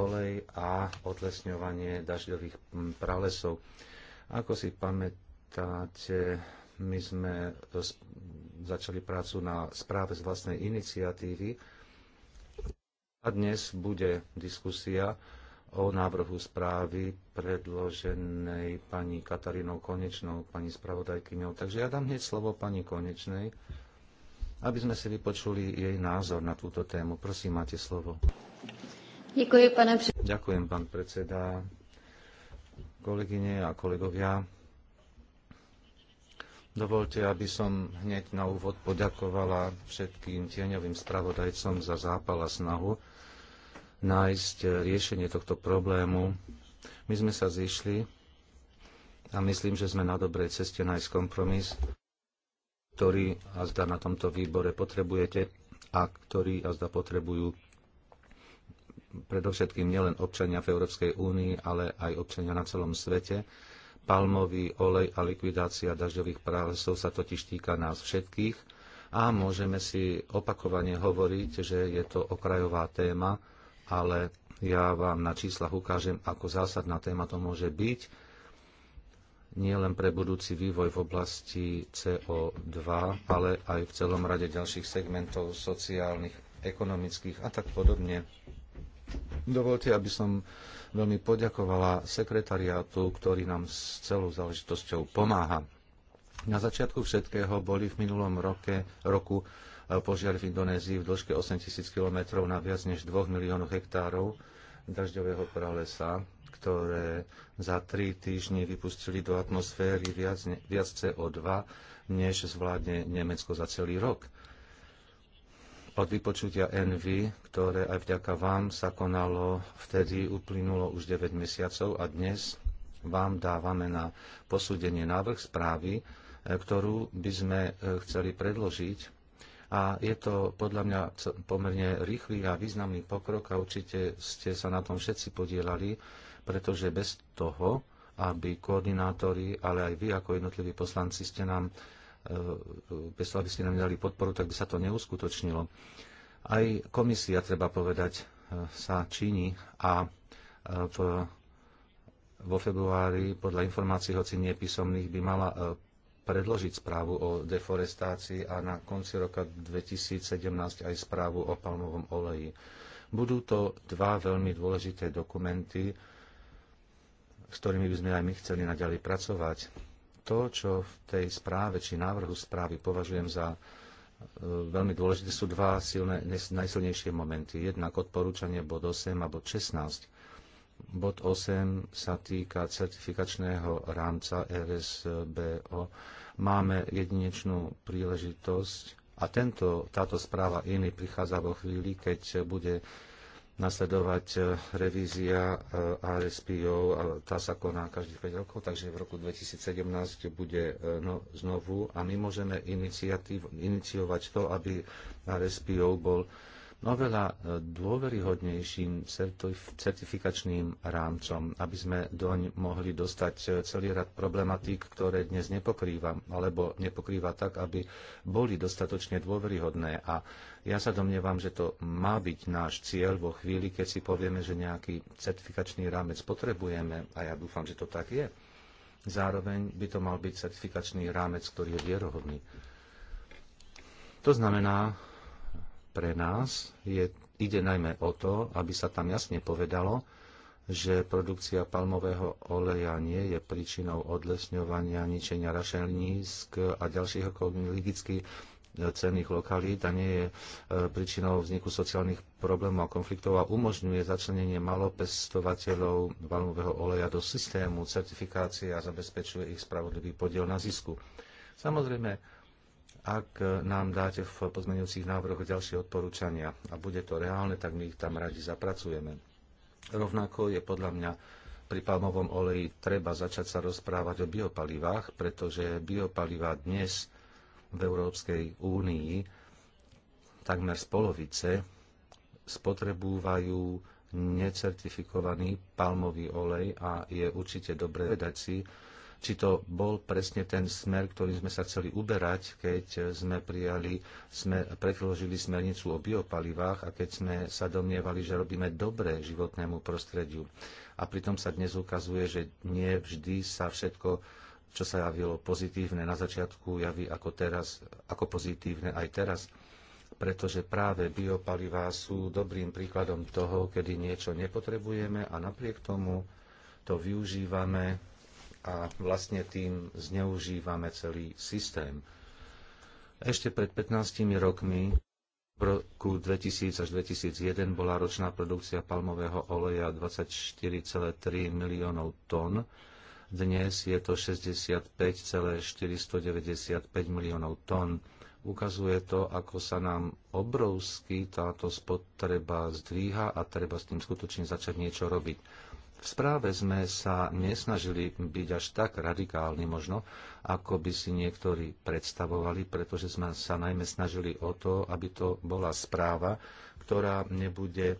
olej a odlesňovanie dažďových pralesov. Ako si pamätáte, my sme e, začali prácu na správe z vlastnej iniciatívy a dnes bude diskusia o návrhu správy predloženej pani Katarínou Konečnou, pani spravodajkyňou. Takže ja dám hneď slovo pani Konečnej, aby sme si vypočuli jej názor na túto tému. Prosím, máte slovo. Ďakujem, pane Ďakujem, pán predseda. Kolegyne a kolegovia, dovolte, aby som hneď na úvod poďakovala všetkým tieňovým spravodajcom za zápal a snahu nájsť riešenie tohto problému. My sme sa zišli a myslím, že sme na dobrej ceste nájsť kompromis, ktorý a zda na tomto výbore potrebujete a ktorý a zda potrebujú predovšetkým nielen občania v Európskej únii, ale aj občania na celom svete. Palmový olej a likvidácia dažďových pralesov sa totiž týka nás všetkých a môžeme si opakovane hovoriť, že je to okrajová téma, ale ja vám na číslach ukážem, ako zásadná téma to môže byť nielen pre budúci vývoj v oblasti CO2, ale aj v celom rade ďalších segmentov sociálnych, ekonomických a tak podobne. Dovolte, aby som veľmi poďakovala sekretariátu, ktorý nám s celou záležitosťou pomáha. Na začiatku všetkého boli v minulom roke, roku e, požiar v Indonézii v dĺžke 8000 km na viac než 2 miliónov hektárov dažďového pralesa, ktoré za 3 týždne vypustili do atmosféry viac, viac CO2, než zvládne Nemecko za celý rok. Od vypočutia NV, ktoré aj vďaka vám sa konalo, vtedy uplynulo už 9 mesiacov a dnes vám dávame na posúdenie návrh správy, e, ktorú by sme e, chceli predložiť. A je to podľa mňa pomerne rýchly a významný pokrok a určite ste sa na tom všetci podielali, pretože bez toho, aby koordinátori, ale aj vy ako jednotliví poslanci ste nám E, e, bez toho, aby ste nám dali podporu, tak by sa to neuskutočnilo. Aj komisia, treba povedať, e, sa číni a v, vo februári, podľa informácií, hoci písomných by mala predložiť správu o deforestácii a na konci roka 2017 aj správu o palmovom oleji. Budú to dva veľmi dôležité dokumenty, s ktorými by sme aj my chceli naďalej pracovať to, čo v tej správe či návrhu správy považujem za e, veľmi dôležité, sú dva silné, najsilnejšie momenty. Jednak odporúčanie bod 8 a bod 16. Bod 8 sa týka certifikačného rámca RSBO. Máme jedinečnú príležitosť a tento, táto správa iný prichádza vo chvíli, keď bude nasledovať e, revízia e, RSPO, a tá sa koná každých 5 rokov, takže v roku 2017 bude e, no, znovu a my môžeme iniciovať to, aby RSPO bol No oveľa e, dôveryhodnejším certifikačným rámcom, aby sme doň mohli dostať e, celý rad problematík, ktoré dnes nepokrýva, alebo nepokrýva tak, aby boli dostatočne dôveryhodné. A ja sa domnievam, že to má byť náš cieľ vo chvíli, keď si povieme, že nejaký certifikačný rámec potrebujeme, a ja dúfam, že to tak je. Zároveň by to mal byť certifikačný rámec, ktorý je vierohodný. To znamená, pre nás je, ide najmä o to, aby sa tam jasne povedalo, že produkcia palmového oleja nie je príčinou odlesňovania, ničenia rašelnísk a ďalších ekologicky cenných lokalít a nie je e, príčinou vzniku sociálnych problémov a konfliktov a umožňuje začlenenie malopestovateľov palmového oleja do systému certifikácie a zabezpečuje ich spravodlivý podiel na zisku. Samozrejme, ak nám dáte v pozmeňujúcich návrhoch ďalšie odporúčania a bude to reálne, tak my ich tam radi zapracujeme. Rovnako je podľa mňa pri palmovom oleji treba začať sa rozprávať o biopalivách, pretože biopalivá dnes v Európskej únii takmer z polovice spotrebúvajú necertifikovaný palmový olej a je určite dobre vedať si, či to bol presne ten smer, ktorým sme sa chceli uberať, keď sme prijali, sme predložili smernicu o biopalivách a keď sme sa domnievali, že robíme dobré životnému prostrediu. A pritom sa dnes ukazuje, že nie vždy sa všetko čo sa javilo pozitívne na začiatku, javí ako, teraz, ako pozitívne aj teraz pretože práve biopalivá sú dobrým príkladom toho, kedy niečo nepotrebujeme a napriek tomu to využívame a vlastne tým zneužívame celý systém. Ešte pred 15 rokmi v roku 2000 až 2001 bola ročná produkcia palmového oleja 24,3 miliónov tón. Dnes je to 65,495 miliónov tón. Ukazuje to, ako sa nám obrovsky táto spotreba zdvíha a treba s tým skutočne začať niečo robiť. V správe sme sa nesnažili byť až tak radikálni možno, ako by si niektorí predstavovali, pretože sme sa najmä snažili o to, aby to bola správa, ktorá nebude e,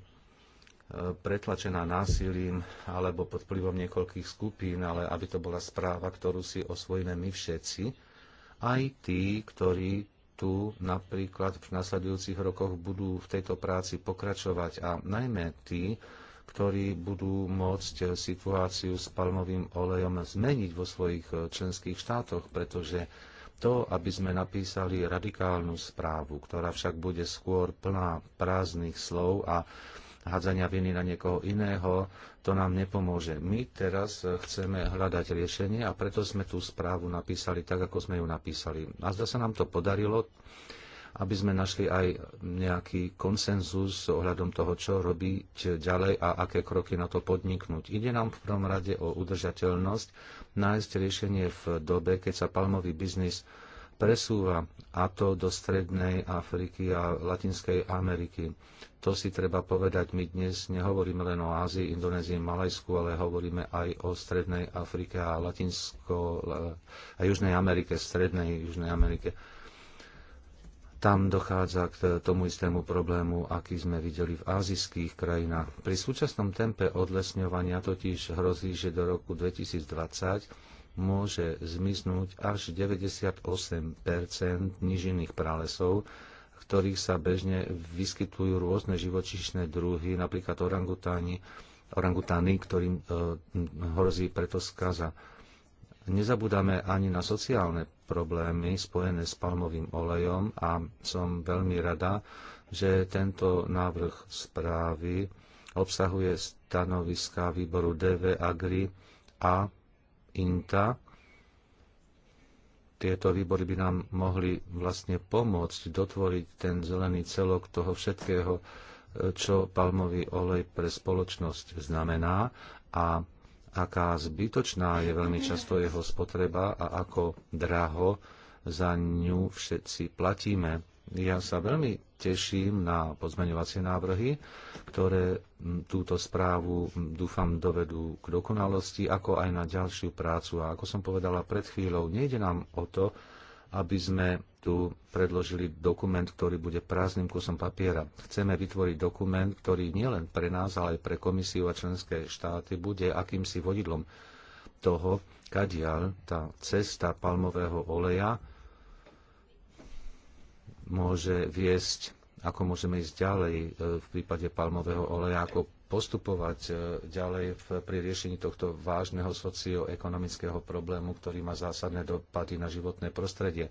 pretlačená násilím alebo pod vplyvom niekoľkých skupín, ale aby to bola správa, ktorú si osvojíme my všetci, aj tí, ktorí tu napríklad v nasledujúcich rokoch budú v tejto práci pokračovať a najmä tí, ktorí budú môcť situáciu s palmovým olejom zmeniť vo svojich eh, členských štátoch, pretože to, aby sme napísali radikálnu správu, ktorá však bude skôr plná prázdnych slov a hádzania viny na niekoho iného, to nám nepomôže. My teraz eh, chceme hľadať riešenie a preto sme tú správu napísali tak, ako sme ju napísali. A zda sa nám to podarilo, aby sme našli aj nejaký konsenzus ohľadom toho, čo robiť ďalej a aké kroky na to podniknúť. Ide nám v prvom rade o udržateľnosť, nájsť riešenie v dobe, keď sa palmový biznis presúva a to do Strednej Afriky a Latinskej Ameriky. To si treba povedať, my dnes nehovoríme len o Ázii, Indonézii, Malajsku, ale hovoríme aj o Strednej Afrike a Latinsko a Južnej Amerike, Strednej Južnej Amerike tam dochádza k tomu istému problému, aký sme videli v azijských krajinách. Pri súčasnom tempe odlesňovania totiž hrozí, že do roku 2020 môže zmiznúť až 98 nižinných pralesov, v ktorých sa bežne vyskytujú rôzne živočíšne druhy, napríklad orangutáni, orangutány, ktorým e, hrozí preto skaza. Nezabúdame ani na sociálne problémy spojené s palmovým olejom a som veľmi rada, že tento návrh správy obsahuje stanoviska výboru DV Agri a INTA. Tieto výbory by nám mohli vlastne pomôcť dotvoriť ten zelený celok toho všetkého, čo palmový olej pre spoločnosť znamená a aká zbytočná je veľmi často jeho spotreba a ako draho za ňu všetci platíme. Ja sa veľmi teším na pozmeňovacie návrhy, ktoré túto správu dúfam dovedú k dokonalosti, ako aj na ďalšiu prácu. A ako som povedala pred chvíľou, nejde nám o to, aby sme tu predložili dokument, ktorý bude prázdnym kusom papiera. Chceme vytvoriť dokument, ktorý nielen pre nás, ale aj pre komisiu a členské štáty bude akýmsi vodidlom toho, kadiaľ tá cesta palmového oleja môže viesť, ako môžeme ísť ďalej e, v prípade palmového oleja, ako postupovať e, ďalej v, pri riešení tohto vážneho socioekonomického problému, ktorý má zásadné dopady na životné prostredie.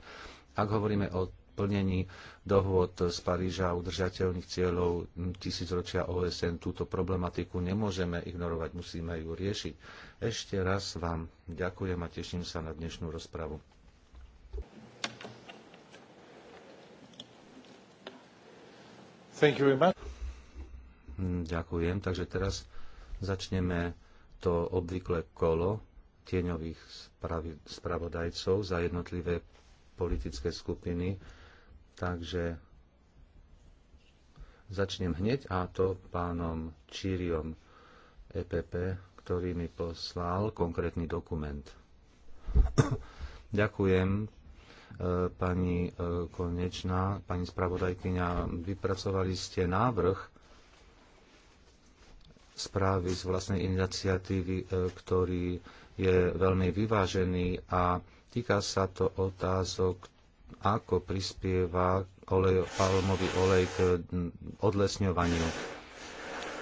Ak hovoríme o plnení dohôd z Paríža a udržateľných cieľov tisícročia OSN, túto problematiku nemôžeme ignorovať, musíme ju riešiť. Ešte raz vám ďakujem a teším sa na dnešnú rozpravu. Thank you very much ďakujem. Takže teraz začneme to obvyklé kolo tieňových spravodajcov za jednotlivé politické skupiny. Takže začnem hneď a to pánom Číriom EPP, ktorý mi poslal konkrétny dokument. Ďakujem e, pani e, Konečná, pani spravodajkyňa, vypracovali ste návrh správy z vlastnej iniciatívy, e, ktorý je veľmi vyvážený a týka sa to otázok, ako prispieva olej, palmový olej k odlesňovaniu.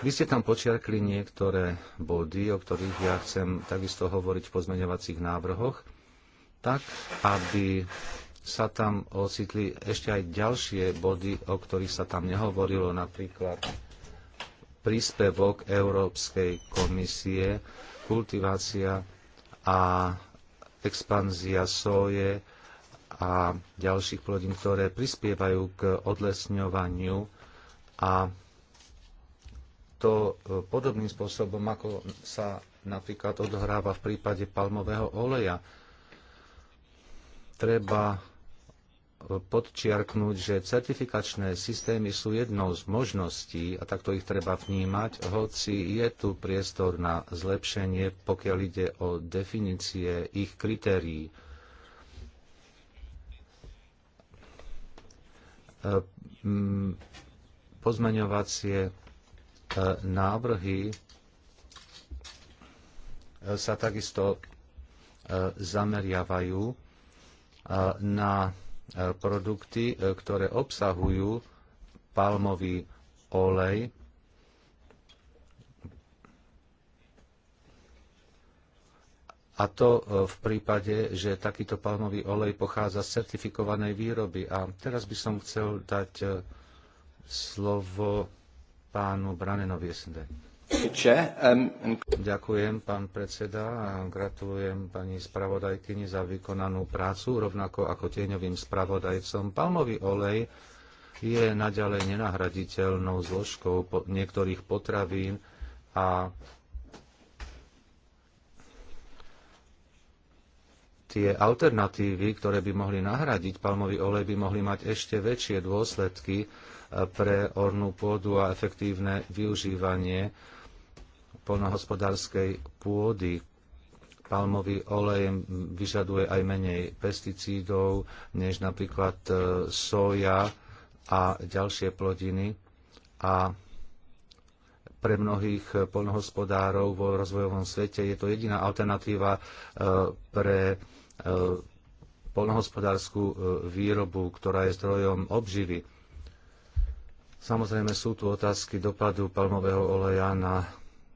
Vy ste tam počiarkli niektoré body, o ktorých ja chcem takisto hovoriť v pozmeňovacích návrhoch, tak aby sa tam ocitli ešte aj ďalšie body, o ktorých sa tam nehovorilo, napríklad príspevok Európskej komisie, kultivácia a expanzia soje a ďalších plodín, ktoré prispievajú k odlesňovaniu a to e, podobným spôsobom, ako sa napríklad odohráva v prípade palmového oleja. Treba podčiarknúť, že certifikačné systémy sú jednou z možností a takto ich treba vnímať, hoci je tu priestor na zlepšenie, pokiaľ ide o definície ich kritérií. Pozmeňovacie e, návrhy e, sa takisto e, zameriavajú na E, produkty, e, ktoré obsahujú palmový olej. A to e, v prípade, že takýto palmový olej pochádza z certifikovanej výroby. A teraz by som chcel dať slovo pánu Branenovi SND. Um, Ďakujem, pán predseda, a gratulujem pani spravodajkyni za vykonanú prácu, rovnako ako tieňovým spravodajcom. Palmový olej je naďalej nenahraditeľnou zložkou niektorých potravín a tie alternatívy, ktoré by mohli nahradiť palmový olej, by mohli mať ešte väčšie dôsledky e, pre ornú pôdu a efektívne využívanie polnohospodárskej pôdy. Palmový olej vyžaduje aj menej pesticídov než napríklad e, soja a ďalšie plodiny. A pre mnohých polnohospodárov vo rozvojovom svete je to jediná alternatíva e, pre e, polnohospodárskú výrobu, ktorá je zdrojom obživy. Samozrejme sú tu otázky dopadu palmového oleja na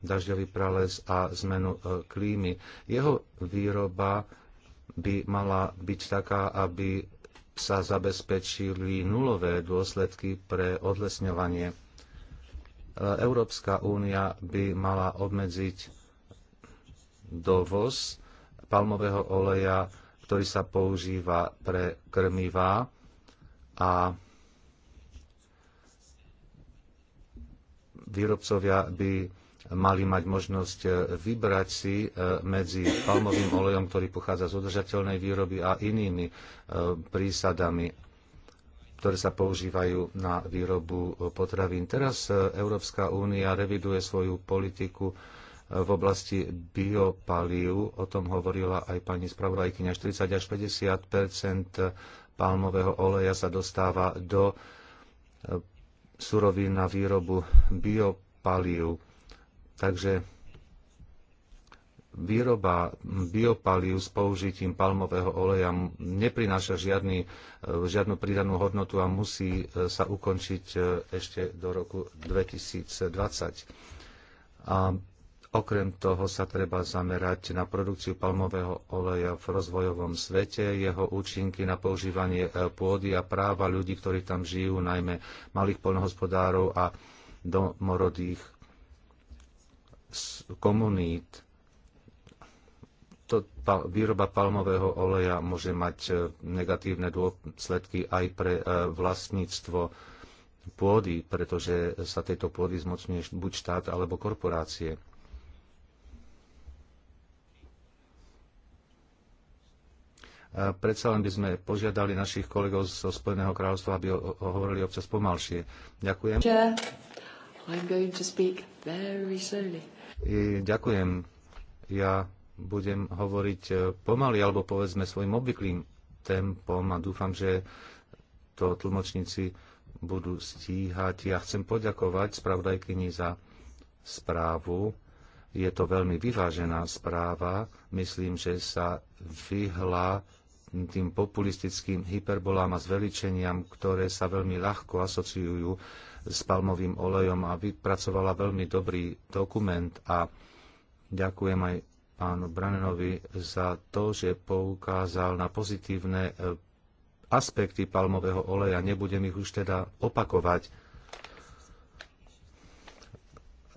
dažďový prales a zmenu e, klímy. Jeho výroba by mala byť taká, aby sa zabezpečili nulové dôsledky pre odlesňovanie. E, Európska únia by mala obmedziť dovoz palmového oleja, ktorý sa používa pre krmivá a výrobcovia by mali mať možnosť e, vybrať si e, medzi palmovým olejom, ktorý pochádza z udržateľnej výroby a inými e, prísadami, ktoré sa používajú na výrobu potravín. Teraz Európska únia reviduje svoju politiku v oblasti biopalív. O tom hovorila aj pani spravodajkyňa. 40 až 50 palmového oleja sa dostáva do surovín na výrobu biopalív Takže výroba biopaliu s použitím palmového oleja neprináša žiadny, e, žiadnu pridanú hodnotu a musí e, sa ukončiť e, ešte do roku 2020. A okrem toho sa treba zamerať na produkciu palmového oleja v rozvojovom svete, jeho účinky na používanie pôdy a práva ľudí, ktorí tam žijú, najmä malých poľnohospodárov a domorodých komunít to, výroba palmového oleja môže mať e, negatívne dôsledky aj pre e, vlastníctvo pôdy, pretože sa tejto pôdy zmocňuje buď štát alebo korporácie. Predsa len by sme požiadali našich kolegov zo Spojeného kráľovstva, aby ho hovorili občas pomalšie. Ďakujem. I'm going to speak very slowly. Ďakujem. Ja budem hovoriť e, pomaly, alebo povedzme svojim obvyklým tempom a dúfam, že to tlmočníci budú stíhať. Ja chcem poďakovať spravodajkyni za správu. Je to veľmi vyvážená správa. Myslím, že sa vyhla tým populistickým hyperbolám a zveličeniam, ktoré sa veľmi ľahko asociujú s palmovým olejom a vypracovala veľmi dobrý dokument a ďakujem aj pánu Branenovi za to, že poukázal na pozitívne eh, aspekty palmového oleja. Nebudem ich už teda opakovať.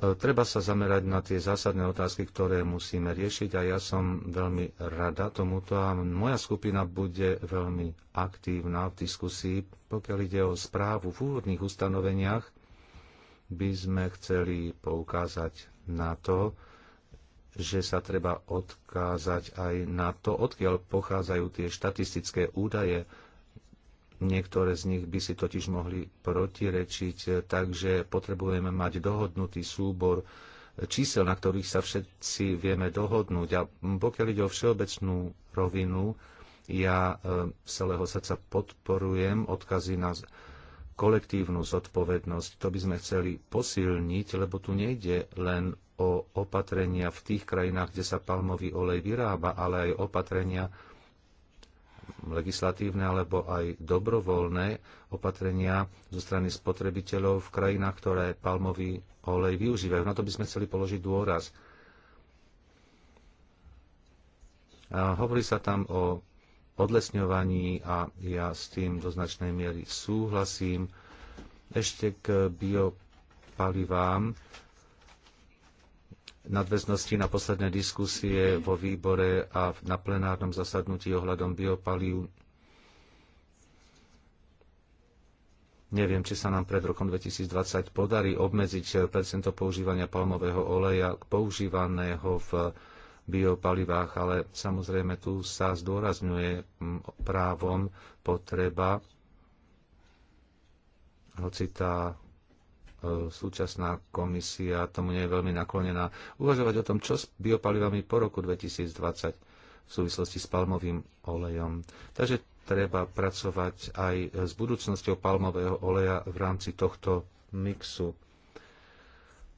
Treba sa zamerať na tie zásadné otázky, ktoré musíme riešiť a ja som veľmi rada tomuto a moja skupina bude veľmi aktívna v diskusii. Pokiaľ ide o správu v úvodných ustanoveniach, by sme chceli poukázať na to, že sa treba odkázať aj na to, odkiaľ pochádzajú tie štatistické údaje, Niektoré z nich by si totiž mohli protirečiť, takže potrebujeme mať dohodnutý súbor čísel, na ktorých sa všetci vieme dohodnúť. A pokiaľ ide o všeobecnú rovinu, ja e, z celého srdca podporujem odkazy na kolektívnu zodpovednosť. To by sme chceli posilniť, lebo tu nejde len o opatrenia v tých krajinách, kde sa palmový olej vyrába, ale aj opatrenia, legislatívne alebo aj dobrovoľné opatrenia zo strany spotrebiteľov v krajinách, ktoré palmový olej využívajú. Na to by sme chceli položiť dôraz. A hovorí sa tam o odlesňovaní a ja s tým do značnej miery súhlasím. Ešte k biopalivám nadväznosti na posledné diskusie vo výbore a na plenárnom zasadnutí ohľadom biopalív. Neviem, či sa nám pred rokom 2020 podarí obmedziť percento používania palmového oleja používaného v biopalivách, ale samozrejme tu sa zdôrazňuje mm, právom potreba, hoci tá E, súčasná komisia tomu nie je veľmi naklonená, uvažovať o tom, čo s biopalivami po roku 2020 v súvislosti s palmovým olejom. Takže treba pracovať aj s budúcnosťou palmového oleja v rámci tohto mixu.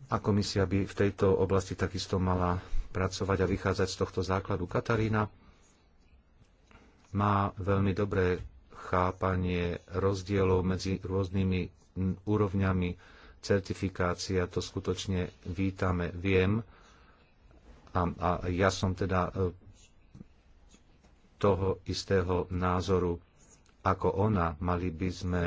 A komisia by v tejto oblasti takisto mala pracovať a vychádzať z tohto základu. Katarína má veľmi dobré chápanie rozdielov medzi rôznymi úrovňami certifikácia, to skutočne vítame, viem. A, a ja som teda e, toho istého názoru ako ona. Mali by sme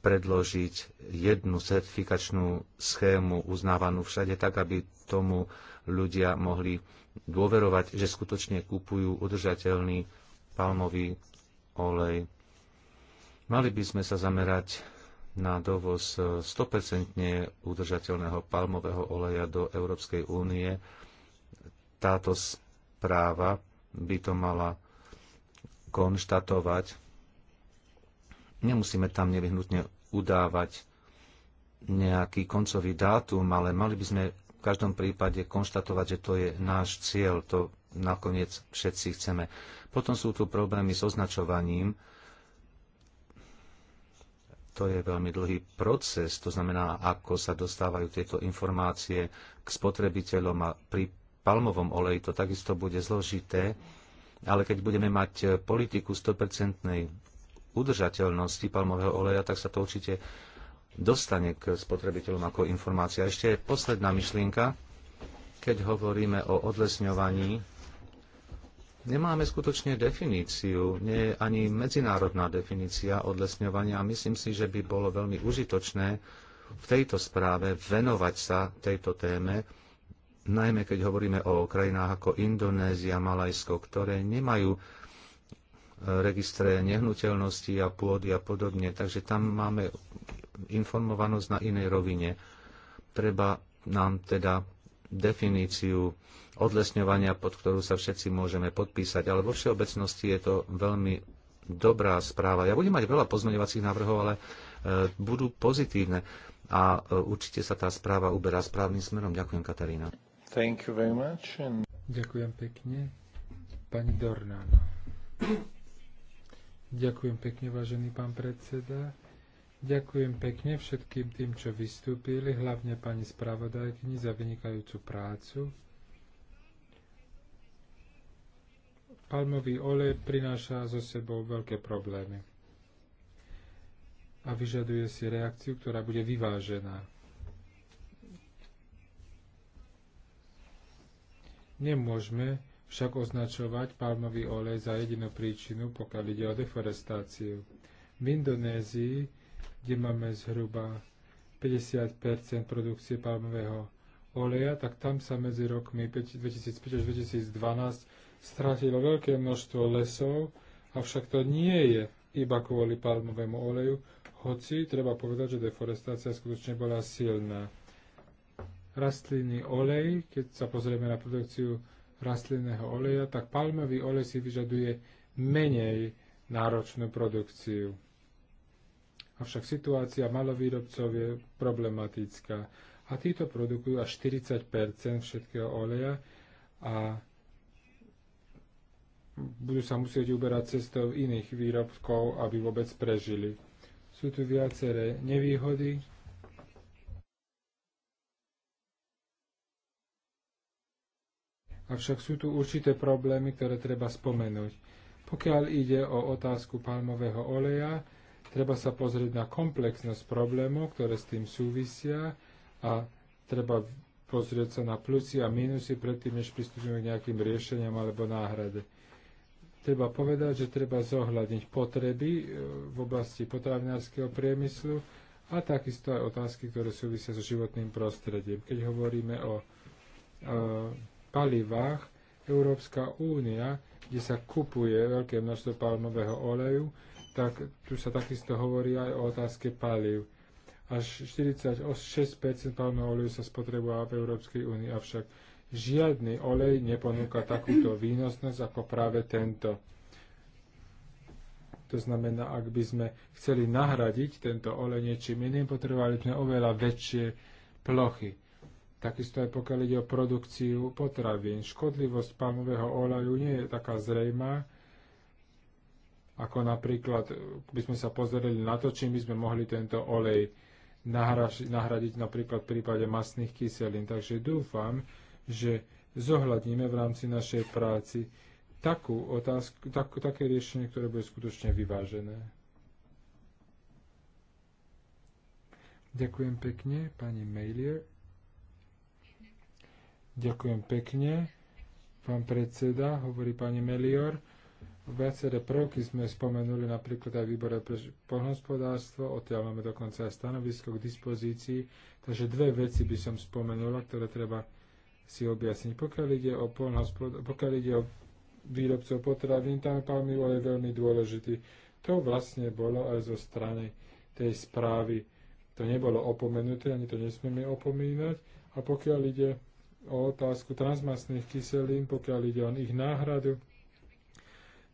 predložiť jednu certifikačnú schému uznávanú všade tak, aby tomu ľudia mohli dôverovať, že skutočne kupujú udržateľný palmový olej. Mali by sme sa zamerať na dovoz 100% e, udržateľného palmového oleja do Európskej únie. Táto správa by to mala konštatovať. Nemusíme tam nevyhnutne udávať nejaký koncový dátum, ale mali by sme v každom prípade konštatovať, že to je náš cieľ, to nakoniec všetci chceme. Potom sú tu problémy s označovaním to je veľmi dlhý proces, to znamená, ako sa dostávajú tieto informácie k spotrebiteľom a pri palmovom oleji to takisto bude zložité, ale keď budeme mať politiku 100% udržateľnosti palmového oleja, tak sa to určite dostane k spotrebiteľom ako informácia. Ešte posledná myšlienka, keď hovoríme o odlesňovaní Nemáme skutočne definíciu, nie je ani medzinárodná definícia odlesňovania a myslím si, že by bolo veľmi užitočné v tejto správe venovať sa tejto téme, najmä keď hovoríme o krajinách ako Indonézia, Malajsko, ktoré nemajú e, registre nehnuteľnosti a pôdy a podobne, takže tam máme informovanosť na inej rovine. Treba nám teda definíciu odlesňovania, pod ktorú sa všetci môžeme podpísať, ale vo všeobecnosti je to veľmi dobrá správa. Ja budem mať veľa pozmeňovacích návrhov, ale e, budú pozitívne a e, určite sa tá správa uberá správnym smerom. Ďakujem, Katarína. Thank you very much and... Ďakujem pekne. Pani Dornán. Ďakujem pekne, vážený pán predseda. Ďakujem pekne všetkým tým, čo vystúpili, hlavne pani spravodajkyni za vynikajúcu prácu. palmový olej prináša so sebou veľké problémy a vyžaduje si reakciu, ktorá bude vyvážená. Nemôžeme však označovať palmový olej za jedinú príčinu, pokiaľ ide o deforestáciu. V Indonézii, kde máme zhruba 50 produkcie palmového oleja, tak tam sa medzi rokmi 2005 až 2012 stratilo veľké množstvo lesov, avšak to nie je iba kvôli palmovému oleju, hoci treba povedať, že deforestácia skutočne bola silná. Rastlinný olej, keď sa pozrieme na produkciu rastlinného oleja, tak palmový olej si vyžaduje menej náročnú produkciu. Avšak situácia malovýrobcov je problematická a títo produkujú až 40 všetkého oleja a budú sa musieť uberať cestou iných výrobkov, aby vôbec prežili. Sú tu viaceré nevýhody, Avšak sú tu určité problémy, ktoré treba spomenúť. Pokiaľ ide o otázku palmového oleja, treba sa pozrieť na komplexnosť problémov, ktoré s tým súvisia a treba pozrieť sa na plusy a minusy predtým, než pristúpime k nejakým riešeniam alebo náhrade. Treba povedať, že treba zohľadniť potreby e, v oblasti potravinárskeho priemyslu a takisto aj otázky, ktoré súvisia so životným prostredím. Keď hovoríme o e, palivách, Európska únia, kde sa kupuje veľké množstvo palmového oleju, tak tu sa takisto hovorí aj o otázke paliv. Až 46% palmového oleju sa spotrebuje v Európskej únii, avšak Žiadny olej neponúka takúto výnosnosť ako práve tento. To znamená, ak by sme chceli nahradiť tento olej niečím iným, potrebovali sme oveľa väčšie plochy. Takisto aj pokiaľ ide o produkciu potravín. Škodlivosť palmového oleju nie je taká zrejmá, ako napríklad by sme sa pozreli na to, čím by sme mohli tento olej nahradiť napríklad v prípade masných kyselín. Takže dúfam, že zohľadníme v rámci našej práci takú otázku, tak, také riešenie, ktoré bude skutočne vyvážené. Ďakujem pekne, pani Mailier. Ďakujem pekne, pán predseda, hovorí pani Melior. Viaceré prvky sme spomenuli napríklad aj výbore pre pohľadnospodárstvo, odtiaľ máme dokonca aj stanovisko k dispozícii, takže dve veci by som spomenula, ktoré treba si objasniť. Pokiaľ ide o, pokiaľ ide o výrobcov potravín, tam palmil je veľmi dôležitý. To vlastne bolo aj zo strany tej správy. To nebolo opomenuté, ani to nesmieme opomínať. A pokiaľ ide o otázku transmasných kyselín, pokiaľ ide o ich náhradu,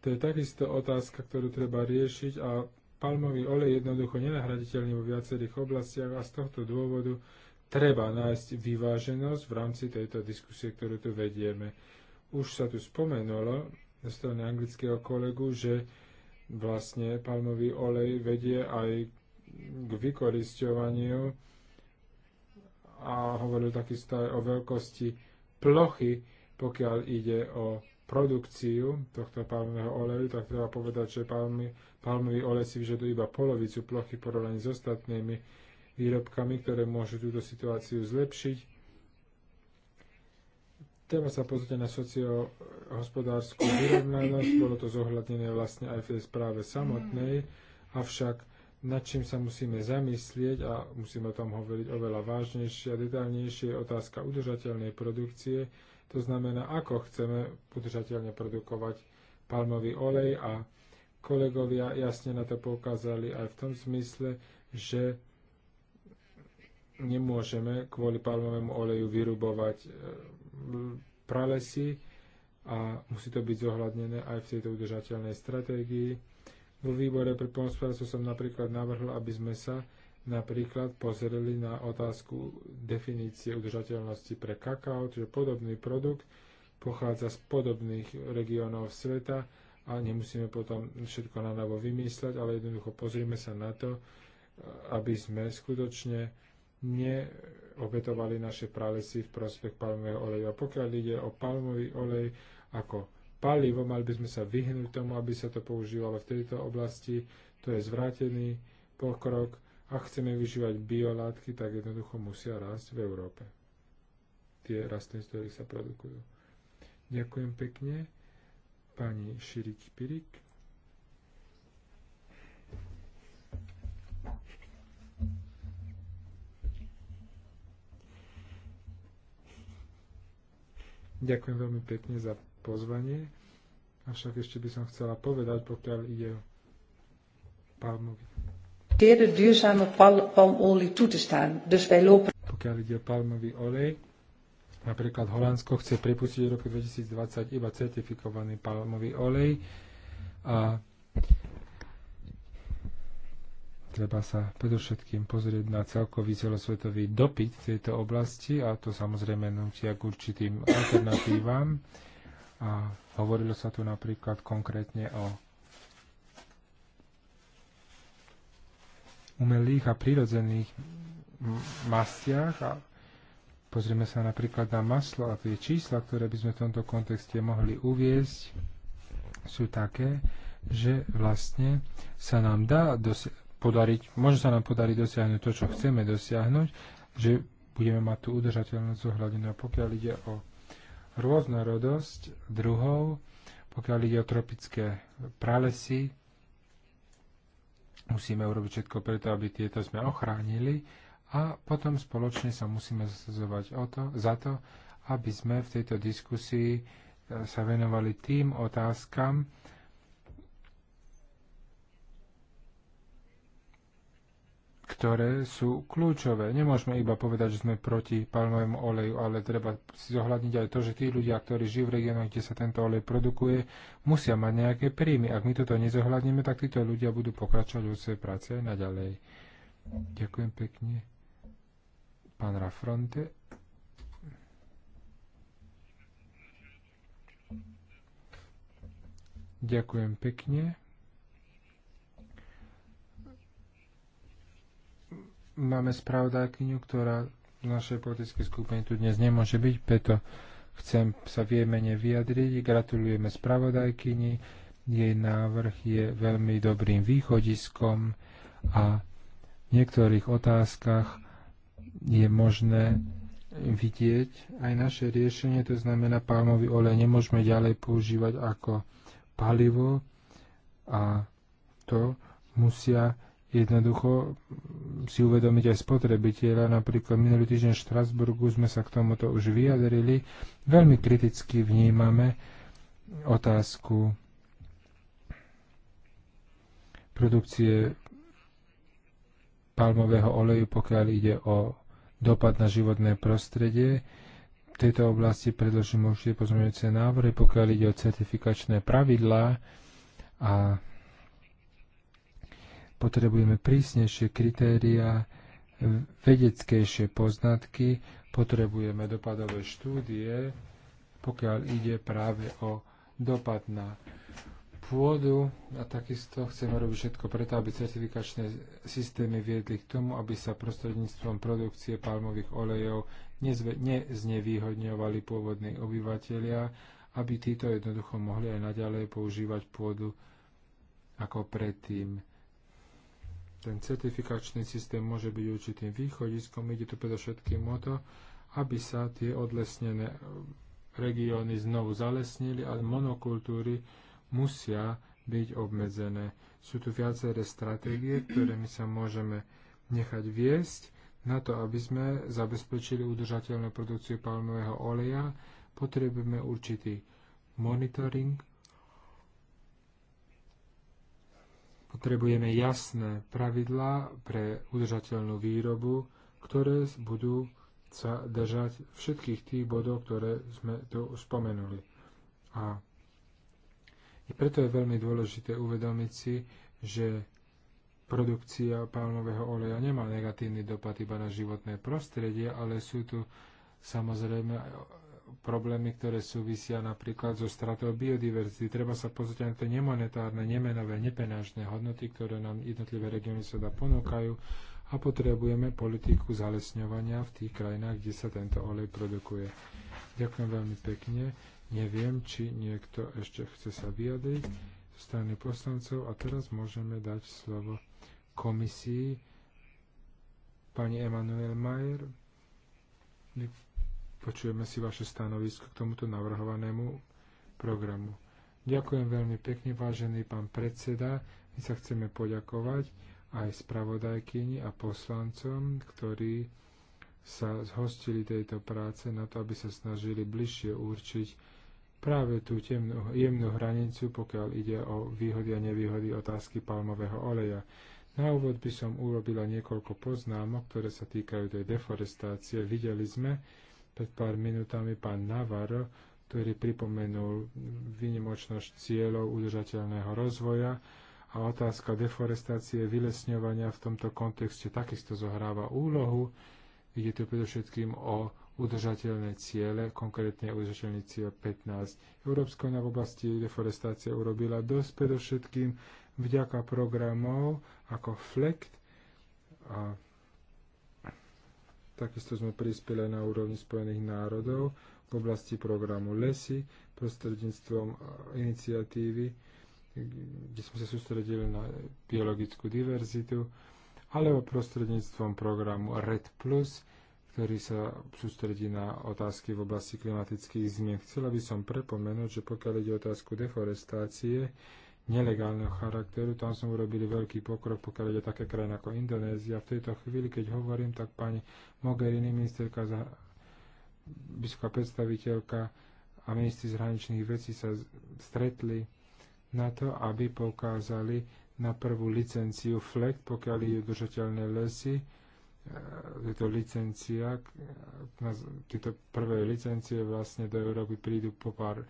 to je takisto otázka, ktorú treba riešiť a palmový olej jednoducho nenahraditeľný vo viacerých oblastiach a z tohto dôvodu treba nájsť vyváženosť v rámci tejto diskusie, ktorú tu vedieme. Už sa tu spomenulo zo strany anglického kolegu, že vlastne palmový olej vedie aj k vykoristovaniu a hovoril takisto aj o veľkosti plochy, pokiaľ ide o produkciu tohto palmového oleju, tak treba povedať, že palmy, palmový olej si vyžaduje iba polovicu plochy porovnaní s ostatnými výrobkami, ktoré môžu túto situáciu zlepšiť. Téma sa pozrite na sociohospodárskú vyrovnanosť, bolo to zohľadnené vlastne aj v tej správe samotnej, avšak nad čím sa musíme zamyslieť a musíme o tom hovoriť oveľa vážnejšie a detálnejšie je otázka udržateľnej produkcie, to znamená, ako chceme udržateľne produkovať palmový olej a kolegovia jasne na to poukázali aj v tom zmysle, že nemôžeme kvôli palmovému oleju vyrubovať e, pralesy a musí to byť zohľadnené aj v tejto udržateľnej stratégii. Vo výbore pre pomospodárstvo som napríklad navrhol, aby sme sa napríklad pozreli na otázku definície udržateľnosti pre kakao, čiže podobný produkt pochádza z podobných regiónov sveta a nemusíme potom všetko na novo vymýšľať, ale jednoducho pozrime sa na to, aby sme skutočne neobetovali naše pralesy v prospech palmového oleja. pokiaľ ide o palmový olej ako palivo, mali by sme sa vyhnúť tomu, aby sa to používalo v tejto oblasti. To je zvrátený pokrok. Ak chceme využívať biolátky, tak jednoducho musia rásť v Európe. Tie rastliny, z ktorých sa produkujú. Ďakujem pekne. Pani Širik Pirik. Ďakujem veľmi pekne za pozvanie. Avšak ešte by som chcela povedať, pokiaľ ide o palmový. Pokiaľ ide o palmový olej, napríklad Holandsko chce pripustiť v roku 2020 iba certifikovaný palmový olej a treba sa predovšetkým pozrieť na celkový celosvetový dopyt v tejto oblasti a to samozrejme nutia k určitým alternatívam. A hovorilo sa tu napríklad konkrétne o umelých a prírodzených mastiach a pozrieme sa napríklad na maslo a tie čísla, ktoré by sme v tomto kontexte mohli uviezť, sú také, že vlastne sa nám dá dosiahnuť podariť, môže sa nám podariť dosiahnuť to, čo chceme dosiahnuť, že budeme mať tú udržateľnosť zohľadenú. A pokiaľ ide o rôznorodosť druhov, pokiaľ ide o tropické pralesy, musíme urobiť všetko preto, aby tieto sme ochránili a potom spoločne sa musíme zasazovať o to, za to, aby sme v tejto diskusii sa venovali tým otázkam, ktoré sú kľúčové. Nemôžeme iba povedať, že sme proti palmovému oleju, ale treba si zohľadniť aj to, že tí ľudia, ktorí žijú v regiónoch, kde sa tento olej produkuje, musia mať nejaké príjmy. Ak my toto nezohľadníme, tak títo ľudia budú pokračovať vo svojej práci aj naďalej. Ďakujem pekne. Pán Rafronte. Ďakujem pekne. máme spravodajkyňu, ktorá v našej politickej skupine tu dnes nemôže byť, preto chcem sa v jej mene vyjadriť. Gratulujeme spravodajkyni, jej návrh je veľmi dobrým východiskom a v niektorých otázkach je možné vidieť aj naše riešenie, to znamená palmový olej nemôžeme ďalej používať ako palivo a to musia jednoducho si uvedomiť aj spotrebiteľa. Napríklad minulý týždeň v Štrasburgu sme sa k tomuto už vyjadrili. Veľmi kriticky vnímame otázku produkcie palmového oleju, pokiaľ ide o dopad na životné prostredie. V tejto oblasti predložím určite pozmeňujúce návrhy, pokiaľ ide o certifikačné pravidlá a Potrebujeme prísnejšie kritériá, vedeckejšie poznatky, potrebujeme dopadové štúdie, pokiaľ ide práve o dopad na pôdu a takisto chceme robiť všetko preto, aby certifikačné systémy viedli k tomu, aby sa prostredníctvom produkcie palmových olejov neznevýhodňovali pôvodní obyvateľia, aby títo jednoducho mohli aj naďalej používať pôdu ako predtým ten certifikačný systém môže byť určitým východiskom. Ide tu predovšetkým o to, aby sa tie odlesnené regióny znovu zalesnili a monokultúry musia byť obmedzené. Sú tu viaceré stratégie, my sa môžeme nechať viesť na to, aby sme zabezpečili udržateľnú produkciu palmového oleja. Potrebujeme určitý monitoring, Potrebujeme jasné pravidlá pre udržateľnú výrobu, ktoré budú sa držať všetkých tých bodov, ktoré sme tu spomenuli. A preto je veľmi dôležité uvedomiť si, že produkcia palmového oleja nemá negatívny dopad iba na životné prostredie, ale sú tu samozrejme problémy, ktoré súvisia napríklad so stratou biodiverzity. Treba sa pozrieť na to nemonetárne, nemenové, nepenážne hodnoty, ktoré nám jednotlivé regióny sveta ponúkajú a potrebujeme politiku zalesňovania v tých krajinách, kde sa tento olej produkuje. Ďakujem veľmi pekne. Neviem, či niekto ešte chce sa vyjadriť zo strany poslancov a teraz môžeme dať slovo komisii pani Emanuel Mayer vypočujeme si vaše stanovisko k tomuto navrhovanému programu. Ďakujem veľmi pekne, vážený pán predseda. My sa chceme poďakovať aj spravodajkyni a poslancom, ktorí sa zhostili tejto práce na to, aby sa snažili bližšie určiť práve tú temnú, jemnú hranicu, pokiaľ ide o výhody a nevýhody otázky palmového oleja. Na úvod by som urobila niekoľko poznámok, ktoré sa týkajú tej deforestácie. Videli sme, pred pár minútami pán Navar, ktorý pripomenul výnimočnosť cieľov udržateľného rozvoja a otázka deforestácie, vylesňovania v tomto kontexte takisto zohráva úlohu. Ide tu predovšetkým o udržateľné ciele, konkrétne udržateľný cieľ 15. Európska unia v oblasti deforestácie urobila dosť predovšetkým vďaka programov ako FLECT a Takisto sme prispeli na úrovni Spojených národov v oblasti programu LESY prostredníctvom e, iniciatívy, kde sme sa sústredili na biologickú diverzitu, alebo prostredníctvom programu RED+, ktorý sa sústredí na otázky v oblasti klimatických zmien. Chcela by som prepomenúť, že pokiaľ ide o otázku deforestácie, nelegálneho charakteru. Tam sme urobili veľký pokrok, pokiaľ ide také krajiny ako Indonézia. V tejto chvíli, keď hovorím, tak pani Mogherini, ministerka, za, vysoká predstaviteľka a ministri zhraničných vecí sa stretli na to, aby poukázali na prvú licenciu FLEC, pokiaľ je držateľné lesy, tieto licencia, e, tieto prvé licencie vlastne do Európy prídu po pár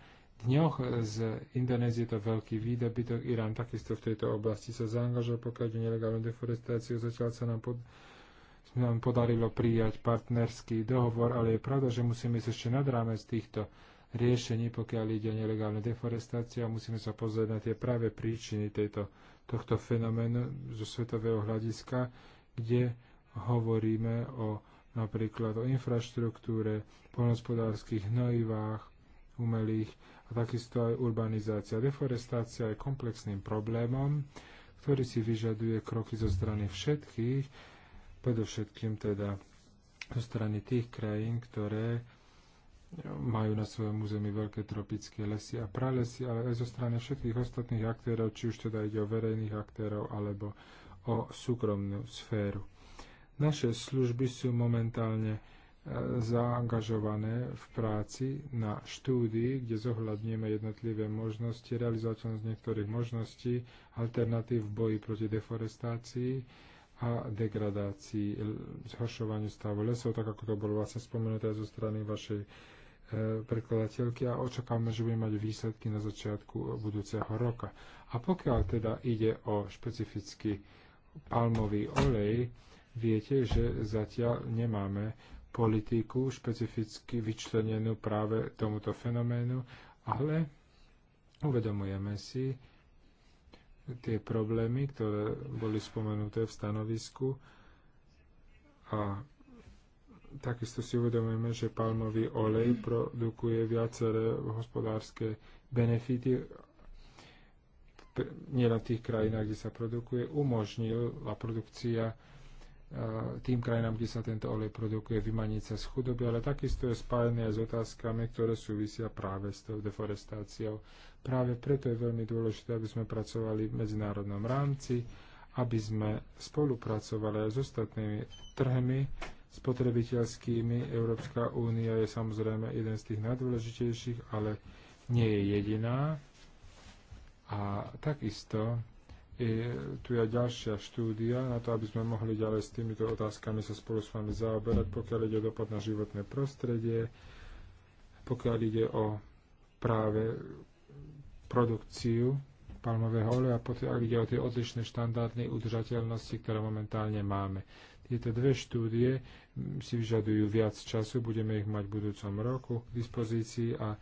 dňoch e, z Indonézie je to veľký výdobytok. Irán takisto v tejto oblasti sa zaangažoval, pokiaľ ide nelegálnu deforestáciu. Zatiaľ sa nám, pod, nám podarilo prijať partnerský dohovor, ale je pravda, že musíme ísť ešte nad rámec týchto riešení, pokiaľ ide o nelegálnu deforestáciu a musíme sa pozrieť na tie práve príčiny tejto, tohto fenoménu zo svetového hľadiska, kde hovoríme o napríklad o infraštruktúre, poľnohospodárskych hnojivách, umelých a takisto aj urbanizácia. Deforestácia je komplexným problémom, ktorý si vyžaduje kroky zo strany všetkých, predovšetkým teda zo strany tých krajín, ktoré majú na svojom území veľké tropické lesy a pralesy, ale aj zo strany všetkých ostatných aktérov, či už teda ide o verejných aktérov alebo o súkromnú sféru. Naše služby sú momentálne zaangažované v práci na štúdii, kde zohľadníme jednotlivé možnosti, realizovateľnosť niektorých možností, alternatív v boji proti deforestácii a degradácii, zhoršovaniu stavu lesov, tak ako to bolo vlastne spomenuté zo strany vašej e, prekladateľky a očakávame, že budeme mať výsledky na začiatku budúceho roka. A pokiaľ teda ide o špecificky palmový olej, viete, že zatiaľ nemáme politiku špecificky vyčlenenú práve tomuto fenoménu, ale uvedomujeme si tie problémy, ktoré boli spomenuté v stanovisku a takisto si uvedomujeme, že palmový olej produkuje viaceré hospodárske benefity nielen v tých krajinách, kde sa produkuje, umožnila produkcia tým krajinám, kde sa tento olej produkuje, vymaniť sa z chudoby, ale takisto je spájené aj s otázkami, ktoré súvisia práve s tou deforestáciou. Práve preto je veľmi dôležité, aby sme pracovali v medzinárodnom rámci, aby sme spolupracovali aj s ostatnými trhmi, spotrebiteľskými. Európska únia je samozrejme jeden z tých najdôležitejších, ale nie je jediná. A takisto i tu je ďalšia štúdia na to, aby sme mohli ďalej s týmito otázkami sa spolu s vami zaoberať, pokiaľ ide o dopad na životné prostredie, pokiaľ ide o práve produkciu palmového oleja, pokiaľ ide o tie odlišné štandardné udržateľnosti, ktoré momentálne máme. Tieto dve štúdie mm, si vyžadujú viac času, budeme ich mať v budúcom roku k dispozícii a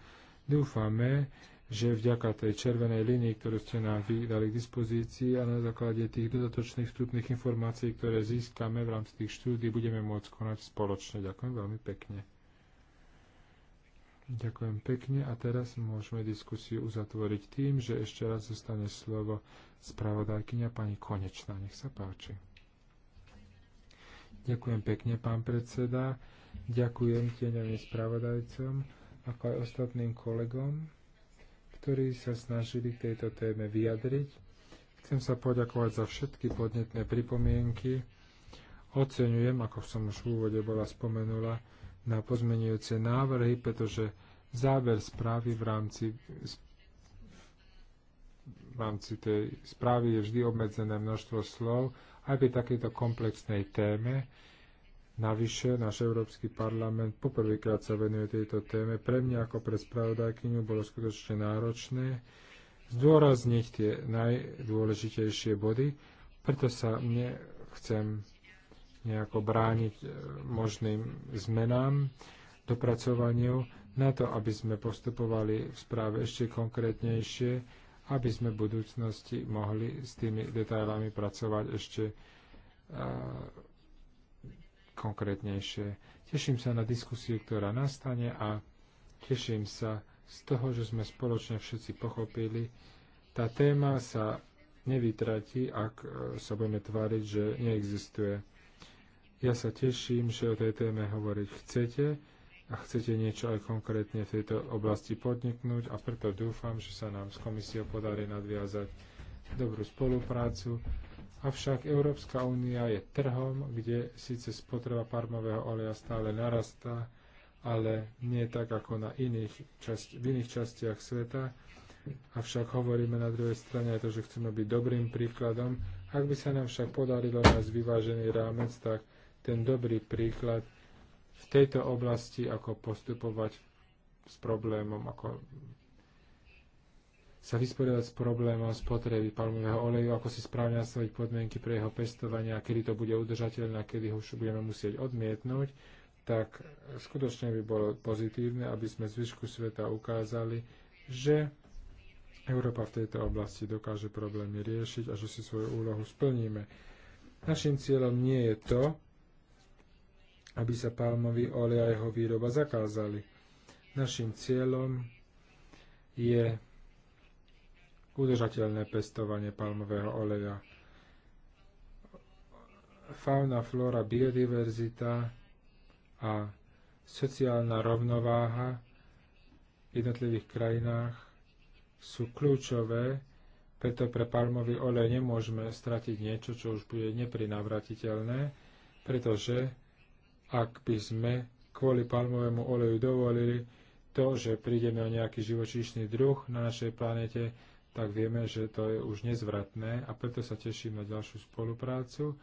dúfame, že vďaka tej červenej linii, ktorú ste nám vydali k dispozícii a na základe tých dodatočných vstupných informácií, ktoré získame v rámci tých štúdí, budeme môcť konať spoločne. Ďakujem veľmi pekne. Ďakujem pekne a teraz môžeme diskusiu uzatvoriť tým, že ešte raz zostane slovo spravodajkyňa pani Konečná. Nech sa páči. Ďakujem pekne, pán predseda. Ďakujem tieňovým spravodajcom, ako aj ostatným kolegom ktorí sa snažili k tejto téme vyjadriť. Chcem sa poďakovať za všetky podnetné pripomienky. Oceňujem, ako som už v úvode bola spomenula, na pozmenujúce návrhy, pretože záver správy v rámci v rámci tej správy je vždy obmedzené množstvo slov aj pri takejto komplexnej téme Navyše, náš Európsky parlament poprvýkrát sa venuje tejto téme. Pre mňa ako pre spravodajkyňu bolo skutočne náročné zdôrazniť tie najdôležitejšie body, preto sa mne chcem nejako brániť e, možným zmenám, dopracovaniu, na to, aby sme postupovali v správe ešte konkrétnejšie, aby sme v budúcnosti mohli s tými detailami pracovať ešte uh, konkrétnejšie. Teším sa na diskusiu, ktorá nastane a teším sa z toho, že sme spoločne všetci pochopili. Tá téma sa nevytratí, ak e, sa budeme tváriť, že neexistuje. Ja sa teším, že o tej téme hovoriť chcete a chcete niečo aj konkrétne v tejto oblasti podniknúť a preto dúfam, že sa nám s komisiou podarí nadviazať dobrú spoluprácu Avšak Európska únia je trhom, kde síce spotreba palmového oleja stále narastá, ale nie tak ako na iných časť, v iných častiach sveta. Avšak hovoríme na druhej strane aj to, že chceme byť dobrým príkladom. Ak by sa nám však podarilo nás vyvážený rámec, tak ten dobrý príklad v tejto oblasti, ako postupovať s problémom, ako sa vysporiadať s problémom spotreby palmového oleju, ako si správne nastaviť podmienky pre jeho pestovanie a kedy to bude udržateľné a kedy ho už budeme musieť odmietnúť, tak skutočne by bolo pozitívne, aby sme zvyšku sveta ukázali, že Európa v tejto oblasti dokáže problémy riešiť a že si svoju úlohu splníme. Našim cieľom nie je to, aby sa palmový olej a jeho výroba zakázali. Našim cieľom je udržateľné pestovanie palmového oleja. Fauna, flóra, biodiverzita a sociálna rovnováha v jednotlivých krajinách sú kľúčové, preto pre palmový olej nemôžeme stratiť niečo, čo už bude neprinavratiteľné, pretože ak by sme kvôli palmovému oleju dovolili to, že prídeme o nejaký živočíšny druh na našej planete, tak vieme, že to je už nezvratné a preto sa teším na ďalšiu spoluprácu.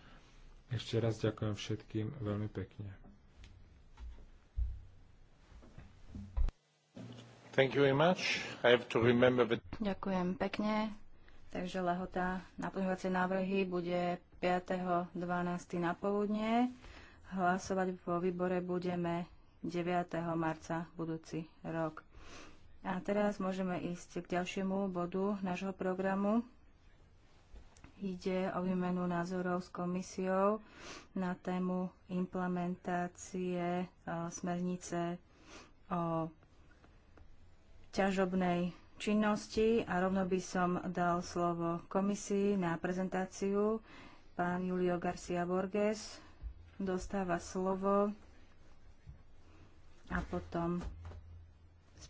Ešte raz ďakujem všetkým veľmi pekne. Thank you very much. I have to remember that... Ďakujem pekne. Takže lehota na pozmeňovacie návrhy bude 5.12. na poludne. Hlasovať vo výbore budeme 9. marca budúci rok. A teraz môžeme ísť k ďalšiemu bodu nášho programu. Ide o výmenu názorov s komisiou na tému implementácie smernice o ťažobnej činnosti a rovno by som dal slovo komisii na prezentáciu. Pán Julio Garcia Borges dostáva slovo a potom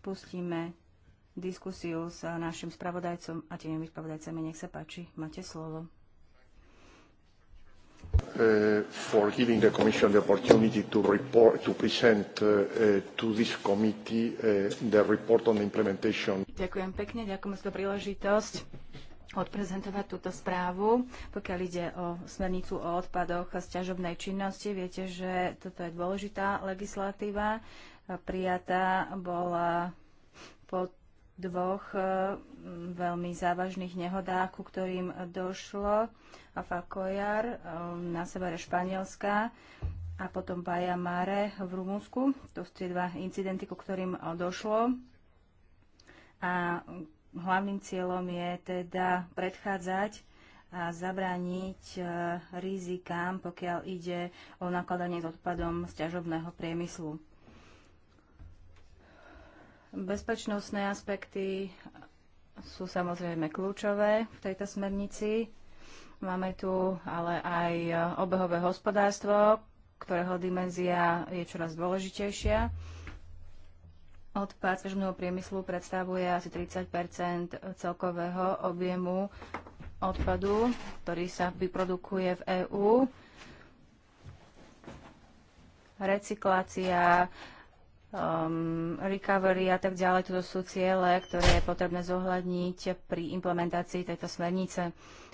spustíme diskusiu s našim spravodajcom a tými spravodajcami. Nech sa páči, máte slovo. Uh, for giving the Commission the opportunity to report, to present uh, uh to this committee uh, the report on the implementation. Ďakujem pekne, ďakujem za príležitosť odprezentovať túto správu. Pokiaľ ide o smernicu o odpadoch z ťažobnej činnosti, viete, že toto je dôležitá legislatíva prijatá, bola po dvoch eh, veľmi závažných nehodách, ku ktorým došlo. Fakojar eh, na severe Španielska a potom Baja Mare v Rumunsku. To sú tie dva incidenty, ku ktorým eh, došlo. A hlavným cieľom je teda predchádzať a zabrániť rizikám, pokiaľ ide o nakladanie s odpadom z ťažobného priemyslu. Bezpečnostné aspekty sú samozrejme kľúčové v tejto smernici. Máme tu ale aj obehové hospodárstvo, ktorého dimenzia je čoraz dôležitejšia. Odpad svežbného priemyslu predstavuje asi 30 celkového objemu odpadu, ktorý sa vyprodukuje v EÚ. Recyklácia, um, recovery a tak ďalej. Toto sú ciele, ktoré je potrebné zohľadniť pri implementácii tejto smernice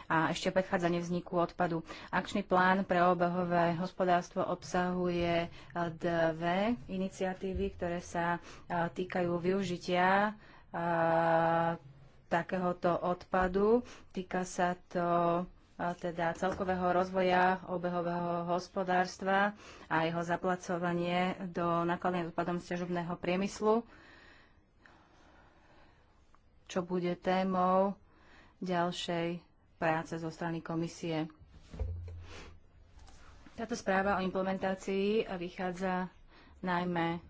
a ešte predchádzanie vzniku odpadu. Akčný plán pre obehové hospodárstvo obsahuje dve iniciatívy, ktoré sa uh, týkajú využitia uh, takéhoto odpadu. Týka sa to teda celkového rozvoja obehového hospodárstva a jeho zaplacovanie do nakladania odpadom stiažobného priemyslu, čo bude témou ďalšej práce zo strany komisie. Táto správa o implementácii vychádza najmä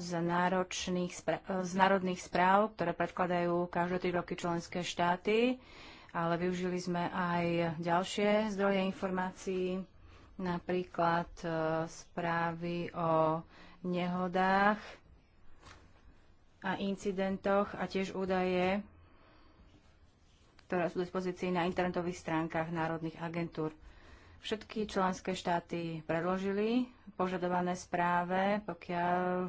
z, náročných, z národných správ, ktoré predkladajú každé tri roky členské štáty ale využili sme aj ďalšie zdroje informácií, napríklad e, správy o nehodách a incidentoch a tiež údaje, ktoré sú v dispozícii na internetových stránkach národných agentúr. Všetky členské štáty predložili požadované správe, pokiaľ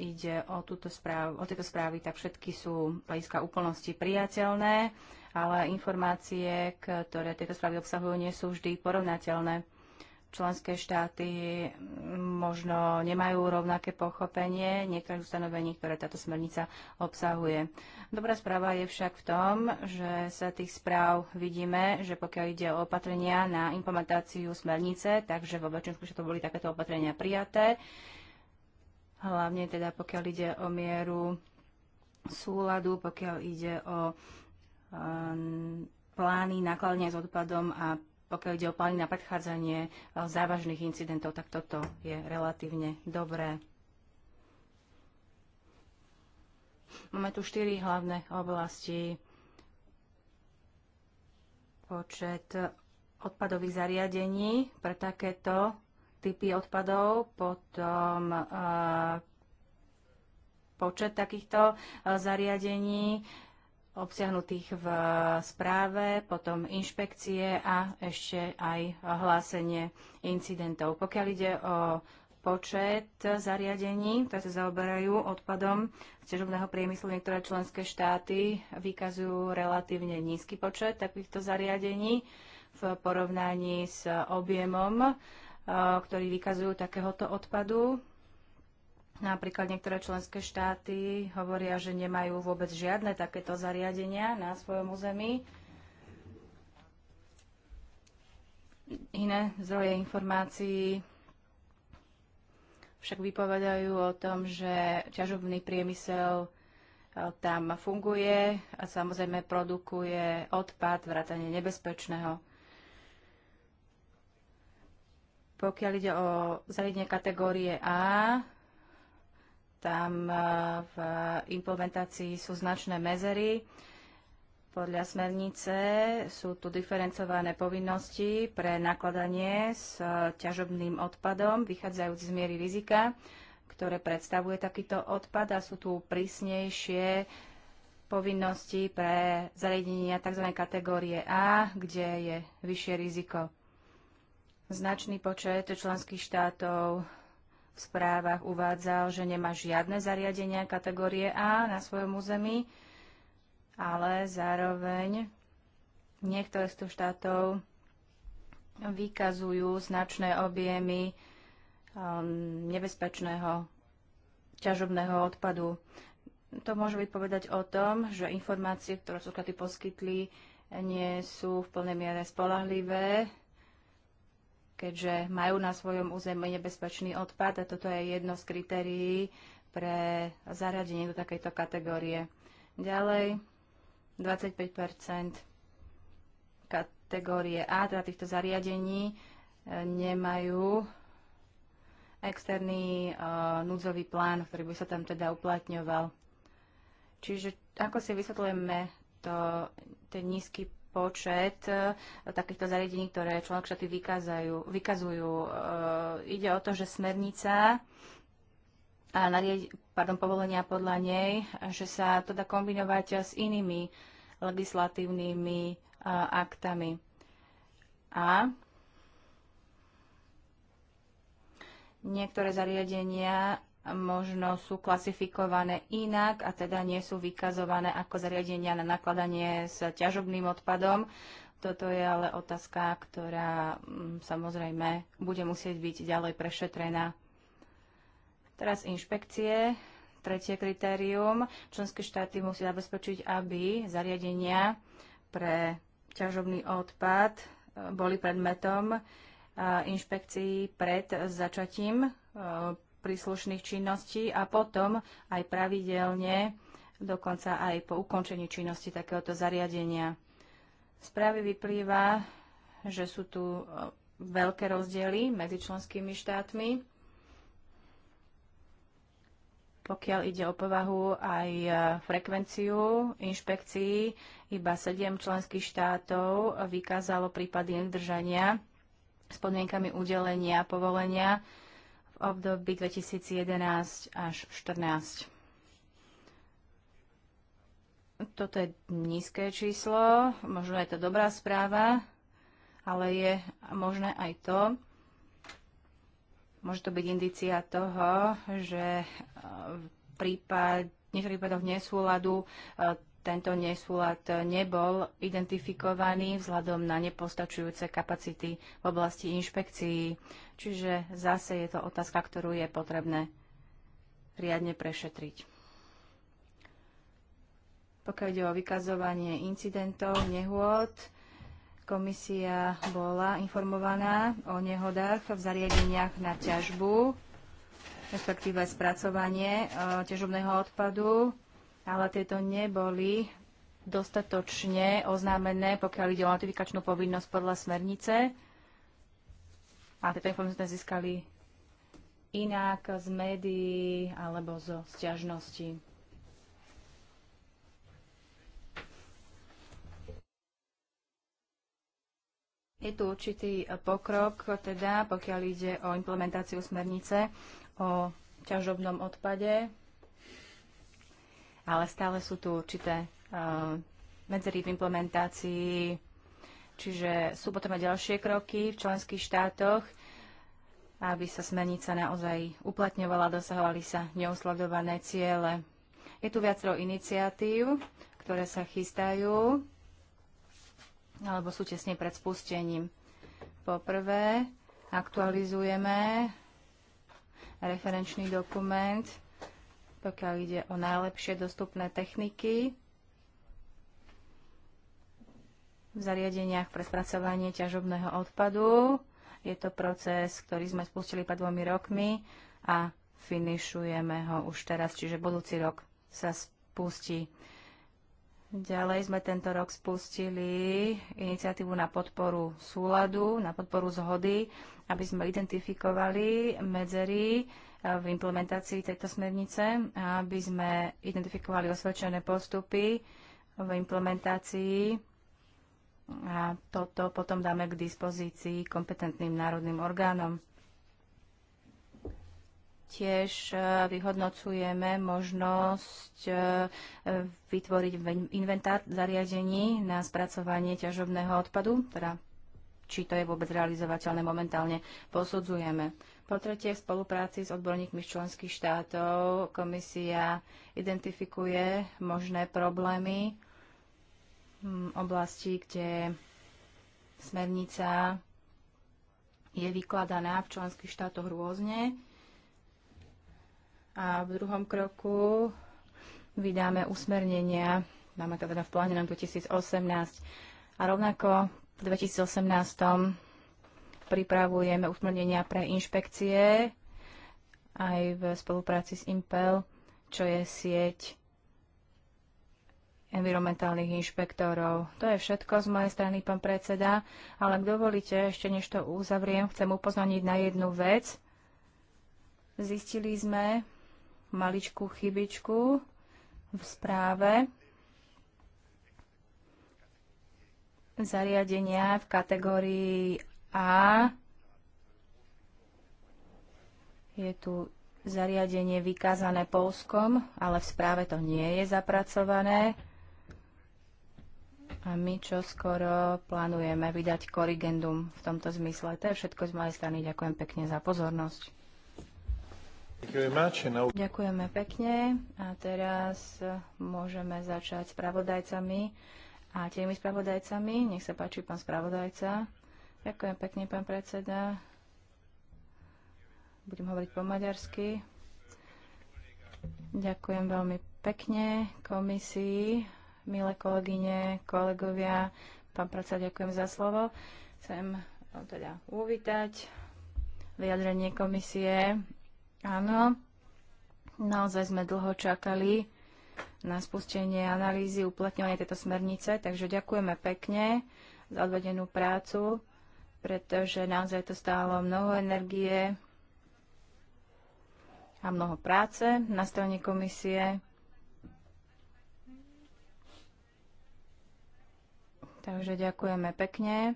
ide o, túto správ, o tieto správy, tak všetky sú hľadiska úplnosti priateľné ale informácie, ktoré tieto správy obsahujú, nie sú vždy porovnateľné. Členské štáty možno nemajú rovnaké pochopenie niektorých ustanovení, ktoré táto smernica obsahuje. Dobrá správa je však v tom, že sa tých správ vidíme, že pokiaľ ide o opatrenia na implementáciu smernice, takže vo väčšom to boli takéto opatrenia prijaté, hlavne teda pokiaľ ide o mieru súladu, pokiaľ ide o Ehm, plány nakladania s odpadom a pokiaľ ide o plány na predchádzanie eh, závažných incidentov, tak toto je relatívne dobré. Máme tu štyri hlavné oblasti. Počet odpadových zariadení pre takéto typy odpadov, potom eh, počet takýchto eh, zariadení, obsiahnutých v správe, potom inšpekcie a ešte aj hlásenie incidentov. Pokiaľ ide o počet zariadení, ktoré sa zaoberajú odpadom z ťažobného priemyslu, niektoré členské štáty vykazujú relatívne nízky počet takýchto zariadení v porovnaní s objemom, eh, ktorý vykazujú takéhoto odpadu. Napríklad niektoré členské štáty hovoria, že nemajú vôbec žiadne takéto zariadenia na svojom území. Iné zdroje informácií však vypovedajú o tom, že ťažobný priemysel e, tam funguje a samozrejme produkuje odpad, vrátane nebezpečného. Pokiaľ ide o zariadenie kategórie A, tam eh, v implementácii sú značné mezery. Podľa smernice sú tu diferencované povinnosti pre nakladanie s eh, ťažobným odpadom, vychádzajúc z miery rizika, ktoré predstavuje takýto odpad a sú tu prísnejšie povinnosti pre zariadenia tzv. kategórie A, kde je vyššie riziko. Značný počet členských štátov v správach uvádzal, že nemá žiadne zariadenia kategórie A na svojom území, ale zároveň niektoré z tých štátov vykazujú značné objemy um, nebezpečného ťažobného odpadu. To môže byť povedať o tom, že informácie, ktoré sú súkrady poskytli, nie sú v plnej miere spolahlivé, keďže majú na svojom území nebezpečný odpad a toto je jedno z kritérií pre zaradenie do takejto kategórie. Ďalej 25 kategórie A, teda týchto zariadení, e, nemajú externý uh, núdzový plán, ktorý by sa tam teda uplatňoval. Čiže ako si vysvetľujeme to, ten nízky počet e, takýchto zariadení, ktoré členok štáty vykazajú, vykazujú. E, ide o to, že smernica a nariad, pardon, povolenia podľa nej, že sa to dá kombinovať s inými legislatívnymi e, aktami. A niektoré zariadenia možno sú klasifikované inak a teda nie sú vykazované ako zariadenia na nakladanie s ťažobným odpadom. Toto je ale otázka, ktorá mm, samozrejme bude musieť byť ďalej prešetrená. Teraz inšpekcie. Tretie kritérium. Členské štáty musí zabezpečiť, aby zariadenia pre ťažobný odpad eh, boli predmetom eh, inšpekcií pred začatím eh, príslušných činností a potom aj pravidelne, dokonca aj po ukončení činnosti takéhoto zariadenia. Správy vyplýva, že sú tu e, veľké rozdiely medzi členskými štátmi, pokiaľ ide o povahu aj e, frekvenciu inšpekcií, iba 7 členských štátov vykázalo prípady nedržania s podmienkami udelenia povolenia období 2011 až 2014. Toto je nízke číslo, možno je to dobrá správa, ale je možné aj to, môže to byť indicia toho, že e, v prípad, prípadoch nesúladu e, tento nesúlad nebol identifikovaný vzhľadom na nepostačujúce kapacity v oblasti inšpekcií. Čiže zase je to otázka, ktorú je potrebné riadne prešetriť. Pokiaľ ide o vykazovanie incidentov, nehôd, komisia bola informovaná o nehodách v zariadeniach na ťažbu, respektíve spracovanie e, ťažobného odpadu, ale tieto neboli dostatočne oznámené, pokiaľ ide o notifikačnú povinnosť podľa smernice a tieto informácie sme získali inak z médií alebo zo sťažnosti. Je tu určitý pokrok, teda pokiaľ ide o implementáciu smernice o ťažobnom odpade, ale stále sú tu určité uh, eh, medzery v implementácii Čiže sú potom aj ďalšie kroky v členských štátoch, aby sa smernica naozaj uplatňovala, dosahovali sa neusledované ciele. Je tu viacero iniciatív, ktoré sa chystajú alebo sú tesne pred spustením. Poprvé aktualizujeme referenčný dokument, pokiaľ ide o najlepšie dostupné techniky v zariadeniach pre spracovanie ťažobného odpadu. Je to proces, ktorý sme spustili pred dvomi rokmi a finišujeme ho už teraz, čiže budúci rok sa spustí. Ďalej sme tento rok spustili iniciatívu na podporu súladu, na podporu zhody, aby sme identifikovali medzery v implementácii tejto smernice, aby sme identifikovali osvedčené postupy v implementácii a toto potom dáme k dispozícii kompetentným národným orgánom. Tiež e, vyhodnocujeme možnosť e, vytvoriť inventár zariadení na spracovanie ťažobného odpadu, teda či to je vôbec realizovateľné momentálne, posudzujeme. Po tretie, v spolupráci s odborníkmi z členských štátov komisia identifikuje možné problémy, oblasti, kde smernica je vykladaná v členských štátoch rôzne. A v druhom kroku vydáme usmernenia, máme to teda v pláne na 2018. A rovnako v 2018 pripravujeme usmernenia pre inšpekcie aj v spolupráci s Impel, čo je sieť environmentálnych inšpektorov. To je všetko z mojej strany, pán predseda, ale ak dovolíte, ešte než to uzavriem, chcem upozorniť na jednu vec. Zistili sme maličkú chybičku v správe zariadenia v kategórii A. Je tu zariadenie vykázané Polskom, ale v správe to nie je zapracované a my čo skoro plánujeme vydať korigendum v tomto zmysle. To je všetko z mojej strany. Ďakujem pekne za pozornosť. Ďakujeme pekne. A teraz môžeme začať s pravodajcami a tými spravodajcami. Nech sa páči, pán spravodajca. Ďakujem pekne, pán predseda. Budem hovoriť po maďarsky. Ďakujem veľmi pekne komisii Milé kolegyne, kolegovia, pán predsa, ďakujem za slovo. Chcem teda uvítať vyjadrenie komisie. Áno, naozaj sme dlho čakali na spustenie analýzy uplatňovania tejto smernice, takže ďakujeme pekne za odvedenú prácu, pretože naozaj to stálo mnoho energie a mnoho práce na strane komisie. Takže ďakujeme pekne.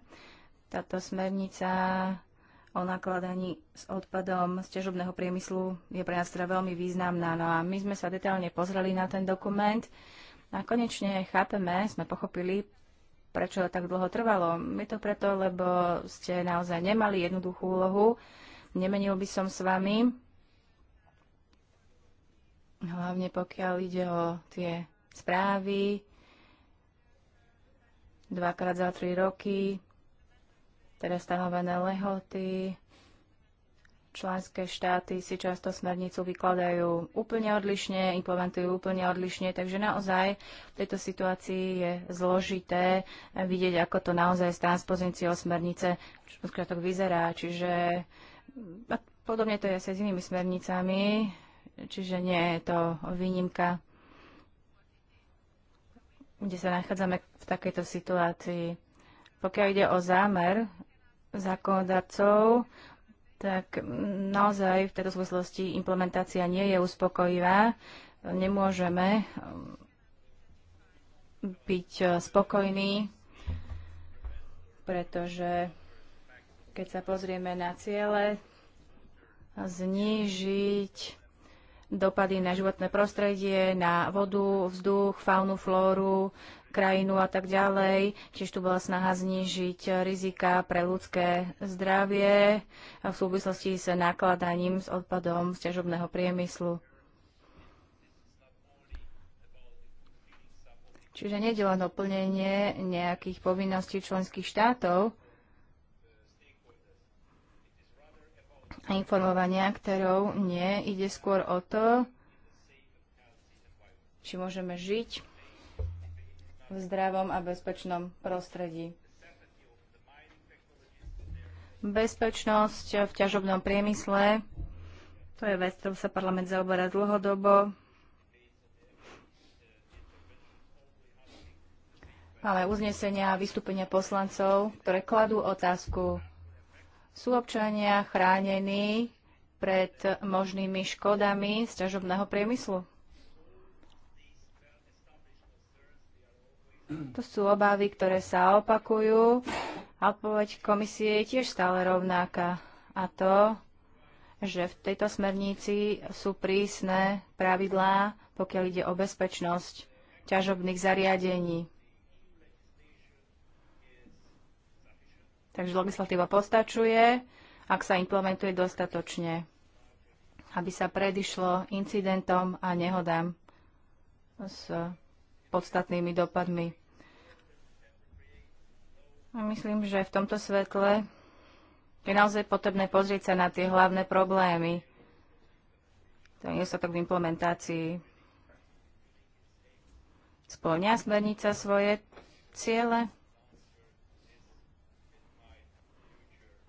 Táto smernica o nakladaní s odpadom z ťažobného priemyslu je pre nás teda veľmi významná. No a my sme sa detálne pozreli na ten dokument a konečne chápeme, sme pochopili, prečo tak dlho trvalo. My to preto, lebo ste naozaj nemali jednoduchú úlohu. Nemenil by som s vami, hlavne pokiaľ ide o tie správy, dvakrát za tri roky, teda stanovené lehoty. Členské štáty si často smernicu vykladajú úplne odlišne, implementujú úplne odlišne, takže naozaj v tejto situácii je zložité vidieť, ako to naozaj s transpozíciou smernice skratok vyzerá. Čiže podobne to je s inými smernicami, čiže nie je to výnimka kde sa nachádzame v takejto situácii. Pokiaľ ide o zámer zákonodarcov, tak naozaj v tejto súvislosti implementácia nie je uspokojivá. Nemôžeme um, byť uh, spokojní, pretože keď sa pozrieme na ciele, znížiť dopady na životné prostredie, na vodu, vzduch, faunu, flóru, krajinu a tak ďalej. Čiže tu bola snaha znížiť rizika pre ľudské zdravie v súvislosti s nakladaním s odpadom z ťažobného priemyslu. Čiže nie len o plnenie nejakých povinností členských štátov, a informovania ktorou Nie, ide skôr o to, či môžeme žiť v zdravom a bezpečnom prostredí. Bezpečnosť v ťažobnom priemysle, to je vec, ktorú sa parlament zaoberá dlhodobo. Ale uznesenia a vystúpenia poslancov, ktoré kladú otázku sú občania chránení pred možnými škodami z ťažobného priemyslu? To sú obavy, ktoré sa opakujú. A odpoveď komisie je tiež stále rovnáka. A to, že v tejto smernici sú prísne pravidlá, pokiaľ ide o bezpečnosť ťažobných zariadení. Takže legislatíva postačuje, ak sa implementuje dostatočne, aby sa predišlo incidentom a nehodám s podstatnými dopadmi. A myslím, že v tomto svetle je naozaj potrebné pozrieť sa na tie hlavné problémy. To je tak v implementácii. Splňa smernica svoje ciele?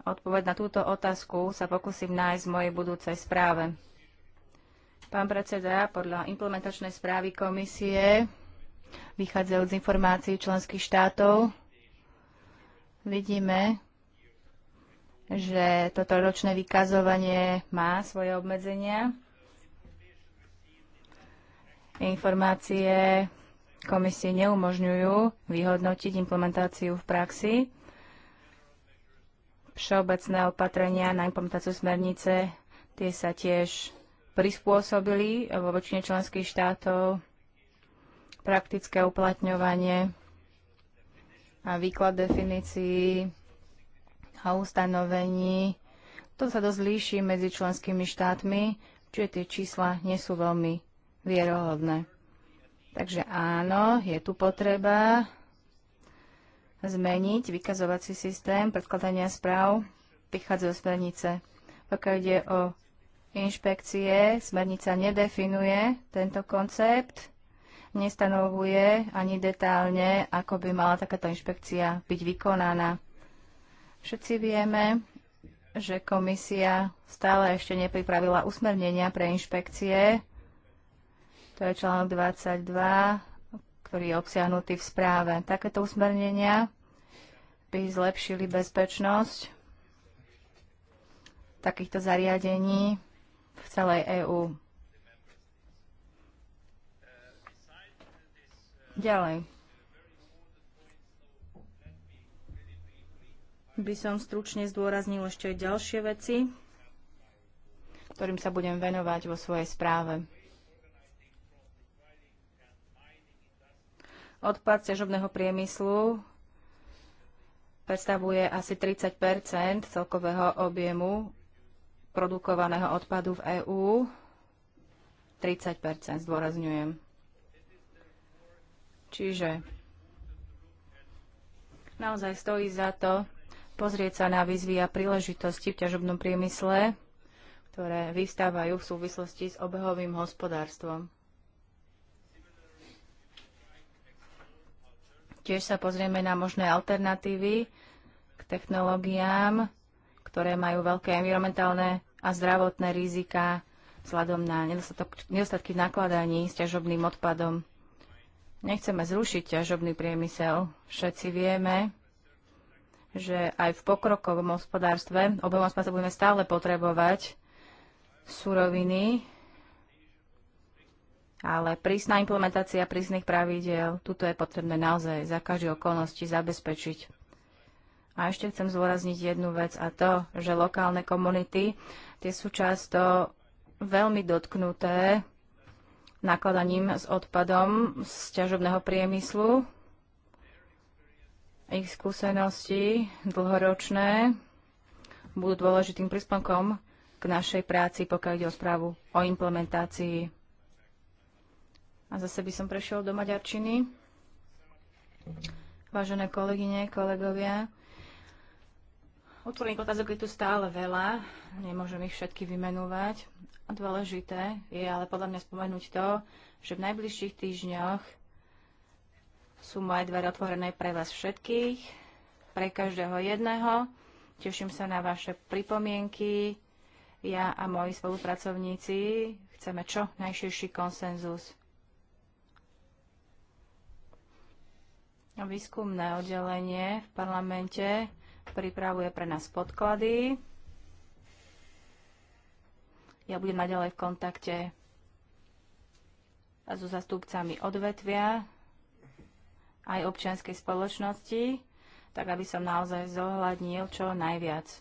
Odpoveď na túto otázku sa pokúsim nájsť v mojej budúcej správe. Pán predseda, podľa implementačnej správy komisie, vychádzajúc z informácií členských štátov, vidíme, že toto ročné vykazovanie má svoje obmedzenia. Informácie komisie neumožňujú vyhodnotiť implementáciu v praxi. Všeobecné opatrenia na implementáciu smernice, tie sa tiež prispôsobili vo väčšine členských štátov. Praktické uplatňovanie a výklad definícií a ustanovení. To sa dosť líši medzi členskými štátmi, čiže tie čísla nie sú veľmi vierohodné. Takže áno, je tu potreba zmeniť vykazovací systém predkladania správ vychádza zo smernice. Pokiaľ ide o inšpekcie, smernica nedefinuje tento koncept, nestanovuje ani detálne, ako by mala takáto inšpekcia byť vykonaná. Všetci vieme, že komisia stále ešte nepripravila usmernenia pre inšpekcie. To je článok 22 ktorý je obsiahnutý v správe. Takéto usmernenia aby zlepšili bezpečnosť takýchto zariadení v celej EÚ. Ďalej. By som stručne zdôraznil ešte ďalšie veci, ktorým sa budem venovať vo svojej správe. Odpad ťažobného priemyslu predstavuje asi 30 celkového objemu produkovaného odpadu v EÚ. 30 zdôrazňujem. Čiže naozaj stojí za to pozrieť sa na výzvy a príležitosti v ťažobnom priemysle, ktoré vystávajú v súvislosti s obehovým hospodárstvom. Tiež sa pozrieme na možné alternatívy k technológiám, ktoré majú veľké environmentálne a zdravotné rizika vzhľadom na nedostatky v nakladaní s ťažobným odpadom. Nechceme zrušiť ťažobný priemysel. Všetci vieme, že aj v pokrokovom hospodárstve sa budeme stále potrebovať suroviny, ale prísna implementácia prísnych pravidel, tuto je potrebné naozaj za každé okolnosti zabezpečiť. A ešte chcem zdôrazniť jednu vec a to, že lokálne komunity, tie sú často veľmi dotknuté nakladaním s odpadom z ťažobného priemyslu. Ich skúsenosti dlhoročné budú dôležitým príspevkom k našej práci, pokiaľ ide o správu o implementácii a zase by som prešiel do Maďarčiny. Vážené kolegyne, kolegovia, otvorených otázok je tu stále veľa, nemôžem ich všetky vymenovať. A dôležité je ale podľa mňa spomenúť to, že v najbližších týždňoch sú moje dvere otvorené pre vás všetkých, pre každého jedného. Teším sa na vaše pripomienky. Ja a moji spolupracovníci chceme čo najširší konsenzus Výskumné oddelenie v parlamente pripravuje pre nás podklady. Ja budem naďalej v kontakte so zastupcami odvetvia aj občianskej spoločnosti, tak aby som naozaj zohľadnil čo najviac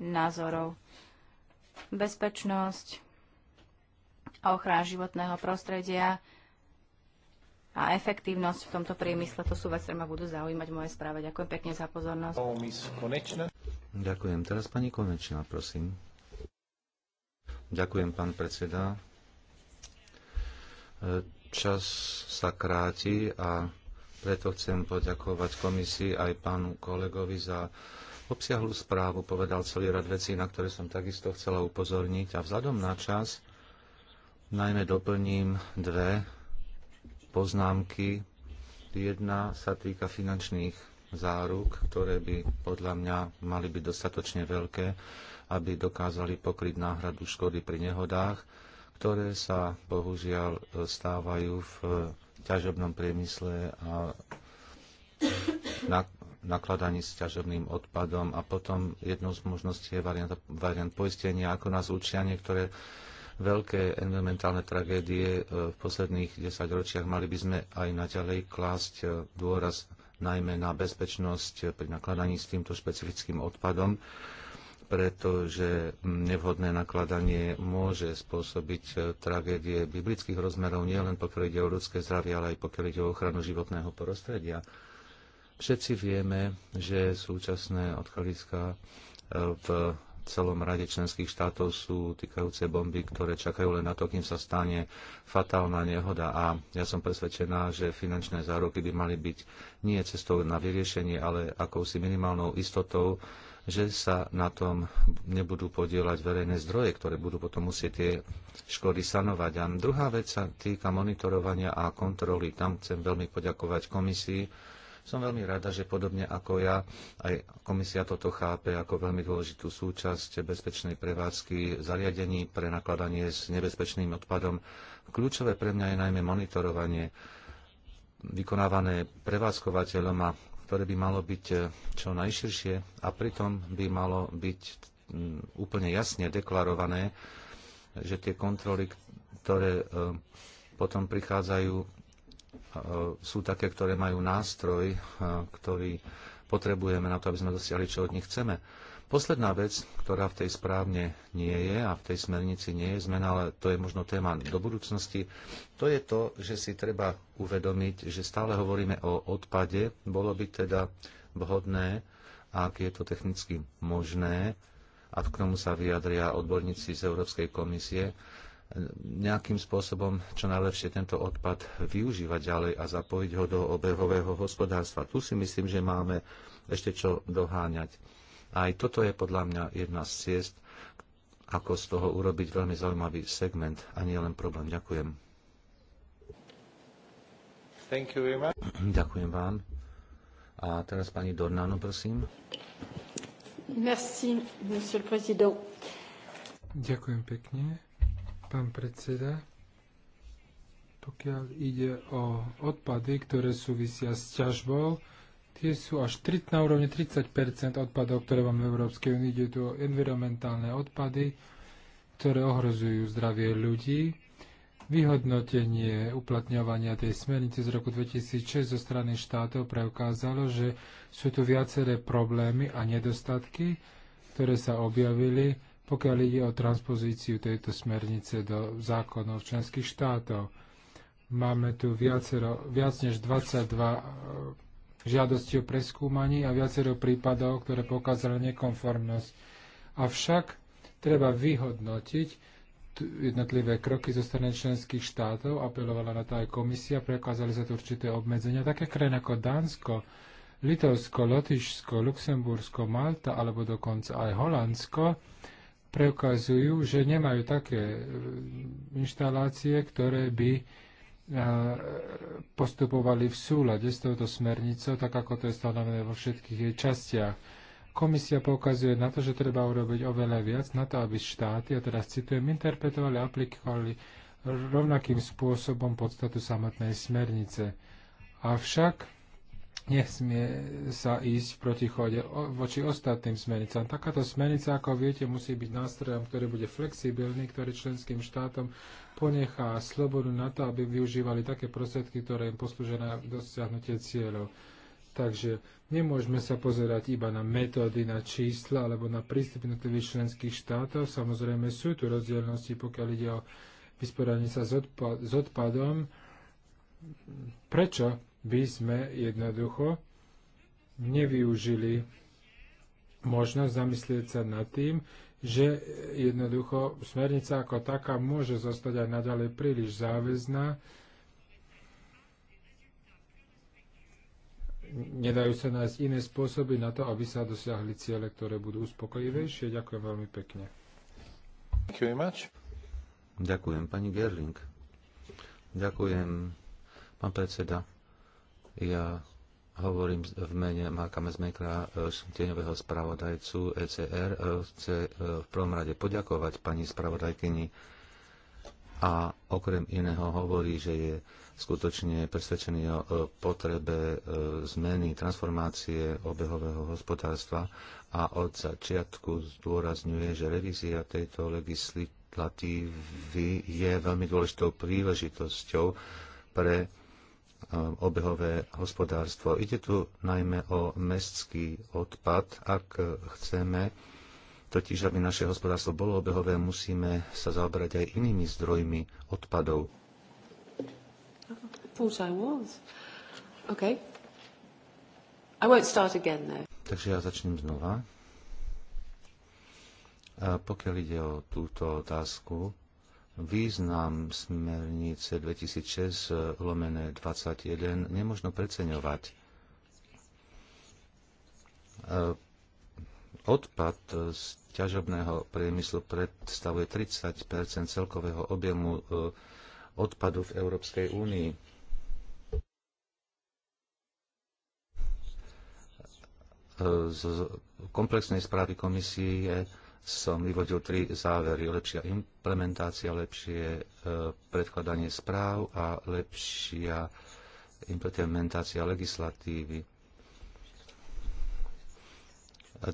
názorov. Bezpečnosť, a ochrana životného prostredia, a efektívnosť v tomto priemysle. To sú veci, ktoré ma budú zaujímať moje správe. Ďakujem pekne za pozornosť. Oh, Ďakujem. Teraz pani Konečná, prosím. Ďakujem, pán predseda. E, čas sa kráti a preto chcem poďakovať komisii aj pánu kolegovi za obsiahlu správu. Povedal celý rad vecí, na ktoré som takisto chcela upozorniť. A vzhľadom na čas najmä doplním dve poznámky. Jedna sa týka finančných záruk, ktoré by podľa mňa mali byť dostatočne veľké, aby dokázali pokryť náhradu škody pri nehodách, ktoré sa bohužiaľ e, stávajú v e, ťažobnom priemysle a nakladaní s ťažobným odpadom. A potom jednou z možností je variant, variant poistenia, ako nás učia niektoré veľké environmentálne tragédie e, v posledných desaťročiach, mali by sme aj naďalej klásť e, dôraz najmä na bezpečnosť e, pri nakladaní s týmto špecifickým odpadom, pretože nevhodné nakladanie môže spôsobiť tragédie biblických rozmerov, nielen pokiaľ ide o ľudské zdravie, ale aj pokiaľ ide o ochranu životného prostredia. Všetci vieme, že súčasné odkaliska v celom rade členských štátov sú týkajúce bomby, ktoré čakajú len na to, kým sa stane fatálna nehoda. A ja som presvedčená, že finančné zároky by mali byť nie cestou na vyriešenie, ale akousi minimálnou istotou, že sa na tom nebudú podielať verejné zdroje, ktoré budú potom musieť tie škody sanovať. A druhá vec sa týka monitorovania a kontroly. Tam chcem veľmi poďakovať komisii, som veľmi rada, že podobne ako ja, aj komisia toto chápe ako veľmi dôležitú súčasť bezpečnej prevádzky zariadení pre nakladanie s nebezpečným odpadom. Kľúčové pre mňa je najmä monitorovanie vykonávané prevádzkovateľom a ktoré by malo byť eh, čo najširšie a pritom by malo byť mm, úplne jasne deklarované, že tie kontroly, ktoré eh, potom prichádzajú E, sú také, ktoré majú nástroj, e, ktorý potrebujeme na to, aby sme dosiahli, čo od nich chceme. Posledná vec, ktorá v tej správne nie je a v tej smernici nie je zmena, ale to je možno téma do budúcnosti, to je to, že si treba uvedomiť, že stále hovoríme o odpade. Bolo by teda vhodné, ak je to technicky možné, a k tomu sa vyjadria odborníci z Európskej komisie, nejakým spôsobom čo najlepšie tento odpad využívať ďalej a zapojiť ho do obehového hospodárstva. Tu si myslím, že máme ešte čo doháňať. A aj toto je podľa mňa jedna z ciest, ako z toho urobiť veľmi zaujímavý segment a nie len problém. Ďakujem. Thank you very much. Ďakujem vám. A teraz pani Dornáno, prosím. Merci, monsieur le président. Ďakujem pekne. Pán predseda, pokiaľ ide o odpady, ktoré súvisia s ťažbou, tie sú až na úrovni 30 odpadov, ktoré máme v Európskej únii. Ide tu o environmentálne odpady, ktoré ohrozujú zdravie ľudí. Vyhodnotenie uplatňovania tej smernice z roku 2006 zo strany štátov preukázalo, že sú tu viaceré problémy a nedostatky, ktoré sa objavili pokiaľ ide o transpozíciu tejto smernice do zákonov členských štátov. Máme tu viacero, viac než 22 e, žiadosti o preskúmaní a viacero prípadov, ktoré pokázali nekonformnosť. Avšak treba vyhodnotiť jednotlivé kroky zo strany členských štátov, apelovala na to aj komisia, prekázali sa tu určité obmedzenia. Také krajiny ako Dánsko, Litovsko, Lotyšsko, Luxembursko, Malta alebo dokonca aj Holandsko preukazujú, že nemajú také e, inštalácie, ktoré by e, postupovali v súlade s touto smernicou, tak ako to je stanovené vo všetkých jej častiach. Komisia poukazuje na to, že treba urobiť oveľa viac na to, aby štáty, a teraz citujem, interpretovali a aplikovali rovnakým spôsobom podstatu samotnej smernice. Avšak nesmie sa ísť v protichode voči ostatným smernicám. Takáto smernica, ako viete, musí byť nástrojom, ktorý bude flexibilný, ktorý členským štátom ponechá slobodu na to, aby využívali také prostriedky, ktoré im poslúžia na dosiahnutie cieľov. Takže nemôžeme sa pozerať iba na metódy, na čísla alebo na prístup jednotlivých členských štátov. Samozrejme sú tu rozdielnosti, pokiaľ ide o vysporiadanie sa s, s odpadom. Prečo by sme jednoducho nevyužili možnosť zamyslieť sa nad tým, že jednoducho smernica ako taká môže zostať aj naďalej príliš záväzná. Nedajú sa nájsť iné spôsoby na to, aby sa dosiahli ciele, ktoré budú uspokojivejšie. Ďakujem veľmi pekne. Ďakujem, pani Gerling. Ďakujem, pán predseda. Ja hovorím v mene Marka Mezmekra, eh, tieňového spravodajcu ECR. Eh, chce eh, v prvom rade poďakovať pani spravodajkyni a okrem iného hovorí, že je skutočne presvedčený o potrebe zmeny, transformácie obehového hospodárstva a od začiatku zdôrazňuje, že revízia tejto legislatívy je veľmi dôležitou príležitosťou pre obehové hospodárstvo. Ide tu najmä o mestský odpad. Ak chceme totiž, aby naše hospodárstvo bolo obehové, musíme sa zaoberať aj inými zdrojmi odpadov. Again, Takže ja začnem znova. A pokiaľ ide o túto otázku, Význam smernice 2006 lomené 21 nemožno preceňovať. E, odpad z ťažobného priemyslu predstavuje 30 celkového objemu e, odpadu v Európskej únii. E, z komplexnej správy komisie som vyvodil tri závery. Lepšia implementácia, lepšie e, predkladanie správ a lepšia implementácia legislatívy.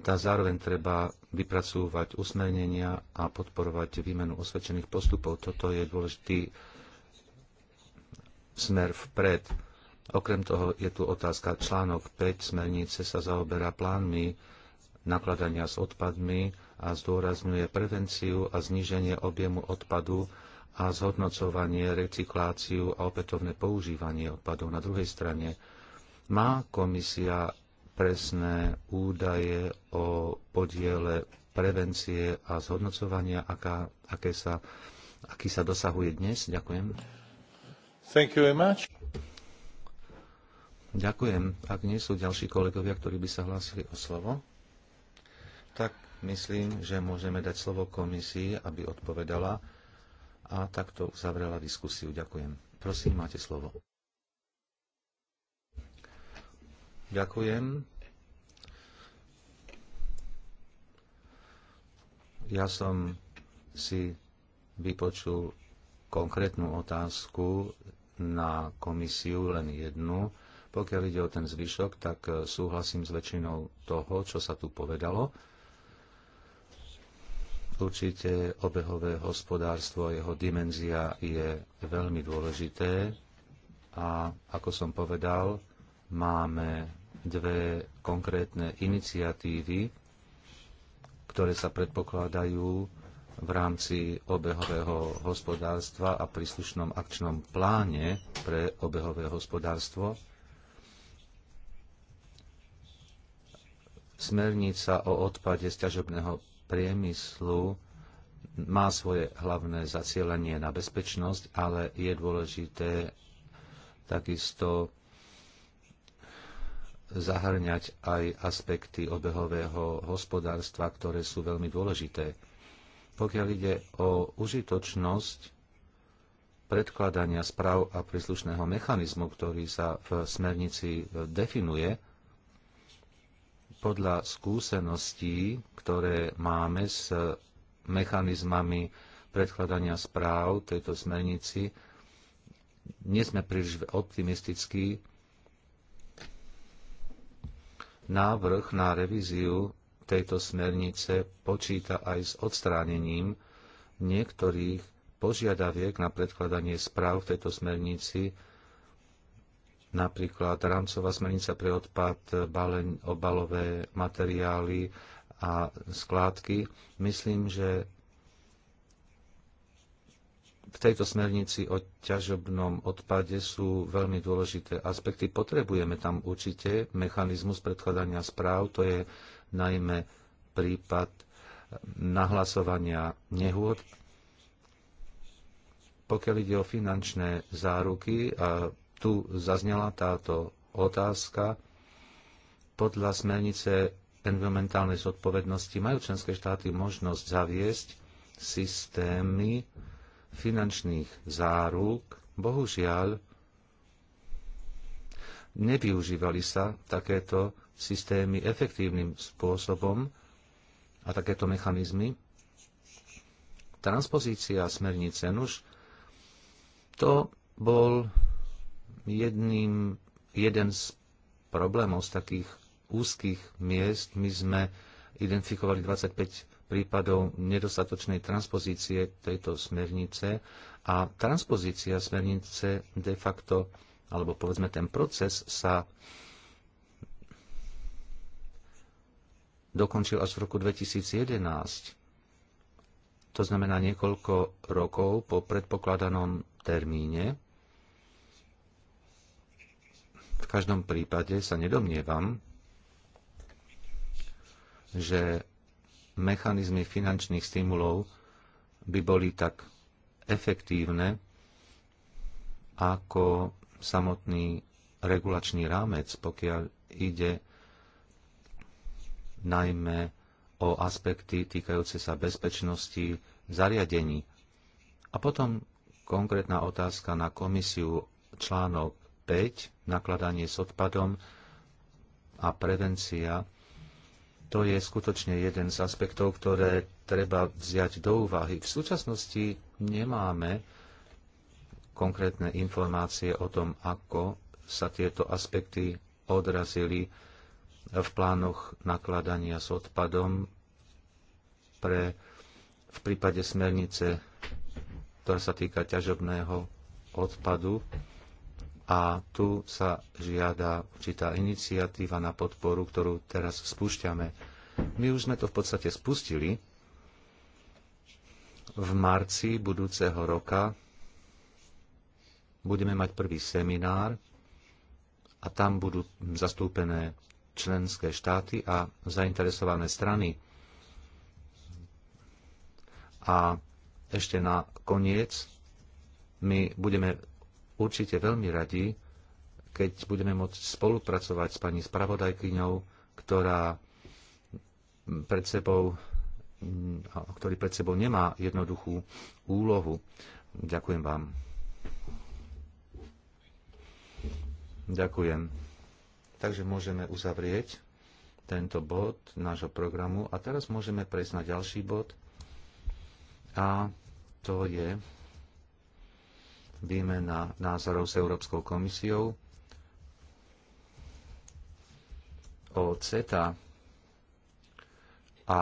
Tá zároveň treba vypracúvať usmernenia a podporovať výmenu osvedčených postupov. Toto je dôležitý smer vpred. Okrem toho je tu otázka článok 5 smernice sa zaoberá plánmi nakladania s odpadmi a zdôrazňuje prevenciu a zníženie objemu odpadu a zhodnocovanie, recykláciu a opätovné používanie odpadov. Na druhej strane má komisia presné údaje o podiele prevencie a zhodnocovania, aká, aké sa, aký sa dosahuje dnes. Ďakujem. Thank you very much. Ďakujem. Ak nie sú ďalší kolegovia, ktorí by sa hlásili o slovo, tak Myslím, že môžeme dať slovo komisii, aby odpovedala a takto uzavrela diskusiu. Ďakujem. Prosím, máte slovo. Ďakujem. Ja som si vypočul konkrétnu otázku na komisiu, len jednu. Pokiaľ ide o ten zvyšok, tak súhlasím s väčšinou toho, čo sa tu povedalo. Určite obehové hospodárstvo, jeho dimenzia je veľmi dôležité a ako som povedal, máme dve konkrétne iniciatívy, ktoré sa predpokladajú v rámci obehového hospodárstva a príslušnom akčnom pláne pre obehové hospodárstvo. Smernica o odpade z ťažobného priemyslu má svoje hlavné zacielenie na bezpečnosť, ale je dôležité takisto zahrňať aj aspekty obehového hospodárstva, ktoré sú veľmi dôležité. Pokiaľ ide o užitočnosť predkladania správ a príslušného mechanizmu, ktorý sa v smernici definuje, podľa skúseností, ktoré máme s mechanizmami predkladania správ tejto smernici, nie sme príliš optimistickí. Návrh na revíziu tejto smernice počíta aj s odstránením niektorých požiadaviek na predkladanie správ v tejto smernici, napríklad rámcová smernica pre odpad, baleň, obalové materiály a skládky. Myslím, že v tejto smernici o ťažobnom odpade sú veľmi dôležité aspekty. Potrebujeme tam určite mechanizmus predkladania správ, to je najmä prípad nahlasovania nehôd. Pokiaľ ide o finančné záruky a tu zaznela táto otázka. Podľa smernice environmentálnej zodpovednosti majú členské štáty možnosť zaviesť systémy finančných záruk. Bohužiaľ, nevyužívali sa takéto systémy efektívnym spôsobom a takéto mechanizmy. Transpozícia smernice, nuž, to bol jedným, jeden z problémov z takých úzkých miest. My sme identifikovali 25 prípadov nedostatočnej transpozície tejto smernice a transpozícia smernice de facto, alebo povedzme ten proces sa dokončil až v roku 2011. To znamená niekoľko rokov po predpokladanom termíne. každom prípade sa nedomnievam, že mechanizmy finančných stimulov by boli tak efektívne ako samotný regulačný rámec, pokiaľ ide najmä o aspekty týkajúce sa bezpečnosti zariadení. A potom konkrétna otázka na komisiu článok 5, nakladanie s odpadom a prevencia, to je skutočne jeden z aspektov, ktoré treba vziať do úvahy. V súčasnosti nemáme konkrétne informácie o tom, ako sa tieto aspekty odrazili v plánoch nakladania s odpadom pre, v prípade smernice, ktorá sa týka ťažobného odpadu a tu sa žiada určitá iniciatíva na podporu, ktorú teraz spúšťame. My už sme to v podstate spustili. V marci budúceho roka budeme mať prvý seminár a tam budú zastúpené členské štáty a zainteresované strany. A ešte na koniec my budeme určite veľmi radi, keď budeme môcť spolupracovať s pani spravodajkyňou, ktorá pred sebou, ktorý pred sebou nemá jednoduchú úlohu. Ďakujem vám. Ďakujem. Takže môžeme uzavrieť tento bod nášho programu a teraz môžeme prejsť na ďalší bod a to je výmena názorov s Európskou komisiou o CETA a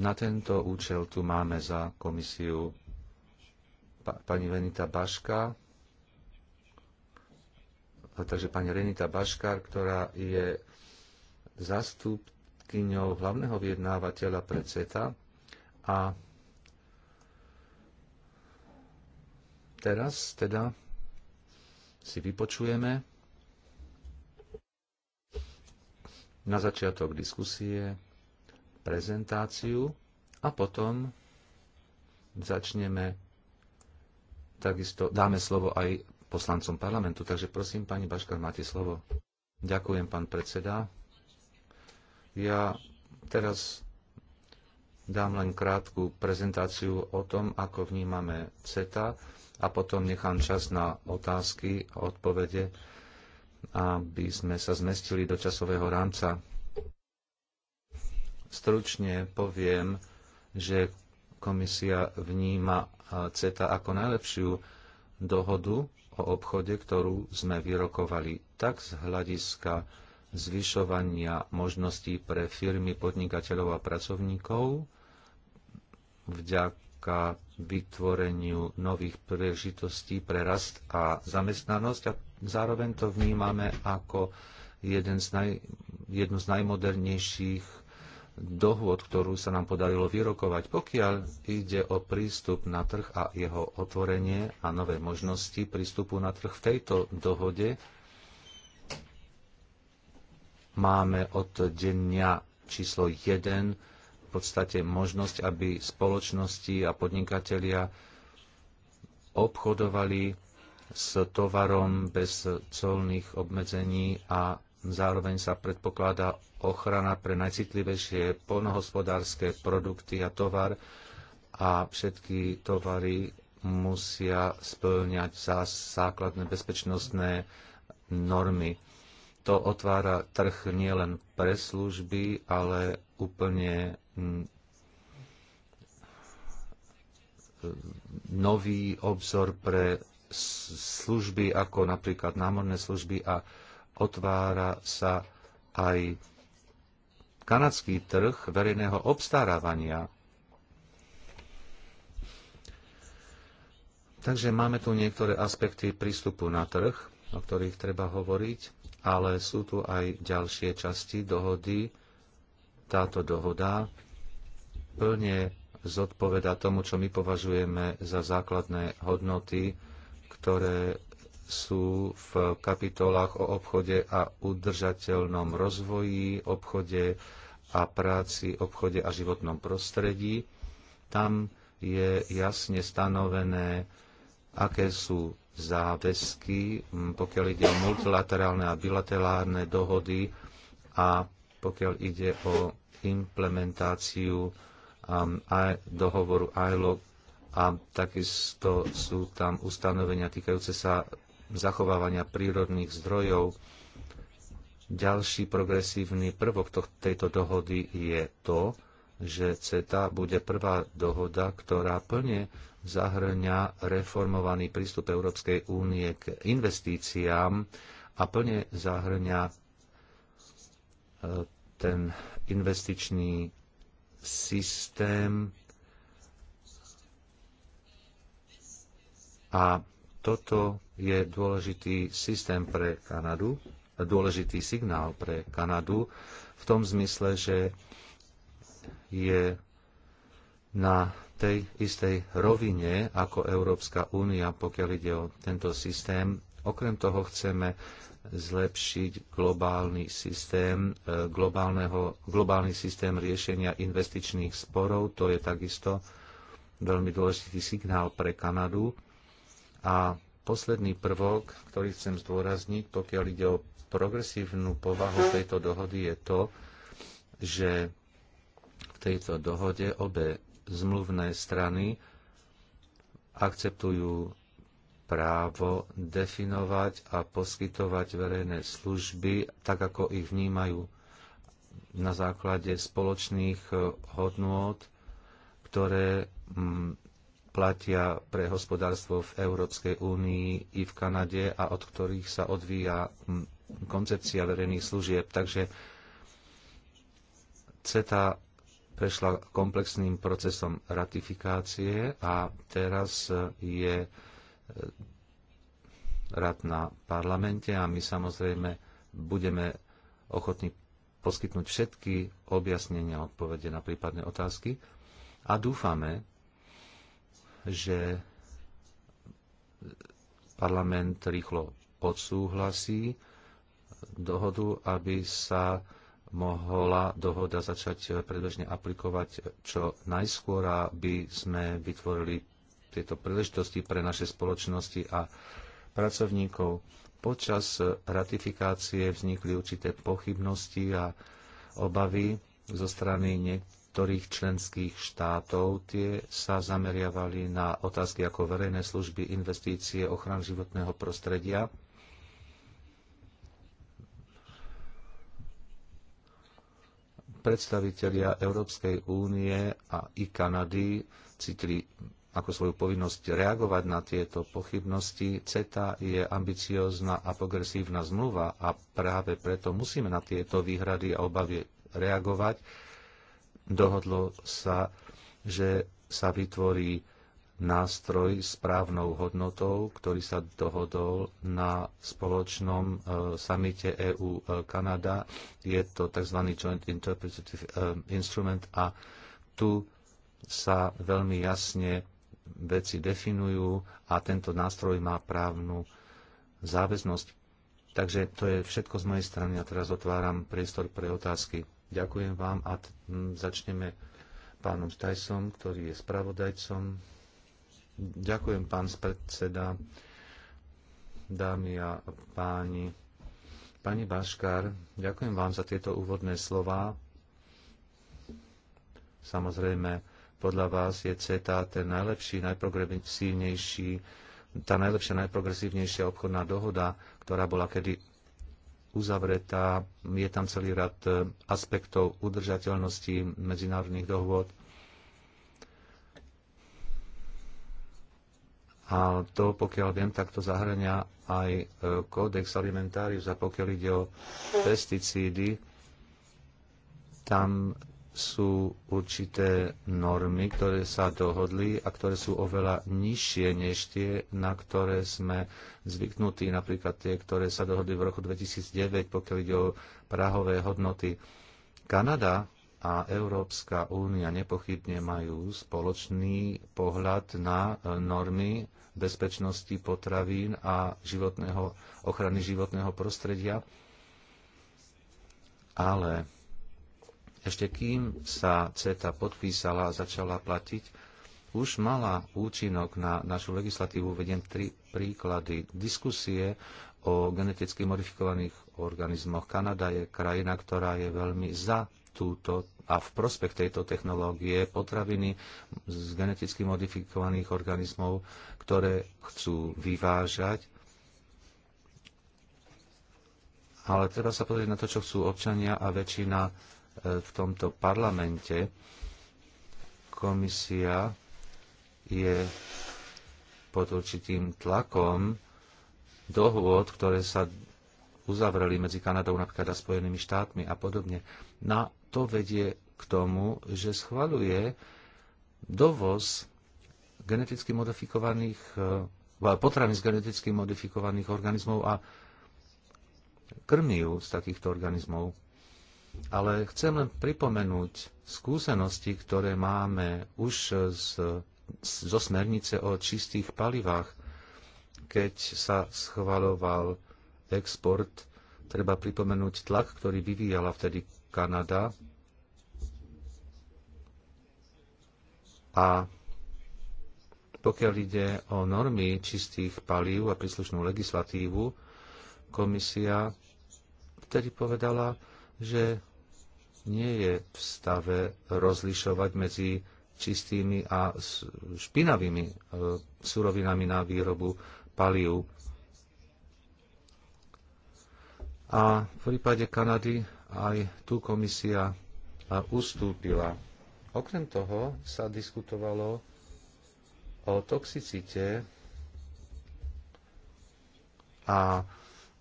na tento účel tu máme za komisiu pani Venita Baška, takže pani Renita Baškár, ktorá je zastupkyňou hlavného vyjednávateľa pre CETA a Teraz teda si vypočujeme na začiatok diskusie prezentáciu a potom začneme takisto dáme slovo aj poslancom parlamentu. Takže prosím, pani Baškar, máte slovo. Ďakujem, pán predseda. Ja teraz dám len krátku prezentáciu o tom, ako vnímame CETA a potom nechám čas na otázky a odpovede, aby sme sa zmestili do časového rámca. Stručne poviem, že komisia vníma CETA ako najlepšiu dohodu o obchode, ktorú sme vyrokovali tak z hľadiska zvyšovania možností pre firmy, podnikateľov a pracovníkov, vďaka vďaka vytvoreniu nových príležitostí pre rast a zamestnanosť a zároveň to vnímame ako jeden z naj, jednu z najmodernejších dohôd, ktorú sa nám podarilo vyrokovať, pokiaľ ide o prístup na trh a jeho otvorenie a nové možnosti prístupu na trh v tejto dohode máme od dňa číslo 1 podstate možnosť, aby spoločnosti a podnikatelia obchodovali s tovarom bez colných obmedzení a zároveň sa predpokladá ochrana pre najcitlivejšie polnohospodárske produkty a tovar a všetky tovary musia splňať základné bezpečnostné normy. To otvára trh nielen pre služby, ale úplne Mm. nový obzor pre služby ako napríklad námorné služby a otvára sa aj kanadský trh verejného obstarávania. Takže máme tu niektoré aspekty prístupu na trh, o ktorých treba hovoriť, ale sú tu aj ďalšie časti dohody. Táto dohoda plne zodpoveda tomu, čo my považujeme za základné hodnoty, ktoré sú v kapitolách o obchode a udržateľnom rozvoji, obchode a práci, obchode a životnom prostredí. Tam je jasne stanovené, aké sú záväzky, pokiaľ ide o multilaterálne a bilaterálne dohody a pokiaľ ide o implementáciu Um, dohovoru ILO a takisto sú tam ustanovenia týkajúce sa zachovávania prírodných zdrojov. Ďalší progresívny prvok tejto dohody je to, že CETA bude prvá dohoda, ktorá plne zahrňa reformovaný prístup Európskej únie k investíciám a plne zahrňa e, ten investičný systém a toto je dôležitý systém pre Kanadu, dôležitý signál pre Kanadu v tom zmysle, že je na tej istej rovine ako Európska únia, pokiaľ ide o tento systém. Okrem toho chceme zlepšiť globálny systém, e, globálneho, globálny systém riešenia investičných sporov. To je takisto veľmi dôležitý signál pre Kanadu. A posledný prvok, ktorý chcem zdôrazniť, pokiaľ ide o progresívnu povahu tejto dohody, je to, že v tejto dohode obe zmluvné strany akceptujú právo definovať a poskytovať verejné služby tak, ako ich vnímajú na základe spoločných e, hodnôt, ktoré mm, platia pre hospodárstvo v Európskej únii i v Kanade a od ktorých sa odvíja mm, koncepcia verejných služieb. Takže CETA prešla komplexným procesom ratifikácie a teraz e, je rad na parlamente a my samozrejme budeme ochotní poskytnúť všetky objasnenia a odpovede na prípadné otázky a dúfame, že parlament rýchlo odsúhlasí dohodu, aby sa mohla dohoda začať predbežne aplikovať čo najskôr, aby sme vytvorili tieto príležitosti pre naše spoločnosti a pracovníkov. Počas ratifikácie vznikli určité pochybnosti a obavy zo strany niektorých členských štátov. Tie sa zameriavali na otázky ako verejné služby, investície, ochran životného prostredia. Predstavitelia Európskej únie a i Kanady cítili ako svoju povinnosť reagovať na tieto pochybnosti. CETA je ambiciózna a progresívna zmluva a práve preto musíme na tieto výhrady a obavy reagovať. Dohodlo sa, že sa vytvorí nástroj s právnou hodnotou, ktorý sa dohodol na spoločnom e, samite EU-Kanada. E, je to tzv. Joint Interpretative e, Instrument a tu sa veľmi jasne veci definujú a tento nástroj má právnu záväznosť. Takže to je všetko z mojej strany a teraz otváram priestor pre otázky. Ďakujem vám a začneme pánom Stajsom, ktorý je spravodajcom. Ďakujem, pán predseda, dámy a páni. Pani Baškár, ďakujem vám za tieto úvodné slova. Samozrejme, podľa vás je CETA ten najlepší, najprogresívnejší, tá najlepšia, najprogresívnejšia obchodná dohoda, ktorá bola kedy uzavretá. Je tam celý rad e, aspektov udržateľnosti medzinárodných dohôd. A to, pokiaľ viem, tak to zahrania aj e, kódex alimentárius a pokiaľ ide o pesticídy, tam sú určité normy, ktoré sa dohodli a ktoré sú oveľa nižšie než tie, na ktoré sme zvyknutí, napríklad tie, ktoré sa dohodli v roku 2009, pokiaľ ide o prahové hodnoty. Kanada a Európska únia nepochybne majú spoločný pohľad na e, normy bezpečnosti potravín a životného, ochrany životného prostredia, ale ešte kým sa CETA podpísala a začala platiť, už mala účinok na našu legislatívu. Vediem tri príklady. Diskusie o geneticky modifikovaných organizmoch. Kanada je krajina, ktorá je veľmi za túto a v prospech tejto technológie potraviny z geneticky modifikovaných organizmov, ktoré chcú vyvážať. Ale treba sa pozrieť na to, čo chcú občania a väčšina v tomto parlamente. Komisia je pod určitým tlakom dohôd, ktoré sa uzavreli medzi Kanadou napríklad a Spojenými štátmi a podobne. Na to vedie k tomu, že schvaluje dovoz geneticky modifikovaných e, potravín z geneticky modifikovaných organizmov a krmiv z takýchto organizmov. Ale chcem len pripomenúť skúsenosti, ktoré máme už z, z, zo smernice o čistých palivách, keď sa schvaloval export. Treba pripomenúť tlak, ktorý vyvíjala vtedy Kanada. A pokiaľ ide o normy čistých palív a príslušnú legislatívu, komisia vtedy povedala, že nie je v stave rozlišovať medzi čistými a špinavými e, surovinami na výrobu palív. A v prípade Kanady aj tu komisia ustúpila. Okrem toho sa diskutovalo o toxicite a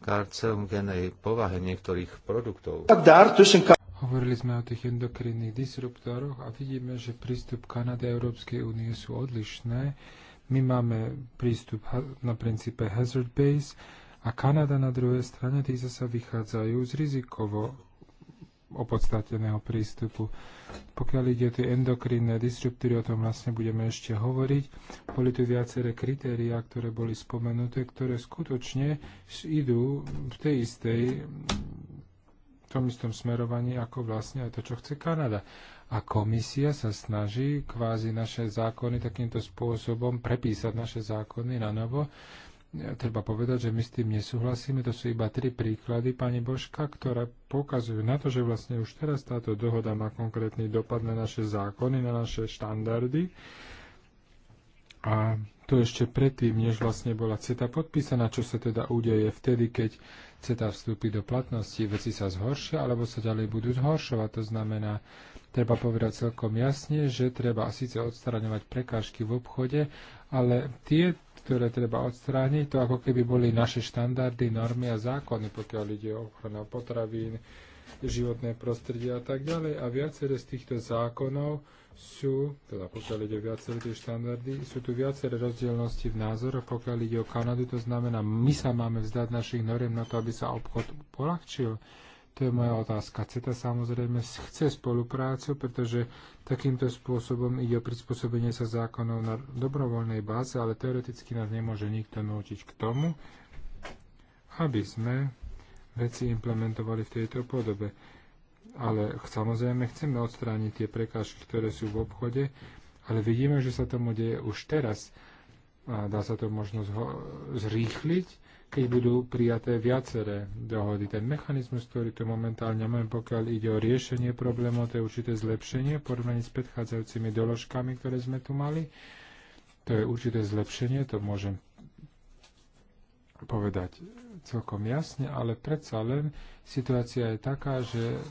karcinogénej povahe niektorých produktov. Hovorili sme o tých endokrinných disruptoroch a vidíme, že prístup Kanady a Európskej únie sú odlišné. My máme prístup na princípe hazard base a Kanada na druhej strane, tí zase vychádzajú z rizikovo opodstateného prístupu. Pokiaľ ide o tie endokrinné disruptory, o tom vlastne budeme ešte hovoriť. Boli tu viaceré kritériá, ktoré boli spomenuté, ktoré skutočne idú v tej istej v tom istom smerovaní, ako vlastne aj to, čo chce Kanada. A komisia sa snaží kvázi naše zákony takýmto spôsobom prepísať naše zákony na novo, treba povedať, že my s tým nesúhlasíme. To sú iba tri príklady, pani Božka, ktoré poukazujú na to, že vlastne už teraz táto dohoda má konkrétny dopad na naše zákony, na naše štandardy. A to ešte predtým, než vlastne bola CETA podpísaná, čo sa teda udeje vtedy, keď CETA vstúpi do platnosti, veci sa zhoršia alebo sa ďalej budú zhoršovať. To znamená, treba povedať celkom jasne, že treba síce odstraňovať prekážky v obchode, ale tie, ktoré treba odstrániť, to ako keby boli naše štandardy, normy a zákony, pokiaľ ide o ochranu potravín, životné prostredie a tak ďalej. A viaceré z týchto zákonov sú, teda pokiaľ ide o viaceré tie štandardy, sú tu viaceré rozdielnosti v názoroch, pokiaľ ide o Kanadu, to znamená, my sa máme vzdať našich noriem na to, aby sa obchod polahčil. To je moja otázka. CETA samozrejme chce spoluprácu, pretože takýmto spôsobom ide o prispôsobenie sa zákonov na dobrovoľnej báze, ale teoreticky nás nemôže nikto nútiť k tomu, aby sme veci implementovali v tejto podobe. Ale samozrejme chceme odstrániť tie prekážky, ktoré sú v obchode, ale vidíme, že sa tomu deje už teraz. A dá sa to možno zrýchliť keď budú prijaté viaceré dohody. Ten mechanizmus, ktorý tu momentálne máme, pokiaľ ide o riešenie problémov, to je určité zlepšenie v porovnaní s predchádzajúcimi doložkami, ktoré sme tu mali. To je určité zlepšenie, to môžem povedať celkom jasne, ale predsa len situácia je taká, že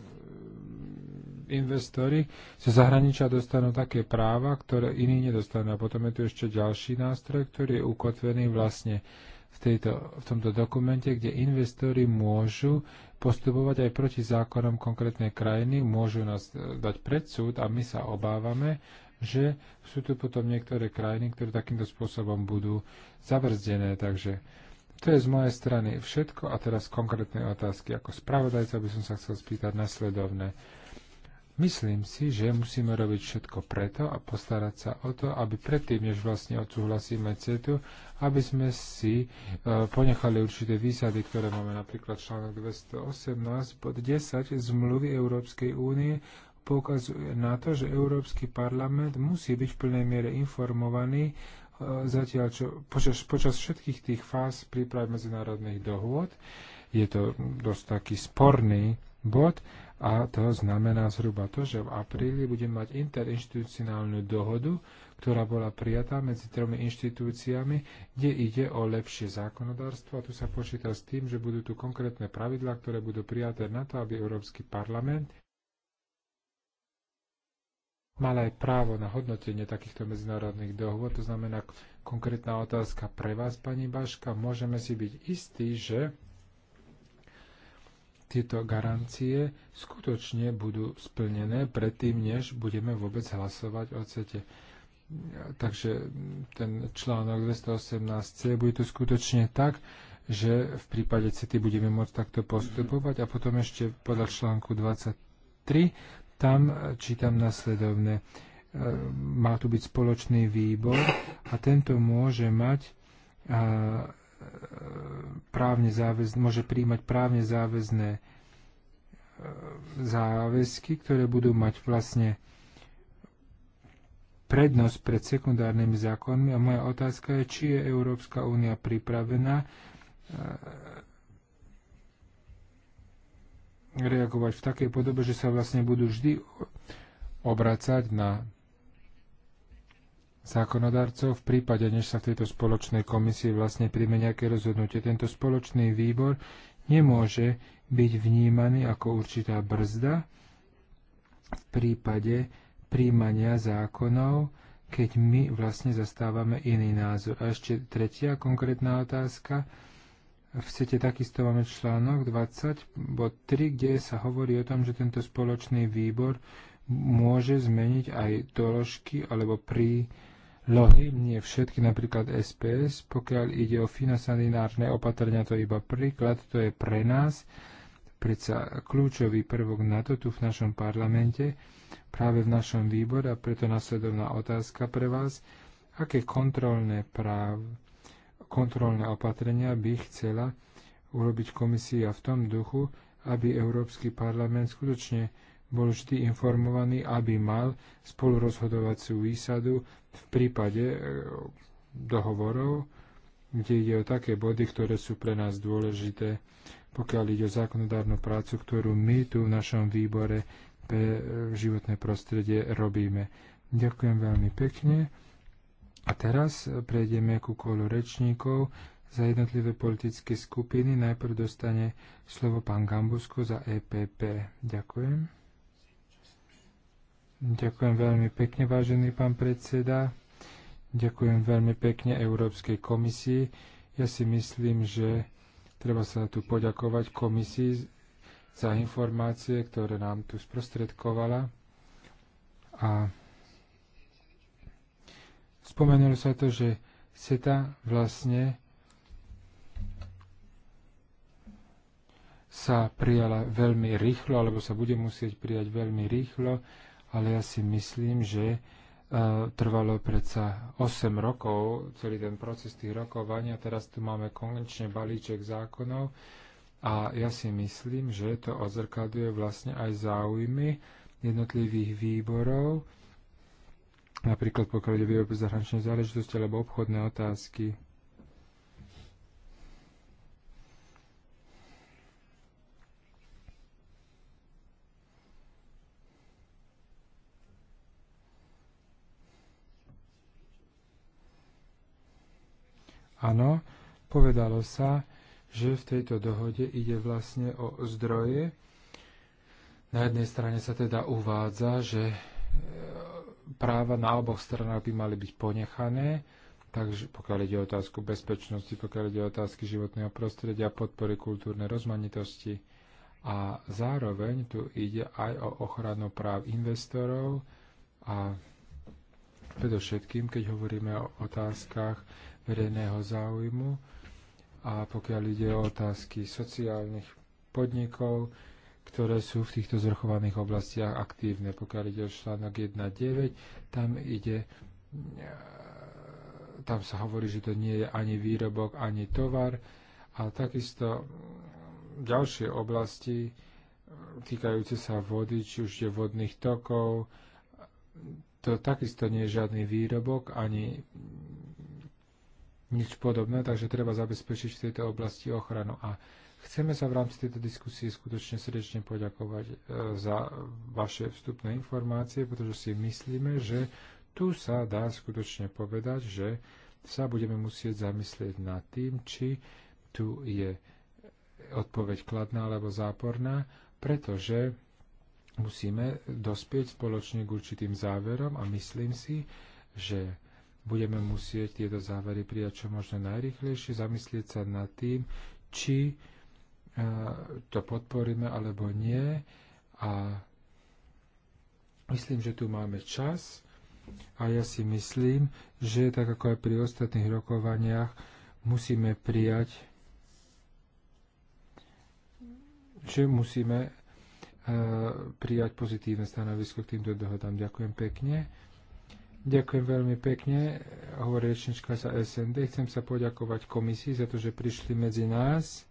investori zo zahraničia dostanú také práva, ktoré iní nedostanú. A potom je tu ešte ďalší nástroj, ktorý je ukotvený vlastne v, tejto, v tomto dokumente, kde investori môžu postupovať aj proti zákonom konkrétnej krajiny, môžu nás e, dať pred súd a my sa obávame, že sú tu potom niektoré krajiny, ktoré takýmto spôsobom budú zabrzdené. Takže to je z mojej strany všetko a teraz konkrétne otázky. Ako spravodajca by som sa chcel spýtať nasledovné. Myslím si, že musíme robiť všetko preto a postarať sa o to, aby predtým, než vlastne odsúhlasíme CETU, aby sme si e, ponechali určité výsady, ktoré máme napríklad článok 218 pod 10 zmluvy Európskej únie poukazuje na to, že Európsky parlament musí byť v plnej miere informovaný e, zatiaľ čo počas, počas všetkých tých fáz príprav medzinárodných dohôd. Je to dosť taký sporný bod, a to znamená zhruba to, že v apríli budeme mať interinstitucionálnu dohodu, ktorá bola prijatá medzi tromi inštitúciami, kde ide o lepšie zákonodárstvo. A tu sa počíta s tým, že budú tu konkrétne pravidlá, ktoré budú prijaté na to, aby Európsky parlament mal aj právo na hodnotenie takýchto medzinárodných dohôd. To znamená konkrétna otázka pre vás, pani Baška. Môžeme si byť istí, že tieto garancie skutočne budú splnené predtým, než budeme vôbec hlasovať o CETE. Takže ten článok 218c bude to skutočne tak, že v prípade CETY budeme môcť takto postupovať a potom ešte podľa článku 23 tam čítam nasledovne. E, má tu byť spoločný výbor a tento môže mať E, právne záväzne, môže príjmať právne záväzné e, záväzky, ktoré budú mať vlastne prednosť pred sekundárnymi zákonmi. A moja otázka je, či je Európska únia pripravená e, reagovať v takej podobe, že sa vlastne budú vždy obracať na zákonodarcov v prípade, než sa v tejto spoločnej komisii vlastne príjme nejaké rozhodnutie. Tento spoločný výbor nemôže byť vnímaný ako určitá brzda v prípade príjmania zákonov, keď my vlastne zastávame iný názor. A ešte tretia konkrétna otázka. v sete takisto máme článok 20, bod 3, kde sa hovorí o tom, že tento spoločný výbor môže zmeniť aj doložky alebo pri lohy, nie všetky, napríklad SPS, pokiaľ ide o finosanitárne opatrenia, to je iba príklad, to je pre nás predsa kľúčový prvok na to tu v našom parlamente, práve v našom výbore a preto nasledovná otázka pre vás, aké kontrolné, práv, kontrolné opatrenia by chcela urobiť komisia v tom duchu, aby Európsky parlament skutočne bol vždy informovaný, aby mal spolurozhodovaciu výsadu v prípade e, dohovorov, kde ide o také body, ktoré sú pre nás dôležité, pokiaľ ide o zákonodárnu prácu, ktorú my tu v našom výbore pre e, životné prostredie robíme. Ďakujem veľmi pekne. A teraz prejdeme ku kolu rečníkov za jednotlivé politické skupiny. Najprv dostane slovo pán Gambusko za EPP. Ďakujem. Ďakujem veľmi pekne, vážený pán predseda. Ďakujem veľmi pekne Európskej komisii. Ja si myslím, že treba sa tu poďakovať komisii za informácie, ktoré nám tu sprostredkovala. A spomenulo sa to, že SETA vlastne sa prijala veľmi rýchlo, alebo sa bude musieť prijať veľmi rýchlo ale ja si myslím, že e, trvalo predsa 8 rokov, celý ten proces tých rokovania, teraz tu máme konečne balíček zákonov a ja si myslím, že to odzrkaduje vlastne aj záujmy jednotlivých výborov, napríklad pokiaľ výbor pre zahraničné záležitosti alebo obchodné otázky. Áno, povedalo sa, že v tejto dohode ide vlastne o zdroje. Na jednej strane sa teda uvádza, že e, práva na oboch stranách by mali byť ponechané, takže pokiaľ ide o otázku bezpečnosti, pokiaľ ide o otázky životného prostredia, podpory kultúrnej rozmanitosti a zároveň tu ide aj o ochranu práv investorov a predovšetkým, keď hovoríme o otázkach verejného záujmu a pokiaľ ide o otázky sociálnych podnikov, ktoré sú v týchto zvrchovaných oblastiach aktívne. Pokiaľ ide o článok 1.9, tam ide tam sa hovorí, že to nie je ani výrobok, ani tovar a takisto ďalšie oblasti týkajúce sa vody, či už je vodných tokov, to takisto nie je žiadny výrobok, ani nič podobné, takže treba zabezpečiť v tejto oblasti ochranu. A chceme sa v rámci tejto diskusie skutočne srdečne poďakovať e, za vaše vstupné informácie, pretože si myslíme, že tu sa dá skutočne povedať, že sa budeme musieť zamyslieť nad tým, či tu je odpoveď kladná alebo záporná, pretože musíme dospieť spoločne k určitým záverom a myslím si, že budeme musieť tieto závery prijať čo možno najrychlejšie, zamyslieť sa nad tým, či e, to podporíme alebo nie. A myslím, že tu máme čas a ja si myslím, že tak ako aj pri ostatných rokovaniach musíme prijať, že musíme e, prijať pozitívne stanovisko k týmto dohodám. Ďakujem pekne. Ďakujem veľmi pekne, hovorí rečnička sa SND. Chcem sa poďakovať komisii za to, že prišli medzi nás.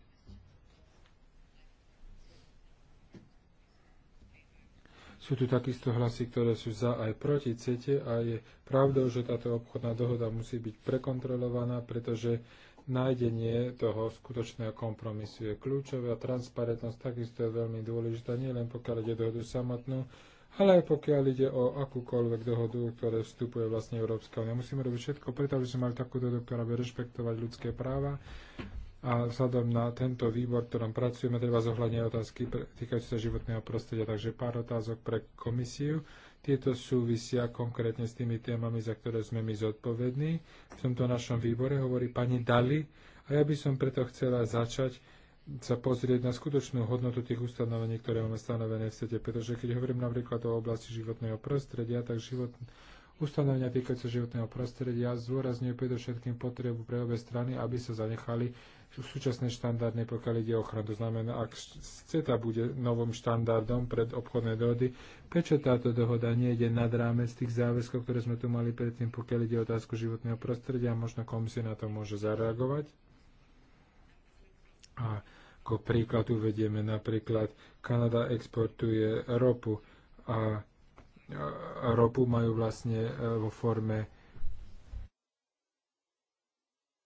Sú tu takisto hlasy, ktoré sú za aj proti CETE a je pravdou, že táto obchodná dohoda musí byť prekontrolovaná, pretože nájdenie toho skutočného kompromisu je kľúčové a transparentnosť takisto je veľmi dôležitá, nielen pokiaľ ide dohodu samotnú, ale aj pokiaľ ide o akúkoľvek dohodu, ktoré vstupuje vlastne Európska únia. Musíme robiť všetko preto, aby sme mali takú dohodu, ktorá by rešpektovať ľudské práva a vzhľadom na tento výbor, v ktorom pracujeme, treba zohľadne otázky týkajúce sa životného prostredia. Takže pár otázok pre komisiu. Tieto súvisia konkrétne s tými témami, za ktoré sme my zodpovední. V tomto našom výbore hovorí pani Dali a ja by som preto chcela začať sa pozrieť na skutočnú hodnotu tých ustanovení, ktoré máme stanovené v svete. Pretože keď hovorím napríklad o oblasti životného prostredia, tak život, ustanovenia týkajúce životného prostredia zdôrazňujú predovšetkým potrebu pre obe strany, aby sa zanechali súčasné štandardy, pokiaľ ide o ochranu. To znamená, ak CETA bude novým štandardom pred obchodné dohody, prečo táto dohoda nejde nad rámec tých záväzkov, ktoré sme tu mali predtým, pokiaľ ide o otázku životného prostredia, možno komisia na to môže zareagovať. A ako príklad uvedieme napríklad, Kanada exportuje ropu a ropu majú vlastne e, vo forme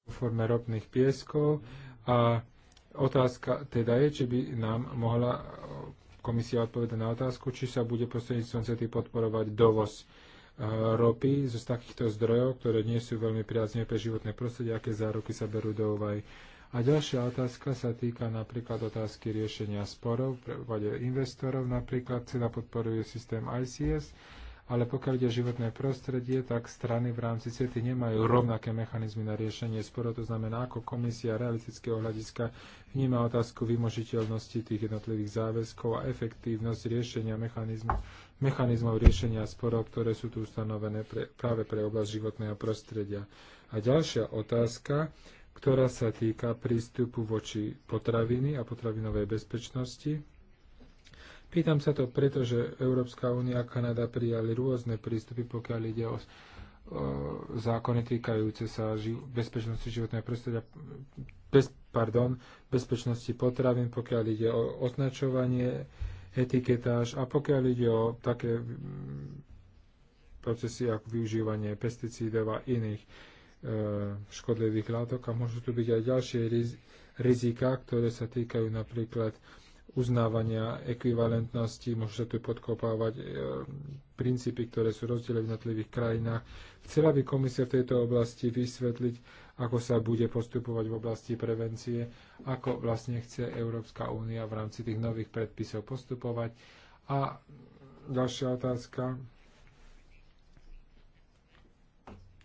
vo forme ropných pieskov a otázka teda je, či by nám mohla komisia odpovedať na otázku, či sa bude prostredníctvom CETI podporovať dovoz e, ropy z takýchto zdrojov, ktoré nie sú veľmi priaznivé pre životné prostredie, aké záruky sa berú do úvahy. A ďalšia otázka sa týka napríklad otázky riešenia sporov. V prípade investorov napríklad CEDA podporuje systém ICS, ale pokiaľ ide životné prostredie, tak strany v rámci CETI nemajú rovnaké mechanizmy na riešenie sporov. To znamená, ako komisia realistického hľadiska vníma otázku vymožiteľnosti tých jednotlivých záväzkov a efektívnosť riešenia mechanizmu, mechanizmov riešenia sporov, ktoré sú tu ustanovené pre, práve pre oblasť životného prostredia. A ďalšia otázka ktorá sa týka prístupu voči potraviny a potravinovej bezpečnosti. Pýtam sa to preto, že Európska únia a Kanada prijali rôzne prístupy, pokiaľ ide o zákony týkajúce sa ži- bezpečnosti životného prostredia, bez, pardon, bezpečnosti potravín, pokiaľ ide o označovanie, etiketáž a pokiaľ ide o také procesy ako využívanie pesticídov a iných E, škodlivých látok a môžu tu byť aj ďalšie rizika, ktoré sa týkajú napríklad uznávania ekvivalentnosti, môžu sa tu podkopávať e, princípy, ktoré sú rozdielne v jednotlivých krajinách. Chcela by komisia v tejto oblasti vysvetliť, ako sa bude postupovať v oblasti prevencie, ako vlastne chce Európska únia v rámci tých nových predpisov postupovať. A ďalšia otázka,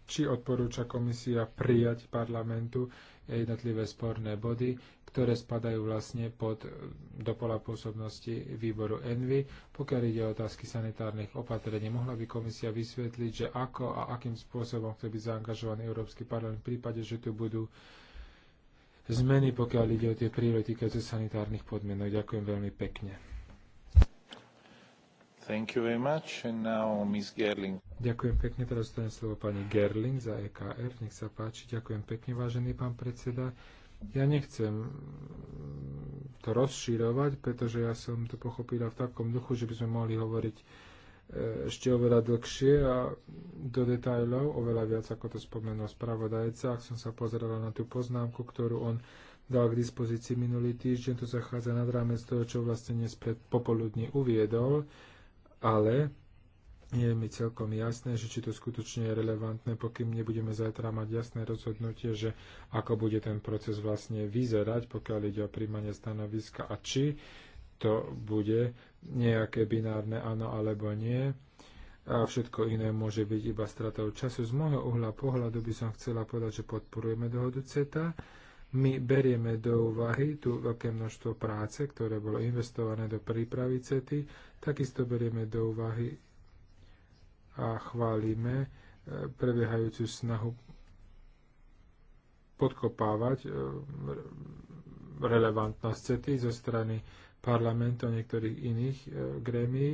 či odporúča komisia prijať parlamentu jednotlivé sporné body, ktoré spadajú vlastne pod dopola pôsobnosti výboru ENVY. Pokiaľ ide o otázky sanitárnych opatrení, mohla by komisia vysvetliť, že ako a akým spôsobom chce byť zaangažovaný Európsky parlament v prípade, že tu budú zmeny, pokiaľ ide o tie prírody týkajúce sanitárnych podmienok. Ďakujem veľmi pekne. Thank you very much. And now Gerling. Ďakujem pekne, teraz dostane slovo pani Gerling za EKR. Nech sa páči. Ďakujem pekne, vážený pán predseda. Ja nechcem mm, to rozširovať, pretože ja som to pochopila v takom duchu, že by sme mohli hovoriť e, ešte oveľa dlhšie a do detajlov, oveľa viac ako to spomenul spravodajca. Ak som sa pozerala na tú poznámku, ktorú on dal k dispozícii minulý týždeň, to zachádza nad rámec toho, čo vlastne dnes popoludní uviedol ale je mi celkom jasné, že či to skutočne je relevantné, pokým nebudeme zajtra mať jasné rozhodnutie, že ako bude ten proces vlastne vyzerať, pokiaľ ide o príjmanie stanoviska a či to bude nejaké binárne áno alebo nie. A všetko iné môže byť iba stratou času. Z môjho uhla pohľadu by som chcela povedať, že podporujeme dohodu CETA my berieme do úvahy tú veľké množstvo práce, ktoré bolo investované do prípravy CETY, takisto berieme do úvahy a chválime e, prebiehajúcu snahu podkopávať e, relevantnosť CETY zo strany parlamentu a niektorých iných e, grémií.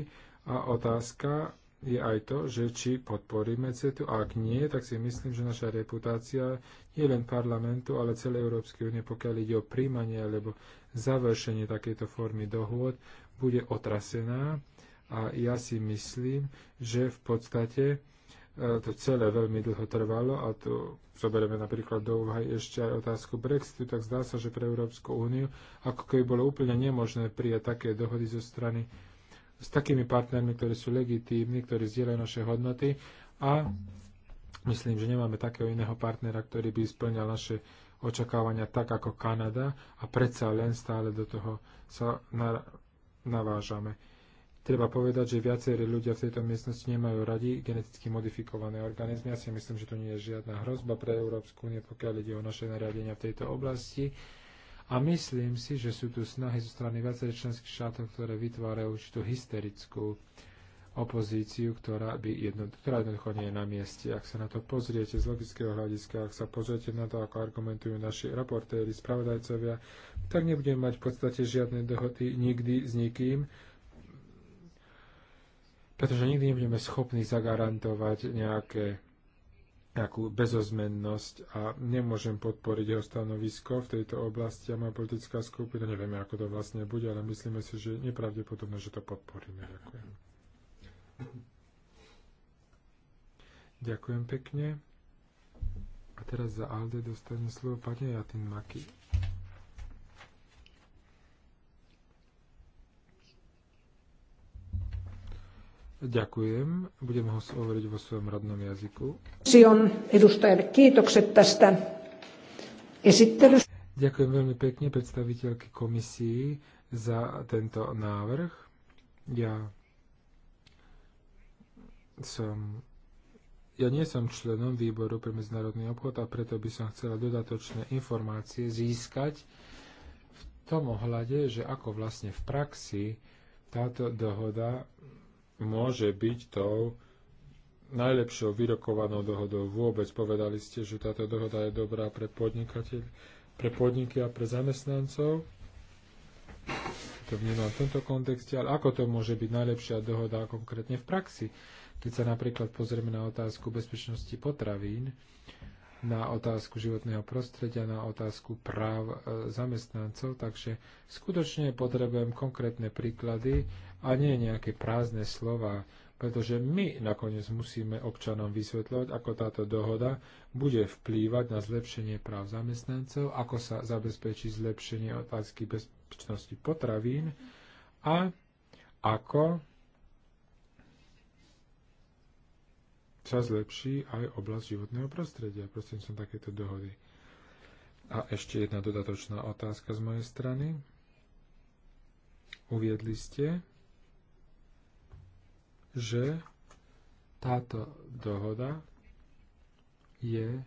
A otázka je aj to, že či podporíme CETU, a ak nie, tak si myslím, že naša reputácia nie len parlamentu, ale celej Európskej únie, pokiaľ ide o príjmanie alebo završenie takejto formy dohôd, bude otrasená a ja si myslím, že v podstate e, to celé veľmi dlho trvalo a tu zoberieme napríklad do úvahy ešte aj otázku Brexitu, tak zdá sa, že pre Európsku úniu ako keby bolo úplne nemožné prijať také dohody zo strany s takými partnermi, ktorí sú legitímni, ktorí zdieľajú naše hodnoty a myslím, že nemáme takého iného partnera, ktorý by splňal naše očakávania tak ako Kanada a predsa len stále do toho sa navážame. Treba povedať, že viacerí ľudia v tejto miestnosti nemajú radi geneticky modifikované organizmy. Ja si myslím, že to nie je žiadna hrozba pre Európsku úniu, pokiaľ ide o naše nariadenia v tejto oblasti. A myslím si, že sú tu snahy zo strany viacerých členských štátov, ktoré vytvárajú určitú hysterickú opozíciu, ktorá, by jedno, ktorá jednoducho nie je na mieste. Ak sa na to pozriete z logického hľadiska, ak sa pozriete na to, ako argumentujú naši raportéri, spravodajcovia, tak nebudeme mať v podstate žiadne dohody nikdy s nikým, pretože nikdy nebudeme schopní zagarantovať nejaké takú bezozmennosť a nemôžem podporiť jeho stanovisko v tejto oblasti a moja politická skupina, nevieme, ako to vlastne bude, ale myslíme si, že je nepravdepodobné, že to podporíme. Ďakujem. Ďakujem pekne. A teraz za Alde dostane slovo pani Jatin Maki. Ďakujem. Budem ho hovoriť vo svojom rodnom jazyku. Ďakujem veľmi pekne predstaviteľky komisii za tento návrh. Ja som ja nie som členom výboru pre medzinárodný obchod a preto by som chcela dodatočné informácie získať v tom ohľade, že ako vlastne v praxi táto dohoda môže byť tou najlepšou vyrokovanou dohodou vôbec. Povedali ste, že táto dohoda je dobrá pre podnikateľ, pre podniky a pre zamestnancov. To vnímam v tomto kontexte, ale ako to môže byť najlepšia dohoda konkrétne v praxi? Keď sa napríklad pozrieme na otázku bezpečnosti potravín, na otázku životného prostredia, na otázku práv e, zamestnancov, takže skutočne potrebujem konkrétne príklady a nie nejaké prázdne slova, pretože my nakoniec musíme občanom vysvetľovať, ako táto dohoda bude vplývať na zlepšenie práv zamestnancov, ako sa zabezpečí zlepšenie otázky bezpečnosti potravín a ako sa zlepší aj oblasť životného prostredia Prosím som takéto dohody. A ešte jedna dodatočná otázka z mojej strany. Uviedli ste, že táto dohoda je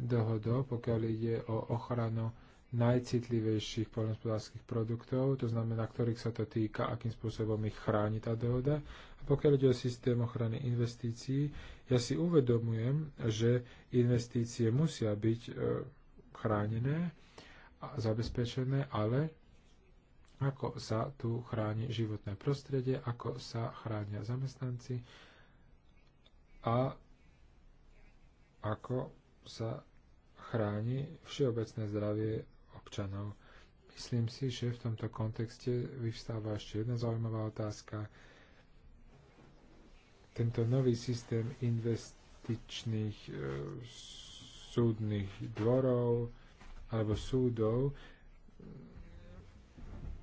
dohodou, pokiaľ ide o ochranu najcitlivejších poľnohospodárských produktov, to znamená, ktorých sa to týka, akým spôsobom ich chráni tá dohoda. A pokiaľ ide o systém ochrany investícií, ja si uvedomujem, že investície musia byť e, chránené a zabezpečené, ale ako sa tu chráni životné prostredie, ako sa chránia zamestnanci a ako sa chráni všeobecné zdravie občanov. Myslím si, že v tomto kontexte vyvstáva ešte jedna zaujímavá otázka. Tento nový systém investičných e, súdnych dvorov alebo súdov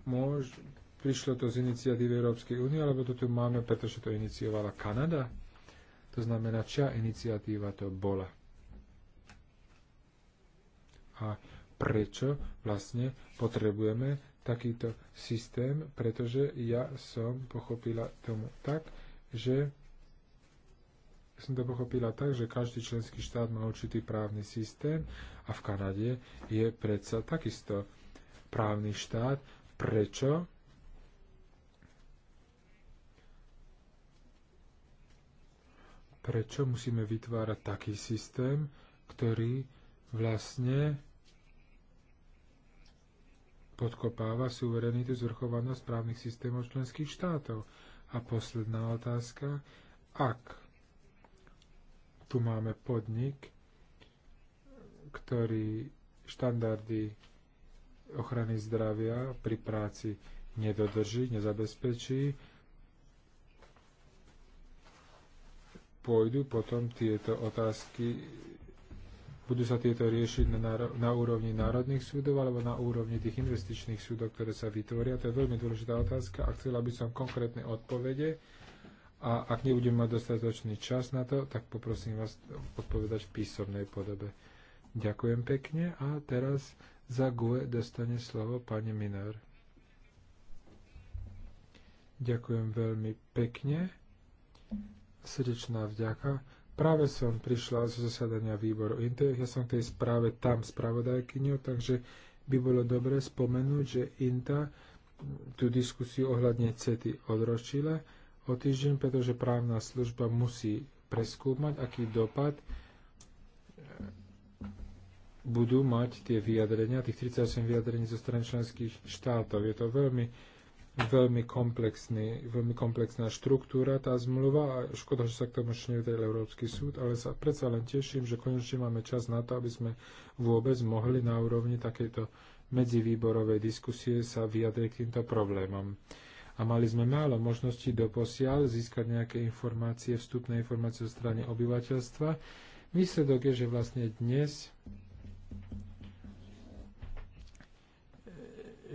môž, prišlo to z iniciatívy Európskej únie, alebo to tu máme, pretože to iniciovala Kanada? To znamená, čia iniciatíva to bola. A prečo vlastne potrebujeme takýto systém, pretože ja som pochopila tomu tak, že som to pochopila tak, že každý členský štát má určitý právny systém a v Kanade je predsa takisto právny štát Prečo? Prečo musíme vytvárať taký systém, ktorý vlastne podkopáva suverenitu zvrchovanosť právnych systémov členských štátov. A posledná otázka, ak tu máme podnik, ktorý štandardy ochrany zdravia pri práci nedodrží, nezabezpečí, pôjdu potom tieto otázky, budú sa tieto riešiť na, na úrovni národných súdov alebo na úrovni tých investičných súdov, ktoré sa vytvoria. To je veľmi dôležitá otázka a chcela by som konkrétne odpovede. A ak nebudem mať dostatočný čas na to, tak poprosím vás odpovedať v písomnej podobe. Ďakujem pekne a teraz za GUE dostane slovo pani Minár. Ďakujem veľmi pekne. Srdečná vďaka. Práve som prišla zo zasadania výboru Inter. Ja som k tej správe tam spravodajkyňou, takže by bolo dobre spomenúť, že INTA tú diskusiu ohľadne CETY odročila o týždeň, pretože právna služba musí preskúmať, aký dopad budú mať tie vyjadrenia, tých 38 vyjadrení zo strany členských štátov. Je to veľmi, veľmi, komplexný, veľmi komplexná štruktúra tá zmluva a škoda, že sa k tomu ešte nevedel Európsky súd, ale sa predsa len teším, že konečne máme čas na to, aby sme vôbec mohli na úrovni takejto medzivýborovej diskusie sa vyjadriť k týmto problémom a mali sme málo možností doposiaľ získať nejaké informácie, vstupné informácie zo strany obyvateľstva. Výsledok je, že vlastne dnes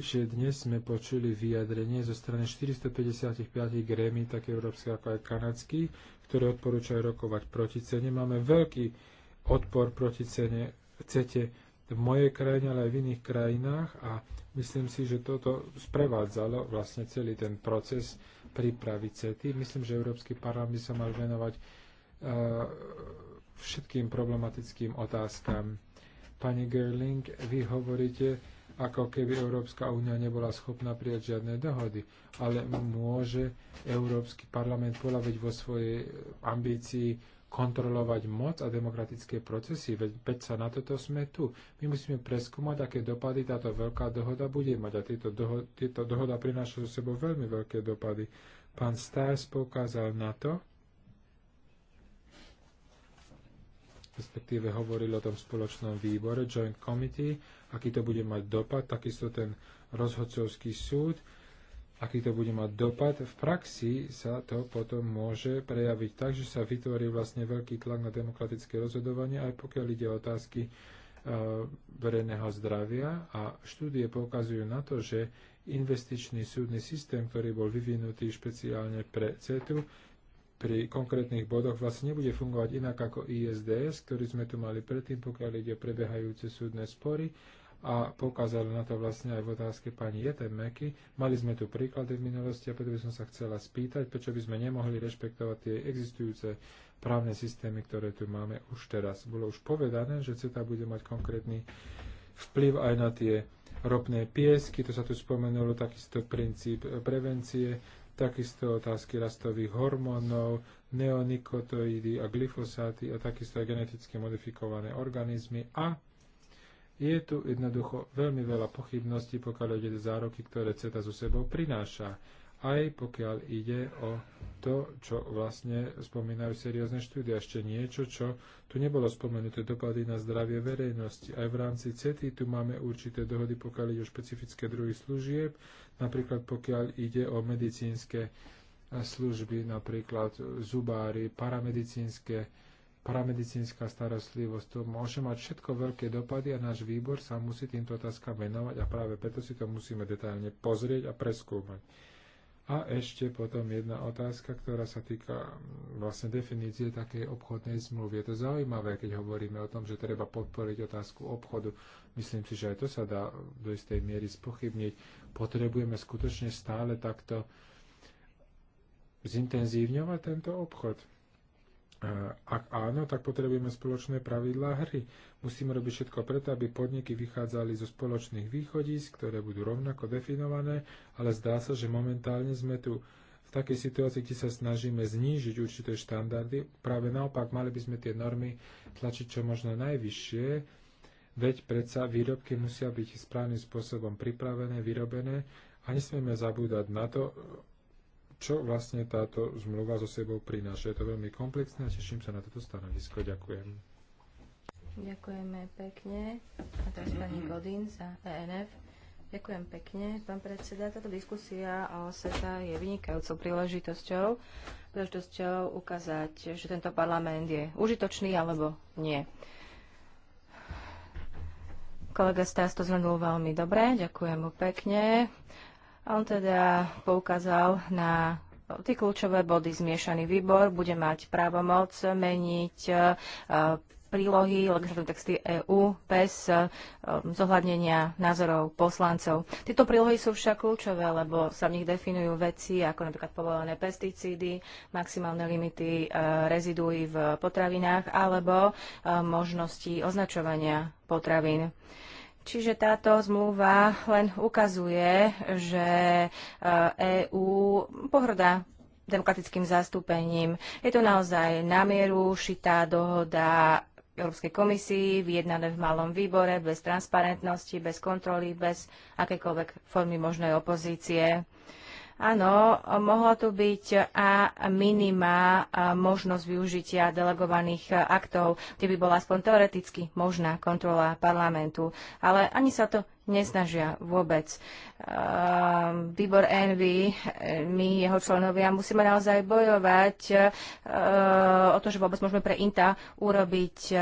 že dnes sme počuli vyjadrenie zo strany 455 grémy, tak európske ako aj kanadský, ktoré odporúčajú rokovať proti cene. Máme veľký odpor proti cene, cete v mojej krajine, ale aj v iných krajinách a myslím si, že toto sprevádzalo vlastne celý ten proces prípravy CETY. Myslím, že Európsky parlament by sa mal venovať uh, všetkým problematickým otázkam Pani Gerling, vy hovoríte, ako keby Európska únia nebola schopná prijať žiadne dohody, ale môže Európsky parlament polaviť vo svojej ambícii kontrolovať moc a demokratické procesy, veď, peď sa na toto sme tu. My musíme preskúmať, aké dopady táto veľká dohoda bude mať a tieto, doho- tieto dohoda prináša so sebou veľmi veľké dopady. Pán Stars poukázal na to, respektíve hovorili o tom spoločnom výbore, Joint Committee, aký to bude mať dopad, takisto ten rozhodcovský súd, aký to bude mať dopad. V praxi sa to potom môže prejaviť tak, že sa vytvorí vlastne veľký tlak na demokratické rozhodovanie, aj pokiaľ ide o otázky e, verejného zdravia a štúdie poukazujú na to, že investičný súdny systém, ktorý bol vyvinutý špeciálne pre CETU, pri konkrétnych bodoch vlastne nebude fungovať inak ako ISDS, ktorý sme tu mali predtým, pokiaľ ide o prebiehajúce súdne spory a pokázali na to vlastne aj v otázke pani meky. Mali sme tu príklady v minulosti a preto by som sa chcela spýtať, prečo by sme nemohli rešpektovať tie existujúce právne systémy, ktoré tu máme už teraz. Bolo už povedané, že CETA bude mať konkrétny vplyv aj na tie ropné piesky, to sa tu spomenulo, takisto princíp prevencie, takisto otázky rastových hormónov, neonikotoidy a glyfosáty a takisto aj geneticky modifikované organizmy a je tu jednoducho veľmi veľa pochybností, pokiaľ ide o zároky, ktoré CETA so sebou prináša aj pokiaľ ide o to, čo vlastne spomínajú seriózne štúdie, ešte niečo, čo tu nebolo spomenuté, dopady na zdravie verejnosti. Aj v rámci CETI tu máme určité dohody, pokiaľ ide o špecifické druhy služieb, napríklad pokiaľ ide o medicínske e, služby, napríklad zubári, paramedicínske paramedicínska starostlivosť, to môže mať všetko veľké dopady a náš výbor sa musí týmto otázkam venovať a práve preto si to musíme detailne pozrieť a preskúmať. A ešte potom jedna otázka, ktorá sa týka mm, vlastne definície takej obchodnej zmluvy. Je to zaujímavé, keď hovoríme o tom, že treba podporiť otázku obchodu. Myslím si, že aj to sa dá do istej miery spochybniť. Potrebujeme skutočne stále takto zintenzívňovať tento obchod. Ak áno, tak potrebujeme spoločné pravidlá hry. Musíme robiť všetko preto, aby podniky vychádzali zo spoločných východísk, ktoré budú rovnako definované, ale zdá sa, že momentálne sme tu v takej situácii, kde sa snažíme znížiť určité štandardy. Práve naopak, mali by sme tie normy tlačiť čo možno najvyššie, veď predsa výrobky musia byť správnym spôsobom pripravené, vyrobené a nesmieme zabúdať na to, čo vlastne táto zmluva so sebou prináša. Je to veľmi komplexné a teším sa na toto stanovisko. Ďakujem. Ďakujeme pekne. A teraz pani Godin za ENF. Ďakujem pekne, pán predseda. Táto diskusia o SETA je vynikajúcou príležitosťou, príležitosťou ukázať, že tento parlament je užitočný alebo nie. Kolega Stas to zhrnul veľmi dobre, ďakujem mu pekne. A on teda poukázal na tie kľúčové body. Zmiešaný výbor bude mať právomoc meniť e, prílohy legislatívne texty EÚ bez e, zohľadnenia názorov poslancov. Tieto prílohy sú však kľúčové, lebo sa v nich definujú veci ako napríklad povolené pesticídy, maximálne limity uh, e, reziduí v potravinách alebo možnosti označovania potravín. Čiže táto zmluva len ukazuje, že EÚ e pohrdá demokratickým zastúpením. Je to naozaj na mieru šitá dohoda Európskej komisii, vyjednané v malom výbore, bez transparentnosti, bez kontroly, bez akékoľvek formy možnej opozície. Áno, mohla tu byť a minima možnosť využitia delegovaných aktov, kde by bola aspoň teoreticky možná kontrola parlamentu. Ale ani sa to nesnažia vôbec. Výbor Envy, my, jeho členovia, musíme naozaj bojovať e, o to, že vôbec môžeme pre INTA urobiť e,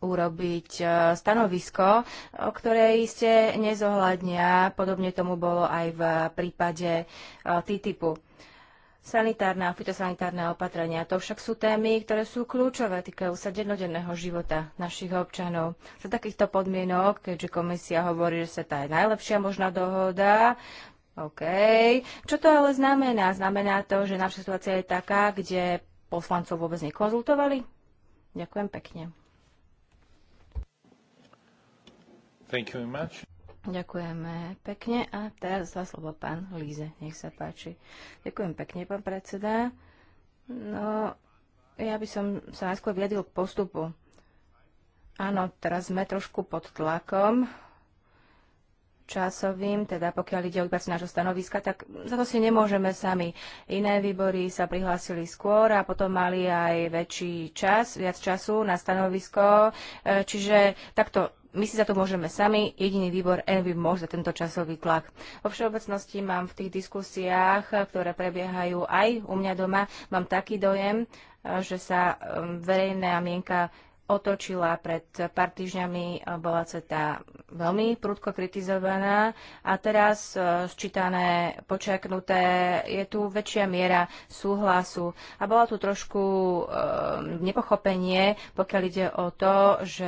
urobiť e, stanovisko, ktoré iste nezohľadnia. Podobne tomu bolo aj v prípade e, TTIPu. Sanitárne a fitosanitárne opatrenia. To však sú témy, ktoré sú kľúčové, týkajú sa dennodenného života našich občanov. Za takýchto podmienok, keďže komisia hovorí, že sa tá je najlepšia možná dohoda, OK. Čo to ale znamená? Znamená to, že naša situácia je taká, kde poslancov vôbec nekonzultovali? Ďakujem pekne. Thank you very much. Ďakujeme pekne a teraz za slovo pán Líze, nech sa páči. Ďakujem pekne, pán predseda. No, ja by som sa najskôr vyjadil k postupu. Áno, teraz sme trošku pod tlakom časovým, teda pokiaľ ide o vybrať nášho stanoviska, tak za to si nemôžeme sami. Iné výbory sa prihlásili skôr a potom mali aj väčší čas, viac času na stanovisko. E, čiže takto my si za to môžeme sami, jediný výbor Envy môže za tento časový tlak. Vo všeobecnosti mám v tých diskusiách, ktoré prebiehajú aj u mňa doma, mám taký dojem, že sa um, verejná mienka otočila pred pár týždňami, bola CETA veľmi prudko kritizovaná a teraz e, sčítané, počaknuté, je tu väčšia miera súhlasu a bola tu trošku e, nepochopenie, pokiaľ ide o to, že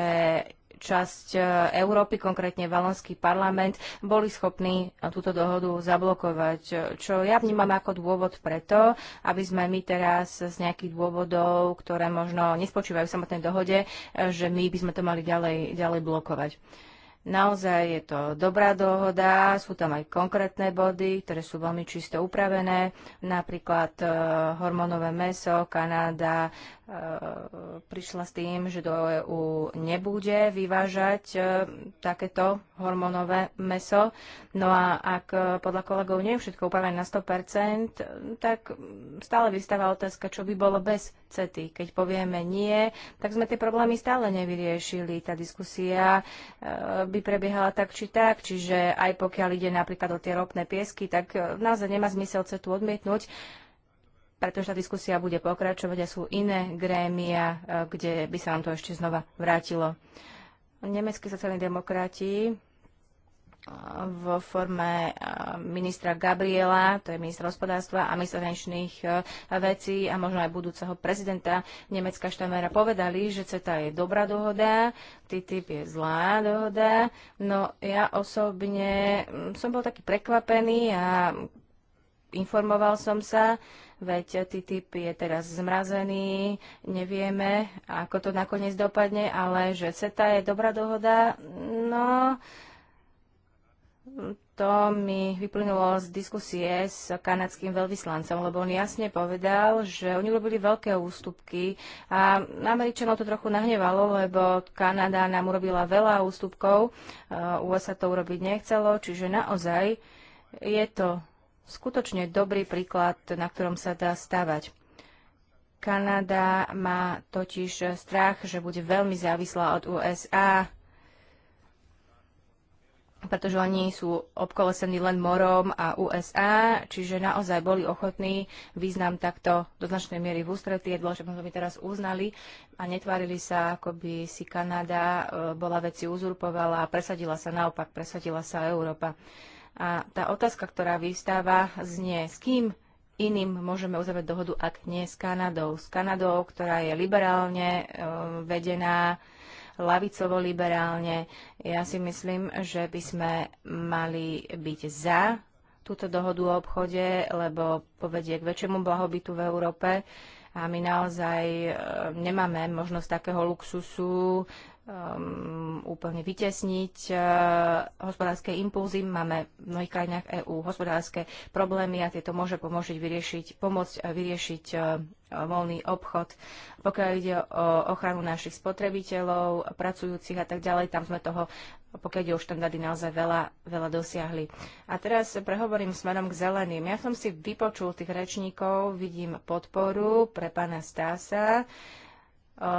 časť e, Európy, konkrétne Valonský parlament, boli schopní e, túto dohodu zablokovať, e, čo ja vnímam ako dôvod preto, aby sme my teraz z nejakých dôvodov, ktoré možno nespočívajú v samotnej dohode, že my by sme to mali ďalej, ďalej blokovať. Naozaj je to dobrá dohoda, sú tam aj konkrétne body, ktoré sú veľmi čisto upravené, napríklad e, hormonové meso, Kanada, prišla s tým, že do EÚ nebude vyvážať e, takéto hormonové meso. No a ak e, podľa kolegov nie je všetko upravené na 100%, e, tak stále vystáva otázka, čo by bolo bez CETY. Keď povieme nie, tak sme tie problémy stále nevyriešili. Tá diskusia by prebiehala tak či tak, čiže aj pokiaľ ide napríklad o tie ropné piesky, tak naozaj nemá zmysel CETU odmietnúť, pretože tá diskusia bude pokračovať a sú iné grémia, e, kde by sa nám to ešte znova vrátilo. Nemeckí sociálni demokrati e, vo forme e, ministra Gabriela, to je ministra hospodárstva a ministra zahraničných vecí a možno aj budúceho prezidenta Nemecka Štamera povedali, že CETA je dobrá dohoda, TTIP je zlá dohoda. No ja osobne mm, som bol taký prekvapený a informoval som sa, Veď TTIP je teraz zmrazený, nevieme, ako to nakoniec dopadne, ale že CETA je dobrá dohoda, no to mi vyplynulo z diskusie s kanadským veľvyslancom, lebo on jasne povedal, že oni robili veľké ústupky a Američanov to trochu nahnevalo, lebo Kanada nám urobila veľa ústupkov, e, USA to urobiť nechcelo, čiže naozaj je to skutočne dobrý príklad, na ktorom sa dá stavať. Kanada má totiž strach, že bude veľmi závislá od USA, pretože oni sú obkolesení len morom a USA, čiže naozaj boli ochotní význam takto do značnej miery v ústretí. Je dôležité, aby teraz uznali a netvárili sa, ako by si Kanada e, bola veci uzurpovala a presadila sa naopak, presadila sa Európa. A tá otázka, ktorá vystáva, znie, s kým iným môžeme uzavrieť dohodu, ak nie s Kanadou. S Kanadou, ktorá je liberálne e, vedená, lavicovo-liberálne. Ja si myslím, že by sme mali byť za túto dohodu o obchode, lebo povedie k väčšiemu blahobytu v Európe. A my naozaj e, nemáme možnosť takého luxusu um, úplne vytesniť uh, hospodárske impulzy. Máme v mnohých krajinách EÚ hospodárske problémy a tieto môže pomôcť vyriešiť, pomôcť uh, vyriešiť uh, voľný obchod. Pokiaľ ide o ochranu našich spotrebiteľov, pracujúcich a tak ďalej, tam sme toho, pokiaľ ide o štandardy, naozaj veľa, veľa dosiahli. A teraz prehovorím smerom k zeleným. Ja som si vypočul tých rečníkov, vidím podporu pre pána Stása. Uh,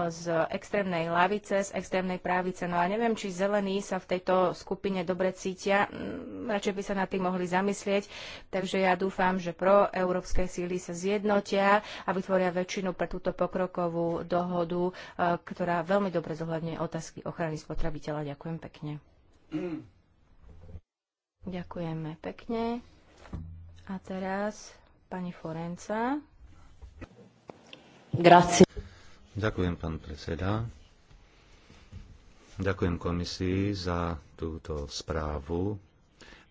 z extrémnej lavice, z extrémnej právice. No a neviem, či zelení sa v tejto skupine dobre cítia. Mm, radšej by sa na tým mohli zamyslieť. Takže ja dúfam, že pro európske síly sa zjednotia a vytvoria väčšinu pre túto pokrokovú dohodu, e, ktorá veľmi dobre zohľadňuje otázky ochrany spotrebiteľa. Ďakujem pekne. Ďakujeme pekne. A teraz pani Forenca. Grazie. Ďakujem, pán predseda. Ďakujem komisii za túto správu,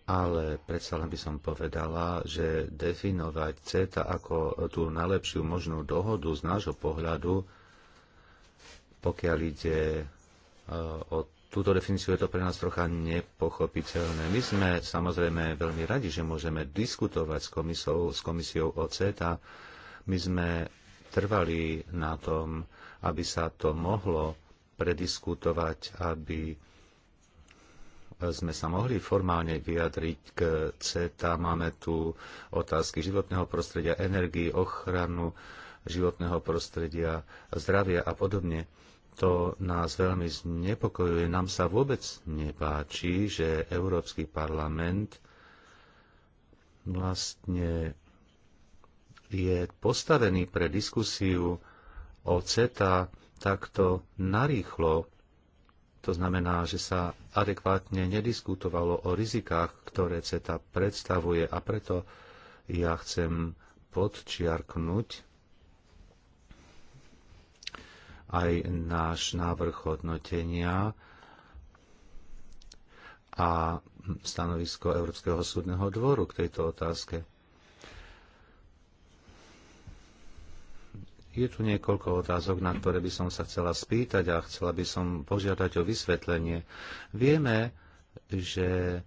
ale predsa len by som povedala, že definovať CETA ako tú najlepšiu možnú dohodu z nášho pohľadu, pokiaľ ide eh, o túto definíciu, je to pre nás trocha nepochopiteľné. My sme samozrejme veľmi radi, že môžeme diskutovať s komisiou, s komisiou o CETA. My sme trvali na tom, aby sa to mohlo prediskutovať, aby sme sa mohli formálne vyjadriť k CETA. Máme tu otázky životného prostredia, energii, ochranu životného prostredia, zdravia a podobne. To nás veľmi znepokojuje. Nám sa vôbec nepáči, že Európsky parlament vlastne je postavený pre diskusiu o CETA takto narýchlo, to znamená, že sa adekvátne nediskutovalo o rizikách, ktoré CETA predstavuje a preto ja chcem podčiarknúť aj náš návrh hodnotenia a stanovisko Európskeho súdneho dvoru k tejto otázke. Je tu niekoľko otázok, na ktoré by som sa chcela spýtať a chcela by som požiadať o vysvetlenie. Vieme, že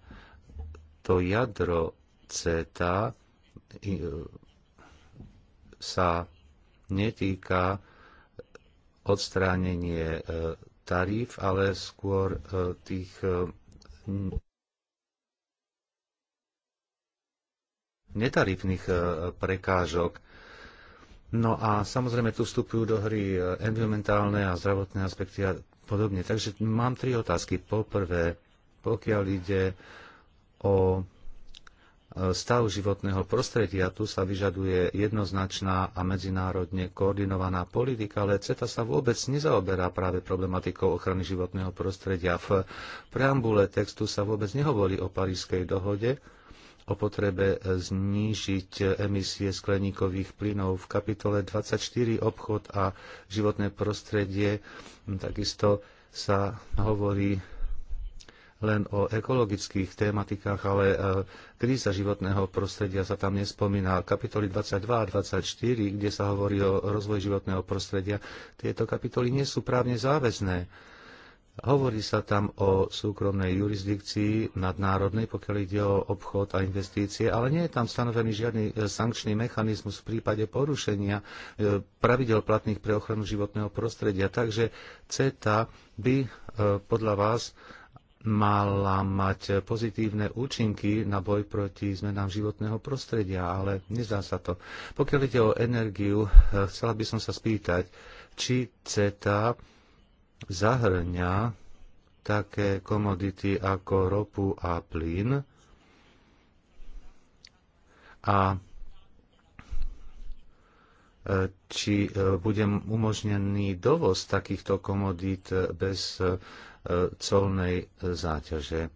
to jadro CETA sa netýka odstránenie e, taríf, ale skôr e, tých e, netarifných prekážok. No a samozrejme tu vstupujú do hry e, environmentálne a zdravotné aspekty a podobne. Takže mám tri otázky. Poprvé, pokiaľ ide o e, stav životného prostredia, tu sa vyžaduje jednoznačná a medzinárodne koordinovaná politika, ale CETA sa vôbec nezaoberá práve problematikou ochrany životného prostredia. V preambule textu sa vôbec nehovorí o Parískej dohode, o potrebe znížiť emisie skleníkových plynov. V kapitole 24 obchod a životné prostredie takisto sa hovorí len o ekologických tematikách, ale e, kríza životného prostredia sa tam nespomína. Kapitoly 22 a 24, kde sa hovorí o rozvoji životného prostredia, tieto kapitoly nie sú právne záväzné Hovorí sa tam o súkromnej jurisdikcii nadnárodnej, pokiaľ ide o obchod a investície, ale nie je tam stanovený žiadny e, sankčný mechanizmus v prípade porušenia e, pravidel platných pre ochranu životného prostredia. Takže CETA by e, podľa vás mala mať pozitívne účinky na boj proti zmenám životného prostredia, ale nezdá sa to. Pokiaľ ide o energiu, chcela by som sa spýtať, či CETA zahrňa také komodity ako ropu a plyn a e, či e, bude umožnený dovoz takýchto komodít bez e, colnej záťaže. A,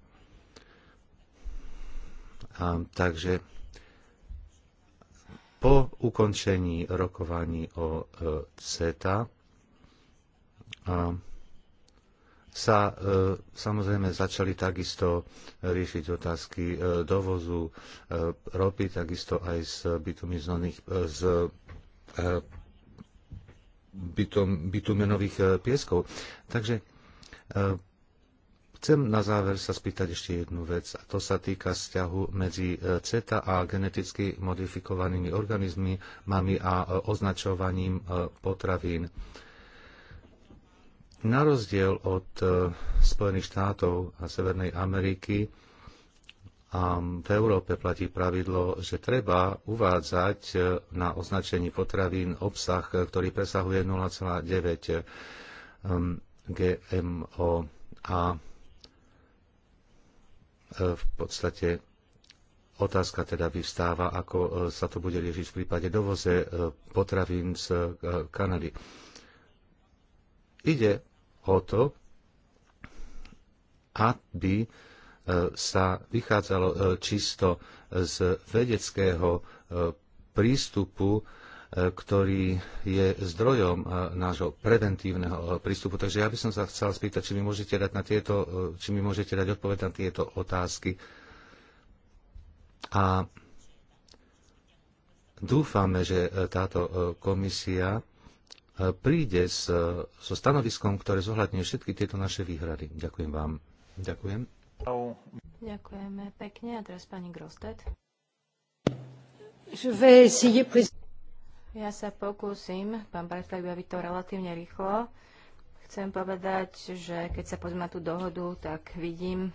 takže po ukončení rokovaní o CETA a, sa e, samozrejme začali takisto riešiť otázky e, dovozu e, ropy, takisto aj z e, z bitum, bitumenových pieskov. Takže chcem na záver sa spýtať ešte jednu vec a to sa týka vzťahu medzi CETA a geneticky modifikovanými organizmami a označovaním potravín. Na rozdiel od e, Spojených štátov a Severnej Ameriky, a v Európe platí pravidlo, že treba uvádzať e, na označení potravín obsah, e, ktorý presahuje 0,9 GMO a v podstate otázka teda vyvstáva, ako sa to bude riešiť v prípade dovoze potravín z Kanady. Ide o to, aby e, sa vychádzalo e, čisto z vedeckého e, prístupu, ktorý je zdrojom nášho preventívneho prístupu. Takže ja by som sa chcel spýtať, či mi môžete dať, na tieto, či mi môžete dať odpoveď na tieto otázky. A dúfame, že táto komisia E, príde s, e, so stanoviskom, ktoré zohľadňuje všetky tieto naše výhrady. Ďakujem vám. Ďakujem. Ďakujeme pekne. A teraz pani Grostet. Ja sa pokúsim, pán Bartlak, aby to relatívne rýchlo. Chcem povedať, že keď sa pozme tú dohodu, tak vidím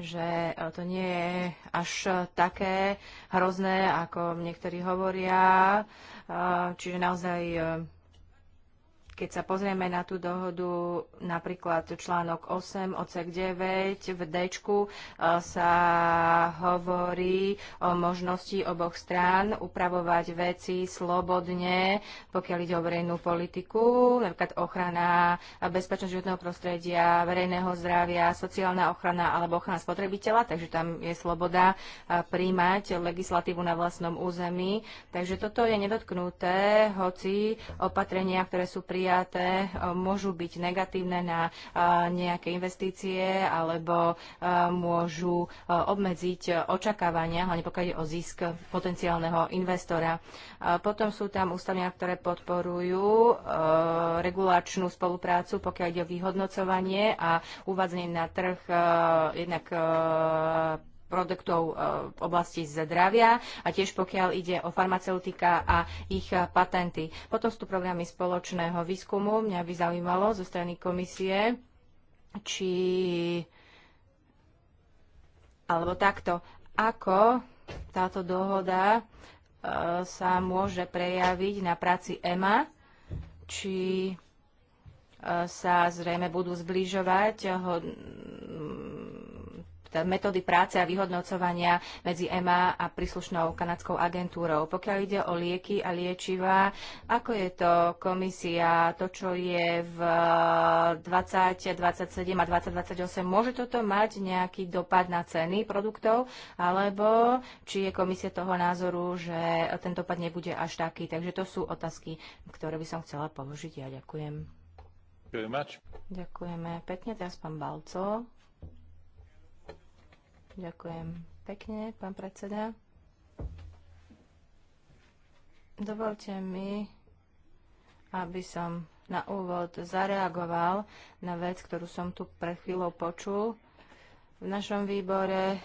že e, to nie je až také hrozné, ako niektorí hovoria. E, čiže naozaj e, keď sa pozrieme na tú dohodu, napríklad článok 8, odsek 9, v D e, sa hovorí o možnosti oboch strán upravovať veci slobodne, pokiaľ ide o verejnú politiku, napríklad ochrana bezpečnosti životného prostredia, verejného zdravia, sociálna ochrana alebo ochrana spotrebiteľa, takže tam je sloboda e, príjmať legislatívu na vlastnom území. Takže toto je nedotknuté, hoci opatrenia, ktoré sú pri prijaté, e, môžu byť negatívne na e, nejaké investície alebo e, môžu obmedziť očakávania, hlavne pokiaľ ide o zisk potenciálneho investora. Potom sú tam ústavia, ktoré podporujú regulačnú spoluprácu, pokiaľ ide o vyhodnocovanie a uvádzanie na trh jednak produktov e, v oblasti zdravia a tiež pokiaľ ide o farmaceutika a ich e, patenty. Potom sú tu programy spoločného výskumu. Mňa by zaujímalo zo strany komisie, či alebo takto, ako táto dohoda e, sa môže prejaviť na práci EMA, či e, sa zrejme budú zbližovať ho, metódy práce a vyhodnocovania medzi EMA a príslušnou kanadskou agentúrou. Pokiaľ ide o lieky a liečivá, ako je to komisia, to, čo je v 20, 27 a 2028, môže toto mať nejaký dopad na ceny produktov, alebo či je komisia toho názoru, že ten dopad nebude až taký. Takže to sú otázky, ktoré by som chcela položiť. Ja ďakujem. Ďakujeme pekne. Teraz pán Balco. Ďakujem pekne, pán predseda. Dovolte mi, aby som na úvod zareagoval na vec, ktorú som tu pred chvíľou počul. V našom výbore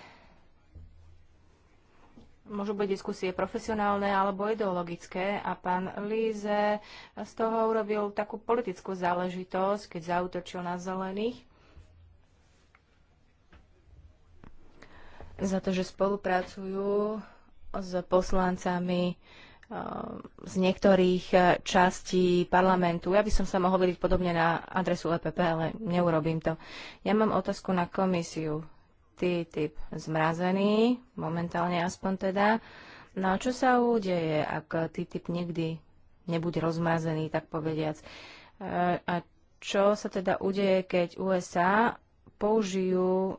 môžu byť diskusie profesionálne alebo ideologické a pán Líze z toho urobil takú politickú záležitosť, keď zautočil na zelených. za to, že spolupracujú s poslancami um, z niektorých eh, častí parlamentu. Ja by som sa mohol vidieť podobne na adresu EPP, ale neurobím to. Ja mám otázku na komisiu. typ zmrazený, momentálne aspoň teda. No a čo sa udeje, ak typ nikdy nebude rozmrazený, tak povediac? Eh, a čo sa teda udeje, keď USA použijú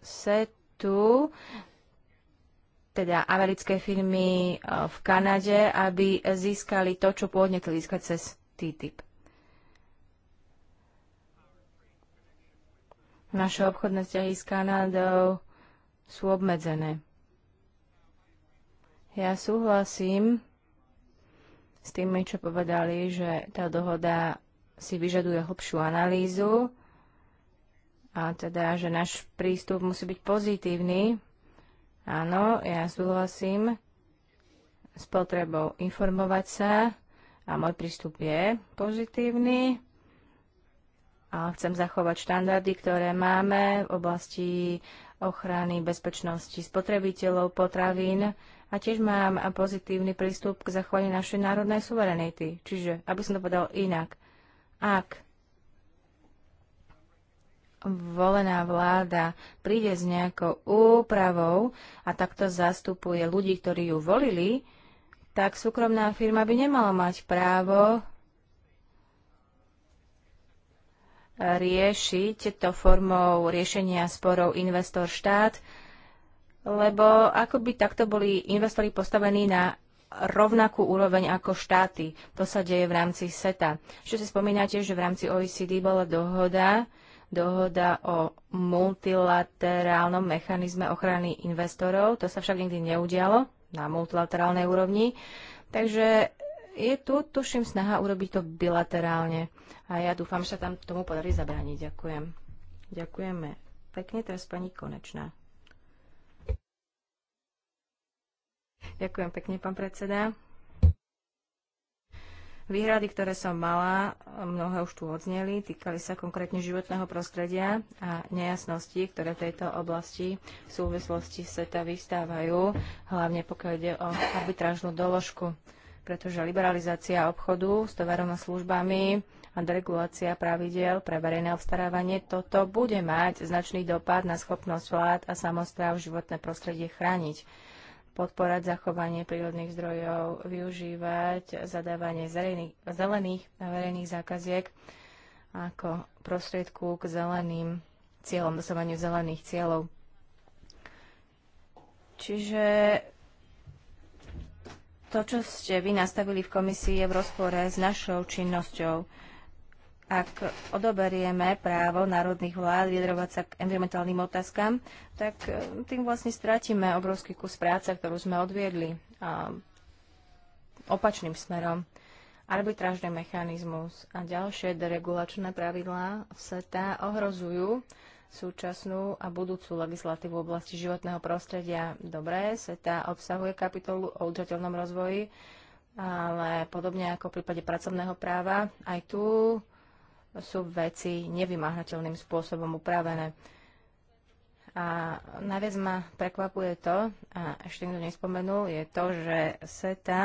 set štátu, teda americké firmy e, v Kanade, aby získali to, čo pôvodne chceli získať cez TTIP. Naše obchodné vzťahy s Kanadou sú obmedzené. Ja súhlasím s tými, čo povedali, že tá dohoda si vyžaduje hlbšiu analýzu a teda, že náš prístup musí byť pozitívny. Áno, ja súhlasím s potrebou informovať sa a môj prístup je pozitívny. A chcem zachovať štandardy, ktoré máme v oblasti ochrany bezpečnosti spotrebiteľov potravín a tiež mám pozitívny prístup k zachovaniu našej národnej suverenity. Čiže, aby som to povedal inak, ak volená vláda príde s nejakou úpravou a takto zastupuje ľudí, ktorí ju volili, tak súkromná firma by nemala mať právo riešiť to formou riešenia sporov investor-štát, lebo ako by takto boli investori postavení na rovnakú úroveň ako štáty. To sa deje v rámci SETA. Čo si spomínate, že v rámci OECD bola dohoda, dohoda o multilaterálnom mechanizme ochrany investorov. To sa však nikdy neudialo na multilaterálnej úrovni. Takže je tu, tuším, snaha urobiť to bilaterálne. A ja dúfam, že sa tam tomu podarí zabrániť. Ďakujem. Ďakujeme. Pekne teraz pani Konečná. Ďakujem pekne, pán predseda. Výhrady, ktoré som mala, mnohé už tu odzneli, týkali sa konkrétne životného prostredia a nejasností, ktoré v tejto oblasti v súvislosti SETA vystávajú, hlavne pokiaľ ide o arbitrážnu doložku pretože liberalizácia obchodu s tovarom a službami a deregulácia pravidel pre verejné obstarávanie, toto bude mať značný dopad na schopnosť vlád a samozpráv životné prostredie chrániť podporať zachovanie prírodných zdrojov, využívať zadávanie zelených, zelených a verejných zákaziek ako prostriedku k zeleným cieľom, dosovaniu zelených cieľov. Čiže to, čo ste vy nastavili v komisii, je v rozpore s našou činnosťou ak odoberieme právo národných vlád vyjadrovať sa k environmentálnym otázkam, tak e, tým vlastne stratíme obrovský kus práce, ktorú sme odviedli a opačným smerom. Arbitrážny mechanizmus a ďalšie deregulačné pravidlá v SETA ohrozujú súčasnú a budúcu legislatívu v oblasti životného prostredia. Dobré, SETA obsahuje kapitolu o udržateľnom rozvoji, ale podobne ako v prípade pracovného práva, aj tu sú veci nevymáhateľným spôsobom upravené. A najviac ma prekvapuje to, a ešte nikto nespomenul, je to, že SETA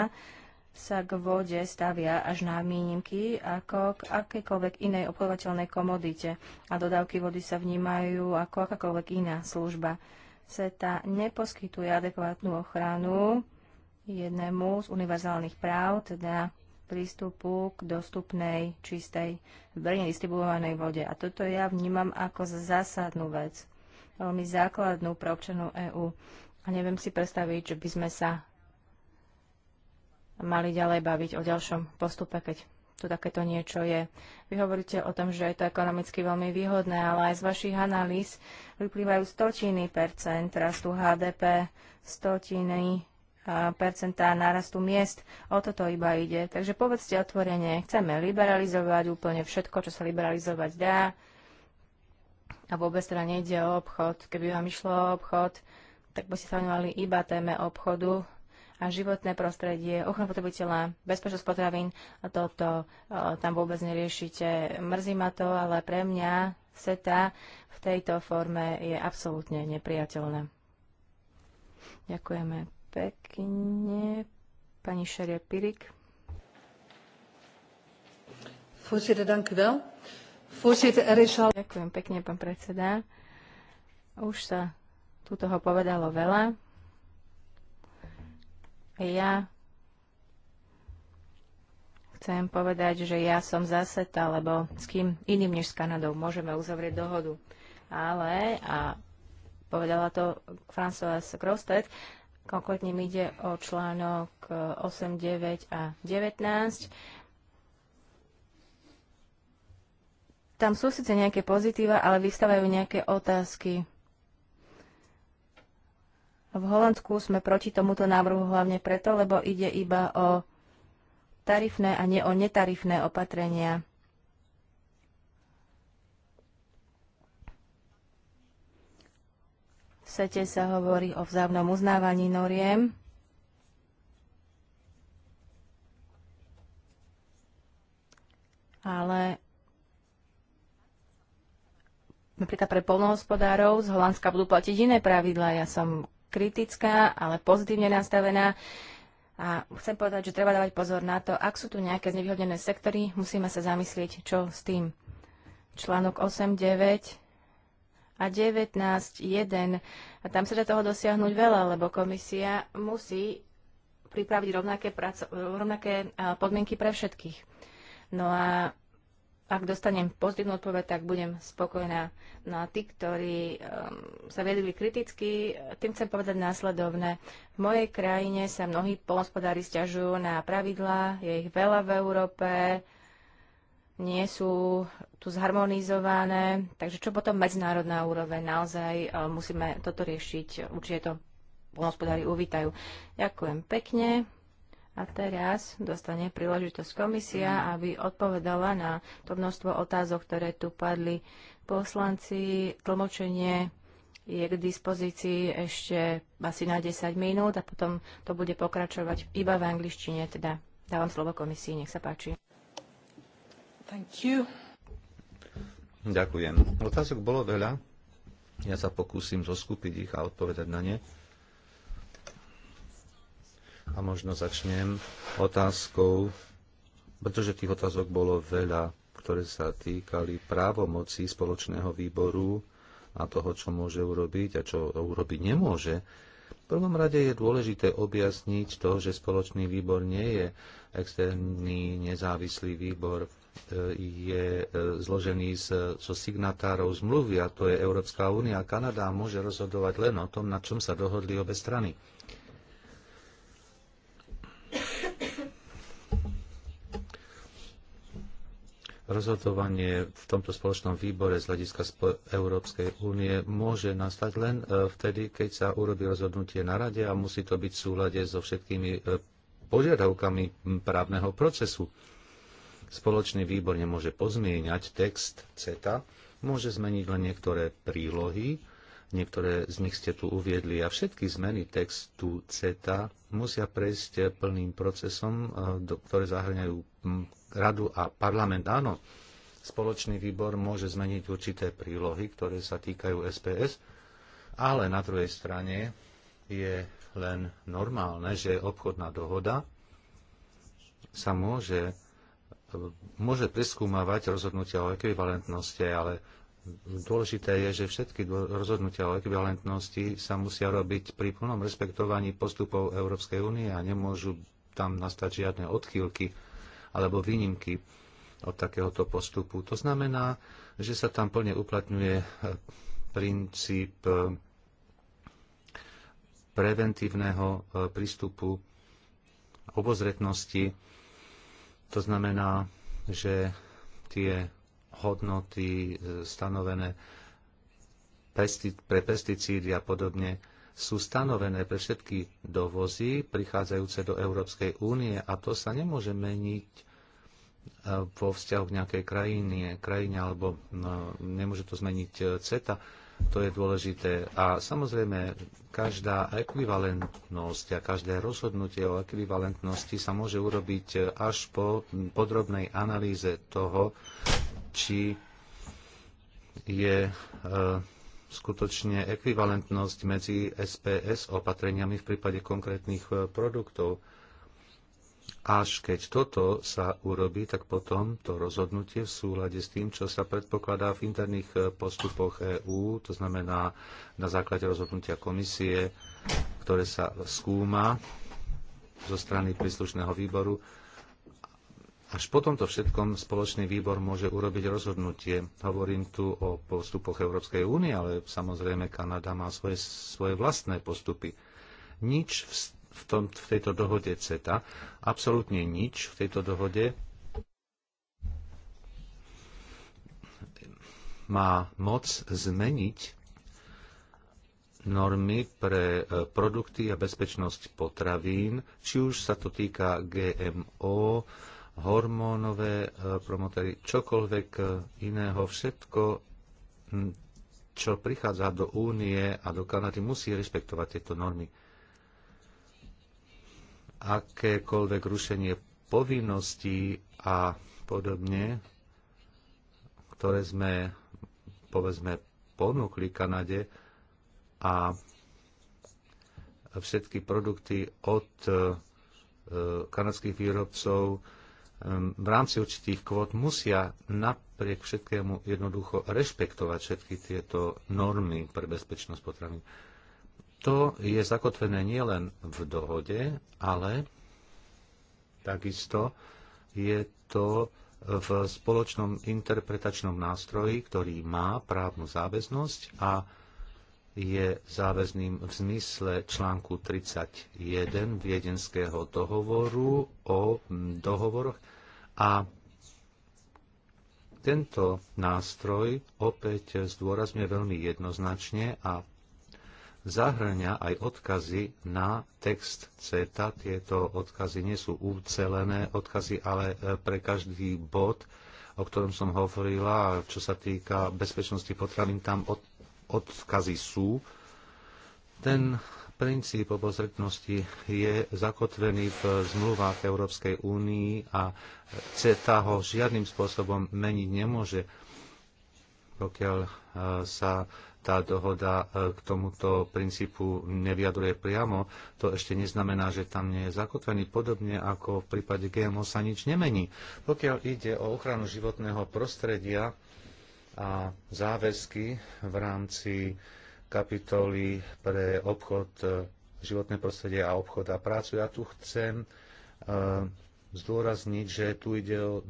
sa k vode stavia až na výnimky ako k akékoľvek inej obchodovateľnej komodite a dodávky vody sa vnímajú ako akákoľvek iná služba. SETA neposkytuje adekvátnu ochranu jednému z univerzálnych práv, teda prístupu k dostupnej, čistej, verejne distribuovanej vode. A toto ja vnímam ako zásadnú vec, veľmi základnú pre občanov EÚ. A neviem si predstaviť, že by sme sa mali ďalej baviť o ďalšom postupe, keď tu takéto niečo je. Vy hovoríte o tom, že je to ekonomicky veľmi výhodné, ale aj z vašich analýz vyplývajú stotiny percent rastu HDP, stotiny percentá nárastu miest. O toto iba ide. Takže povedzte otvorene, chceme liberalizovať úplne všetko, čo sa liberalizovať dá. A vôbec teda nejde o obchod. Keby vám išlo o obchod, tak by ste sa venovali iba téme obchodu a životné prostredie, ochranu potrebiteľa, bezpečnosť potravín, toto e, tam vôbec neriešite. Mrzí ma to, ale pre mňa SETA v tejto forme je absolútne nepriateľné. Ďakujeme pekne. Pani Šeria Pirik. Voorzitter, dank u wel. Voorzitter, er is al... Ďakujem pekne, pán predseda. Už sa tu toho povedalo veľa. Ja chcem povedať, že ja som zaseta, lebo s kým iným než s Kanadou môžeme uzavrieť dohodu. Ale, a povedala to François Grostet, Konkrétne mi ide o článok 8, e, 9 a 19. Tam sú síce nejaké pozitíva, ale vystávajú nejaké otázky. V Holandsku sme proti tomuto návrhu hlavne preto, lebo ide iba o tarifné a nie o netarifné opatrenia. sete sa hovorí o vzávnom uznávaní noriem. Ale napríklad pre polnohospodárov z Holandska budú platiť iné pravidlá. Ja som kritická, ale pozitívne nastavená. A chcem povedať, že treba dávať pozor na to, ak sú tu nejaké znevýhodnené sektory, musíme sa zamyslieť, čo s tým. Článok 8.9 a 19.1. A tam sa dá toho dosiahnuť veľa, lebo komisia musí pripraviť rovnaké, praco- rovnaké podmienky pre všetkých. No a ak dostanem pozitívnu odpoveď, tak budem spokojná. No a tí, ktorí um, sa vedeli kriticky, tým chcem povedať následovné. V mojej krajine sa mnohí polnospodári stiažujú na pravidlá, je ich veľa v Európe, nie sú tu zharmonizované. Takže čo potom medzinárodná úroveň? Naozaj e, musíme toto riešiť. Určite to polnospodári uvítajú. Ďakujem pekne. A teraz dostane príležitosť komisia, aby odpovedala na to množstvo otázok, ktoré tu padli poslanci. Tlmočenie je k dispozícii ešte asi na 10 minút a potom to bude pokračovať iba v angličtine. Teda dávam slovo komisii, nech sa páči. Ďakujem. Otázok bolo veľa. Ja sa pokúsim zoskupiť ich a odpovedať na ne. A možno začnem otázkou, pretože tých otázok bolo veľa, ktoré sa týkali právomoci spoločného výboru a toho, čo môže urobiť a čo urobiť nemôže. V prvom rade je dôležité objasniť to, že spoločný výbor nie je externý nezávislý výbor, je e, zložený zo signatárov zmluvy, a to je Európska únia a Kanada, a môže rozhodovať len o tom, na čom sa dohodli obe strany. Rozhodovanie v tomto spoločnom výbore z hľadiska Európskej únie môže nastať len e, vtedy, keď sa urobí rozhodnutie na rade a musí to byť v súlade so všetkými e, požiadavkami právneho procesu. Spoločný výbor nemôže pozmieňať text CETA, môže zmeniť len niektoré prílohy, niektoré z nich ste tu uviedli a všetky zmeny textu CETA musia prejsť plným procesom, eh, ktoré zahrňajú hm, radu a parlament. Áno, spoločný výbor môže zmeniť určité prílohy, ktoré sa týkajú SPS, ale na druhej strane je len normálne, že obchodná dohoda sa môže môže preskúmavať rozhodnutia o ekvivalentnosti, ale Dôležité je, že všetky rozhodnutia o ekvivalentnosti sa musia robiť pri plnom respektovaní postupov Európskej únie a nemôžu tam nastať žiadne odchýlky alebo výnimky od takéhoto postupu. To znamená, že sa tam plne uplatňuje e, princíp e, preventívneho e, prístupu obozretnosti to znamená, že tie hodnoty e, stanovené pre pesticídy a podobne sú stanovené pre všetky dovozy prichádzajúce do Európskej únie a to sa nemôže meniť e, vo vzťahu k nejakej krajine, krajine alebo no, nemôže to zmeniť e, CETA. To je dôležité. A samozrejme, každá ekvivalentnosť a každé rozhodnutie o ekvivalentnosti sa môže urobiť až po podrobnej analýze toho, či je e, skutočne ekvivalentnosť medzi SPS opatreniami v prípade konkrétnych e, produktov. Až keď toto sa urobí, tak potom to rozhodnutie v súlade s tým, čo sa predpokladá v interných e, postupoch EÚ, to znamená na základe rozhodnutia komisie, ktoré sa skúma zo strany príslušného výboru, až po tomto všetkom spoločný výbor môže urobiť rozhodnutie. Hovorím tu o postupoch Európskej únie, ale samozrejme Kanada má svoje, svoje vlastné postupy. Nič v v, tom, v tejto dohode CETA. Absolútne nič v tejto dohode má moc zmeniť normy pre e, produkty a bezpečnosť potravín, či už sa to týka GMO, hormónové e, promotory, čokoľvek e, iného, všetko, čo prichádza do únie a do Kanady, musí rešpektovať tieto normy akékoľvek rušenie povinností a podobne, ktoré sme, povedzme, ponúkli Kanade a všetky produkty od e, kanadských výrobcov e, v rámci určitých kvót musia napriek všetkému jednoducho rešpektovať všetky tieto normy pre bezpečnosť potravín. To je zakotvené nielen v dohode, ale takisto je to v spoločnom interpretačnom nástroji, ktorý má právnu záväznosť a je záväzným v zmysle článku 31 Viedenského dohovoru o dohovoroch a tento nástroj opäť zdôrazňuje veľmi jednoznačne a zahrňa aj odkazy na text CETA. Tieto odkazy nie sú ucelené odkazy, ale e, pre každý bod, o ktorom som hovorila, čo sa týka bezpečnosti potravín, tam od, odkazy sú. Ten princíp obozretnosti je zakotvený v zmluvách Európskej únii a CETA ho žiadnym spôsobom meniť nemôže, pokiaľ e, sa tá dohoda e, k tomuto princípu neviadruje priamo, to ešte neznamená, že tam nie je zakotvený. Podobne ako v prípade GMO sa nič nemení. Pokiaľ ide o ochranu životného prostredia a záväzky v rámci kapitoly pre obchod, e, životné prostredie a obchod a prácu, ja tu chcem e, zdôrazniť, že tu ide o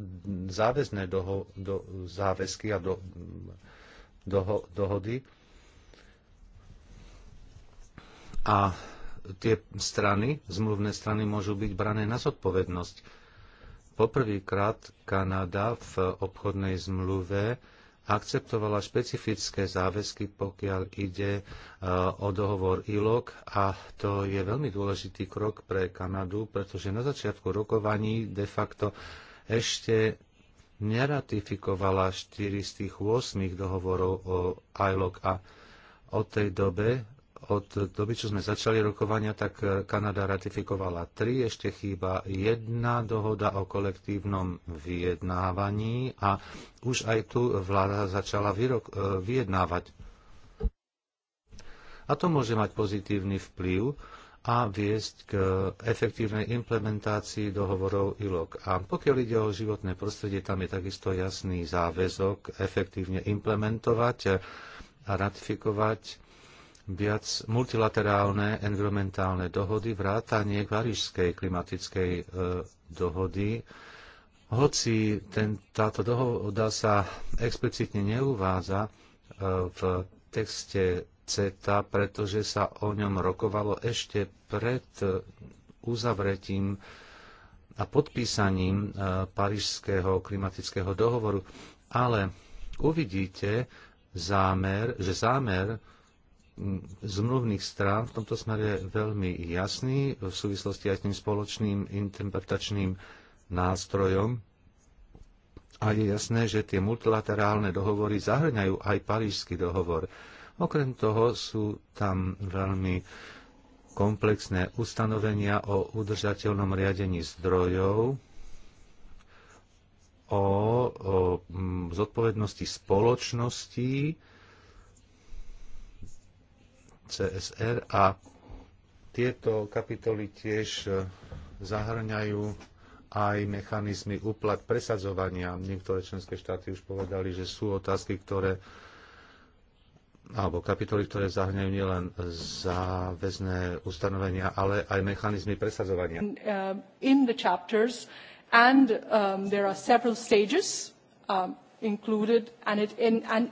záväzné doho, do, záväzky a do, doho, dohody a tie strany, zmluvné strany, môžu byť brané na zodpovednosť. Poprvýkrát Kanada v obchodnej zmluve akceptovala špecifické záväzky, pokiaľ ide e, o dohovor ILOG. a to je veľmi dôležitý krok pre Kanadu, pretože na začiatku rokovaní de facto ešte neratifikovala 4 z tých 8 dohovorov o ILOC a od tej dobe od doby, čo sme začali rokovania, tak eh, Kanada ratifikovala tri, ešte chýba jedna dohoda o kolektívnom vyjednávaní a už aj tu vláda začala vyrok, eh, vyjednávať. A to môže mať pozitívny vplyv a viesť k eh, efektívnej implementácii dohovorov ILOC. A pokiaľ ide o životné prostredie, tam je takisto jasný záväzok efektívne implementovať a ratifikovať viac multilaterálne environmentálne dohody, vrátanie Parížskej klimatickej e, dohody. Hoci ten, táto dohoda sa explicitne neuvádza e, v texte CETA, pretože sa o ňom rokovalo ešte pred uzavretím a podpísaním e, Parížského klimatického dohovoru. Ale uvidíte zámer, že zámer zmluvných strán v tomto smere je veľmi jasný v súvislosti aj s tým spoločným interpretačným nástrojom. A je jasné, že tie multilaterálne dohovory zahrňajú aj parížský dohovor. Okrem toho sú tam veľmi komplexné ustanovenia o udržateľnom riadení zdrojov, o, o zodpovednosti spoločností, CSR a tieto kapitoly tiež e, zahrňajú aj mechanizmy uplat presadzovania. Niektoré členské štáty už povedali, že sú otázky, ktoré alebo kapitoly, ktoré zahrňajú nielen záväzné ustanovenia, ale aj mechanizmy presadzovania. Uh, in the chapters and um, there are several stages um, included and it in, and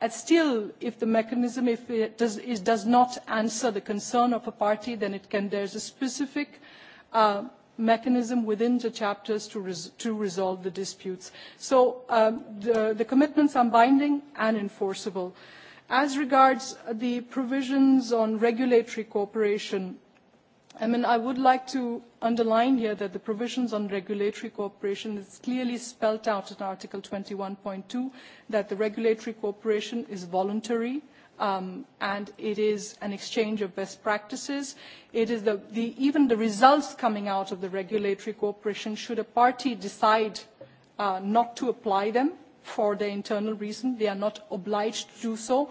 and still if the mechanism does, not answer the concern of a party then there is a specific uh, mechanism within the chapters to, resolve the disputes. So um, the commitments are binding and enforceable. As regards the provisions on regulatory cooperation, i mean, I would like to underline here that the provisions on regulatory cooperation is clearly spelled out in Article 21.2 that the regulatory cooperation is voluntary um, and it is an exchange of best practices. It is the, the, even the results coming out of the regulatory cooperation should a party decide uh, not to apply them for their internal reason. They are not obliged to do so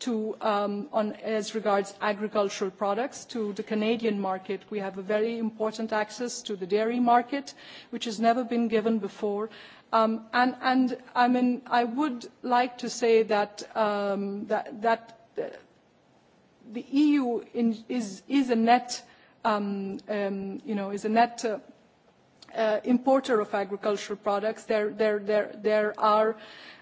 to, um, on, as regards agricultural products to the Canadian market. We have a very important access to the dairy market, which has never been given before. Um, and, and I, mean, I would like to say that, um, that, that uh, the EU in, is, is a net, um, um, you know, is a net uh, uh, importer of agricultural products. There, there, there, there are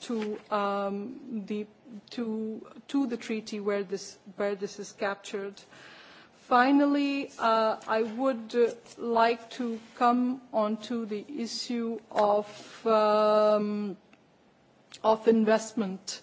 to, um, the, to, to the treaty where this, where this is captured. Finally, uh, I would uh, like to come on to the issue of, um, of investment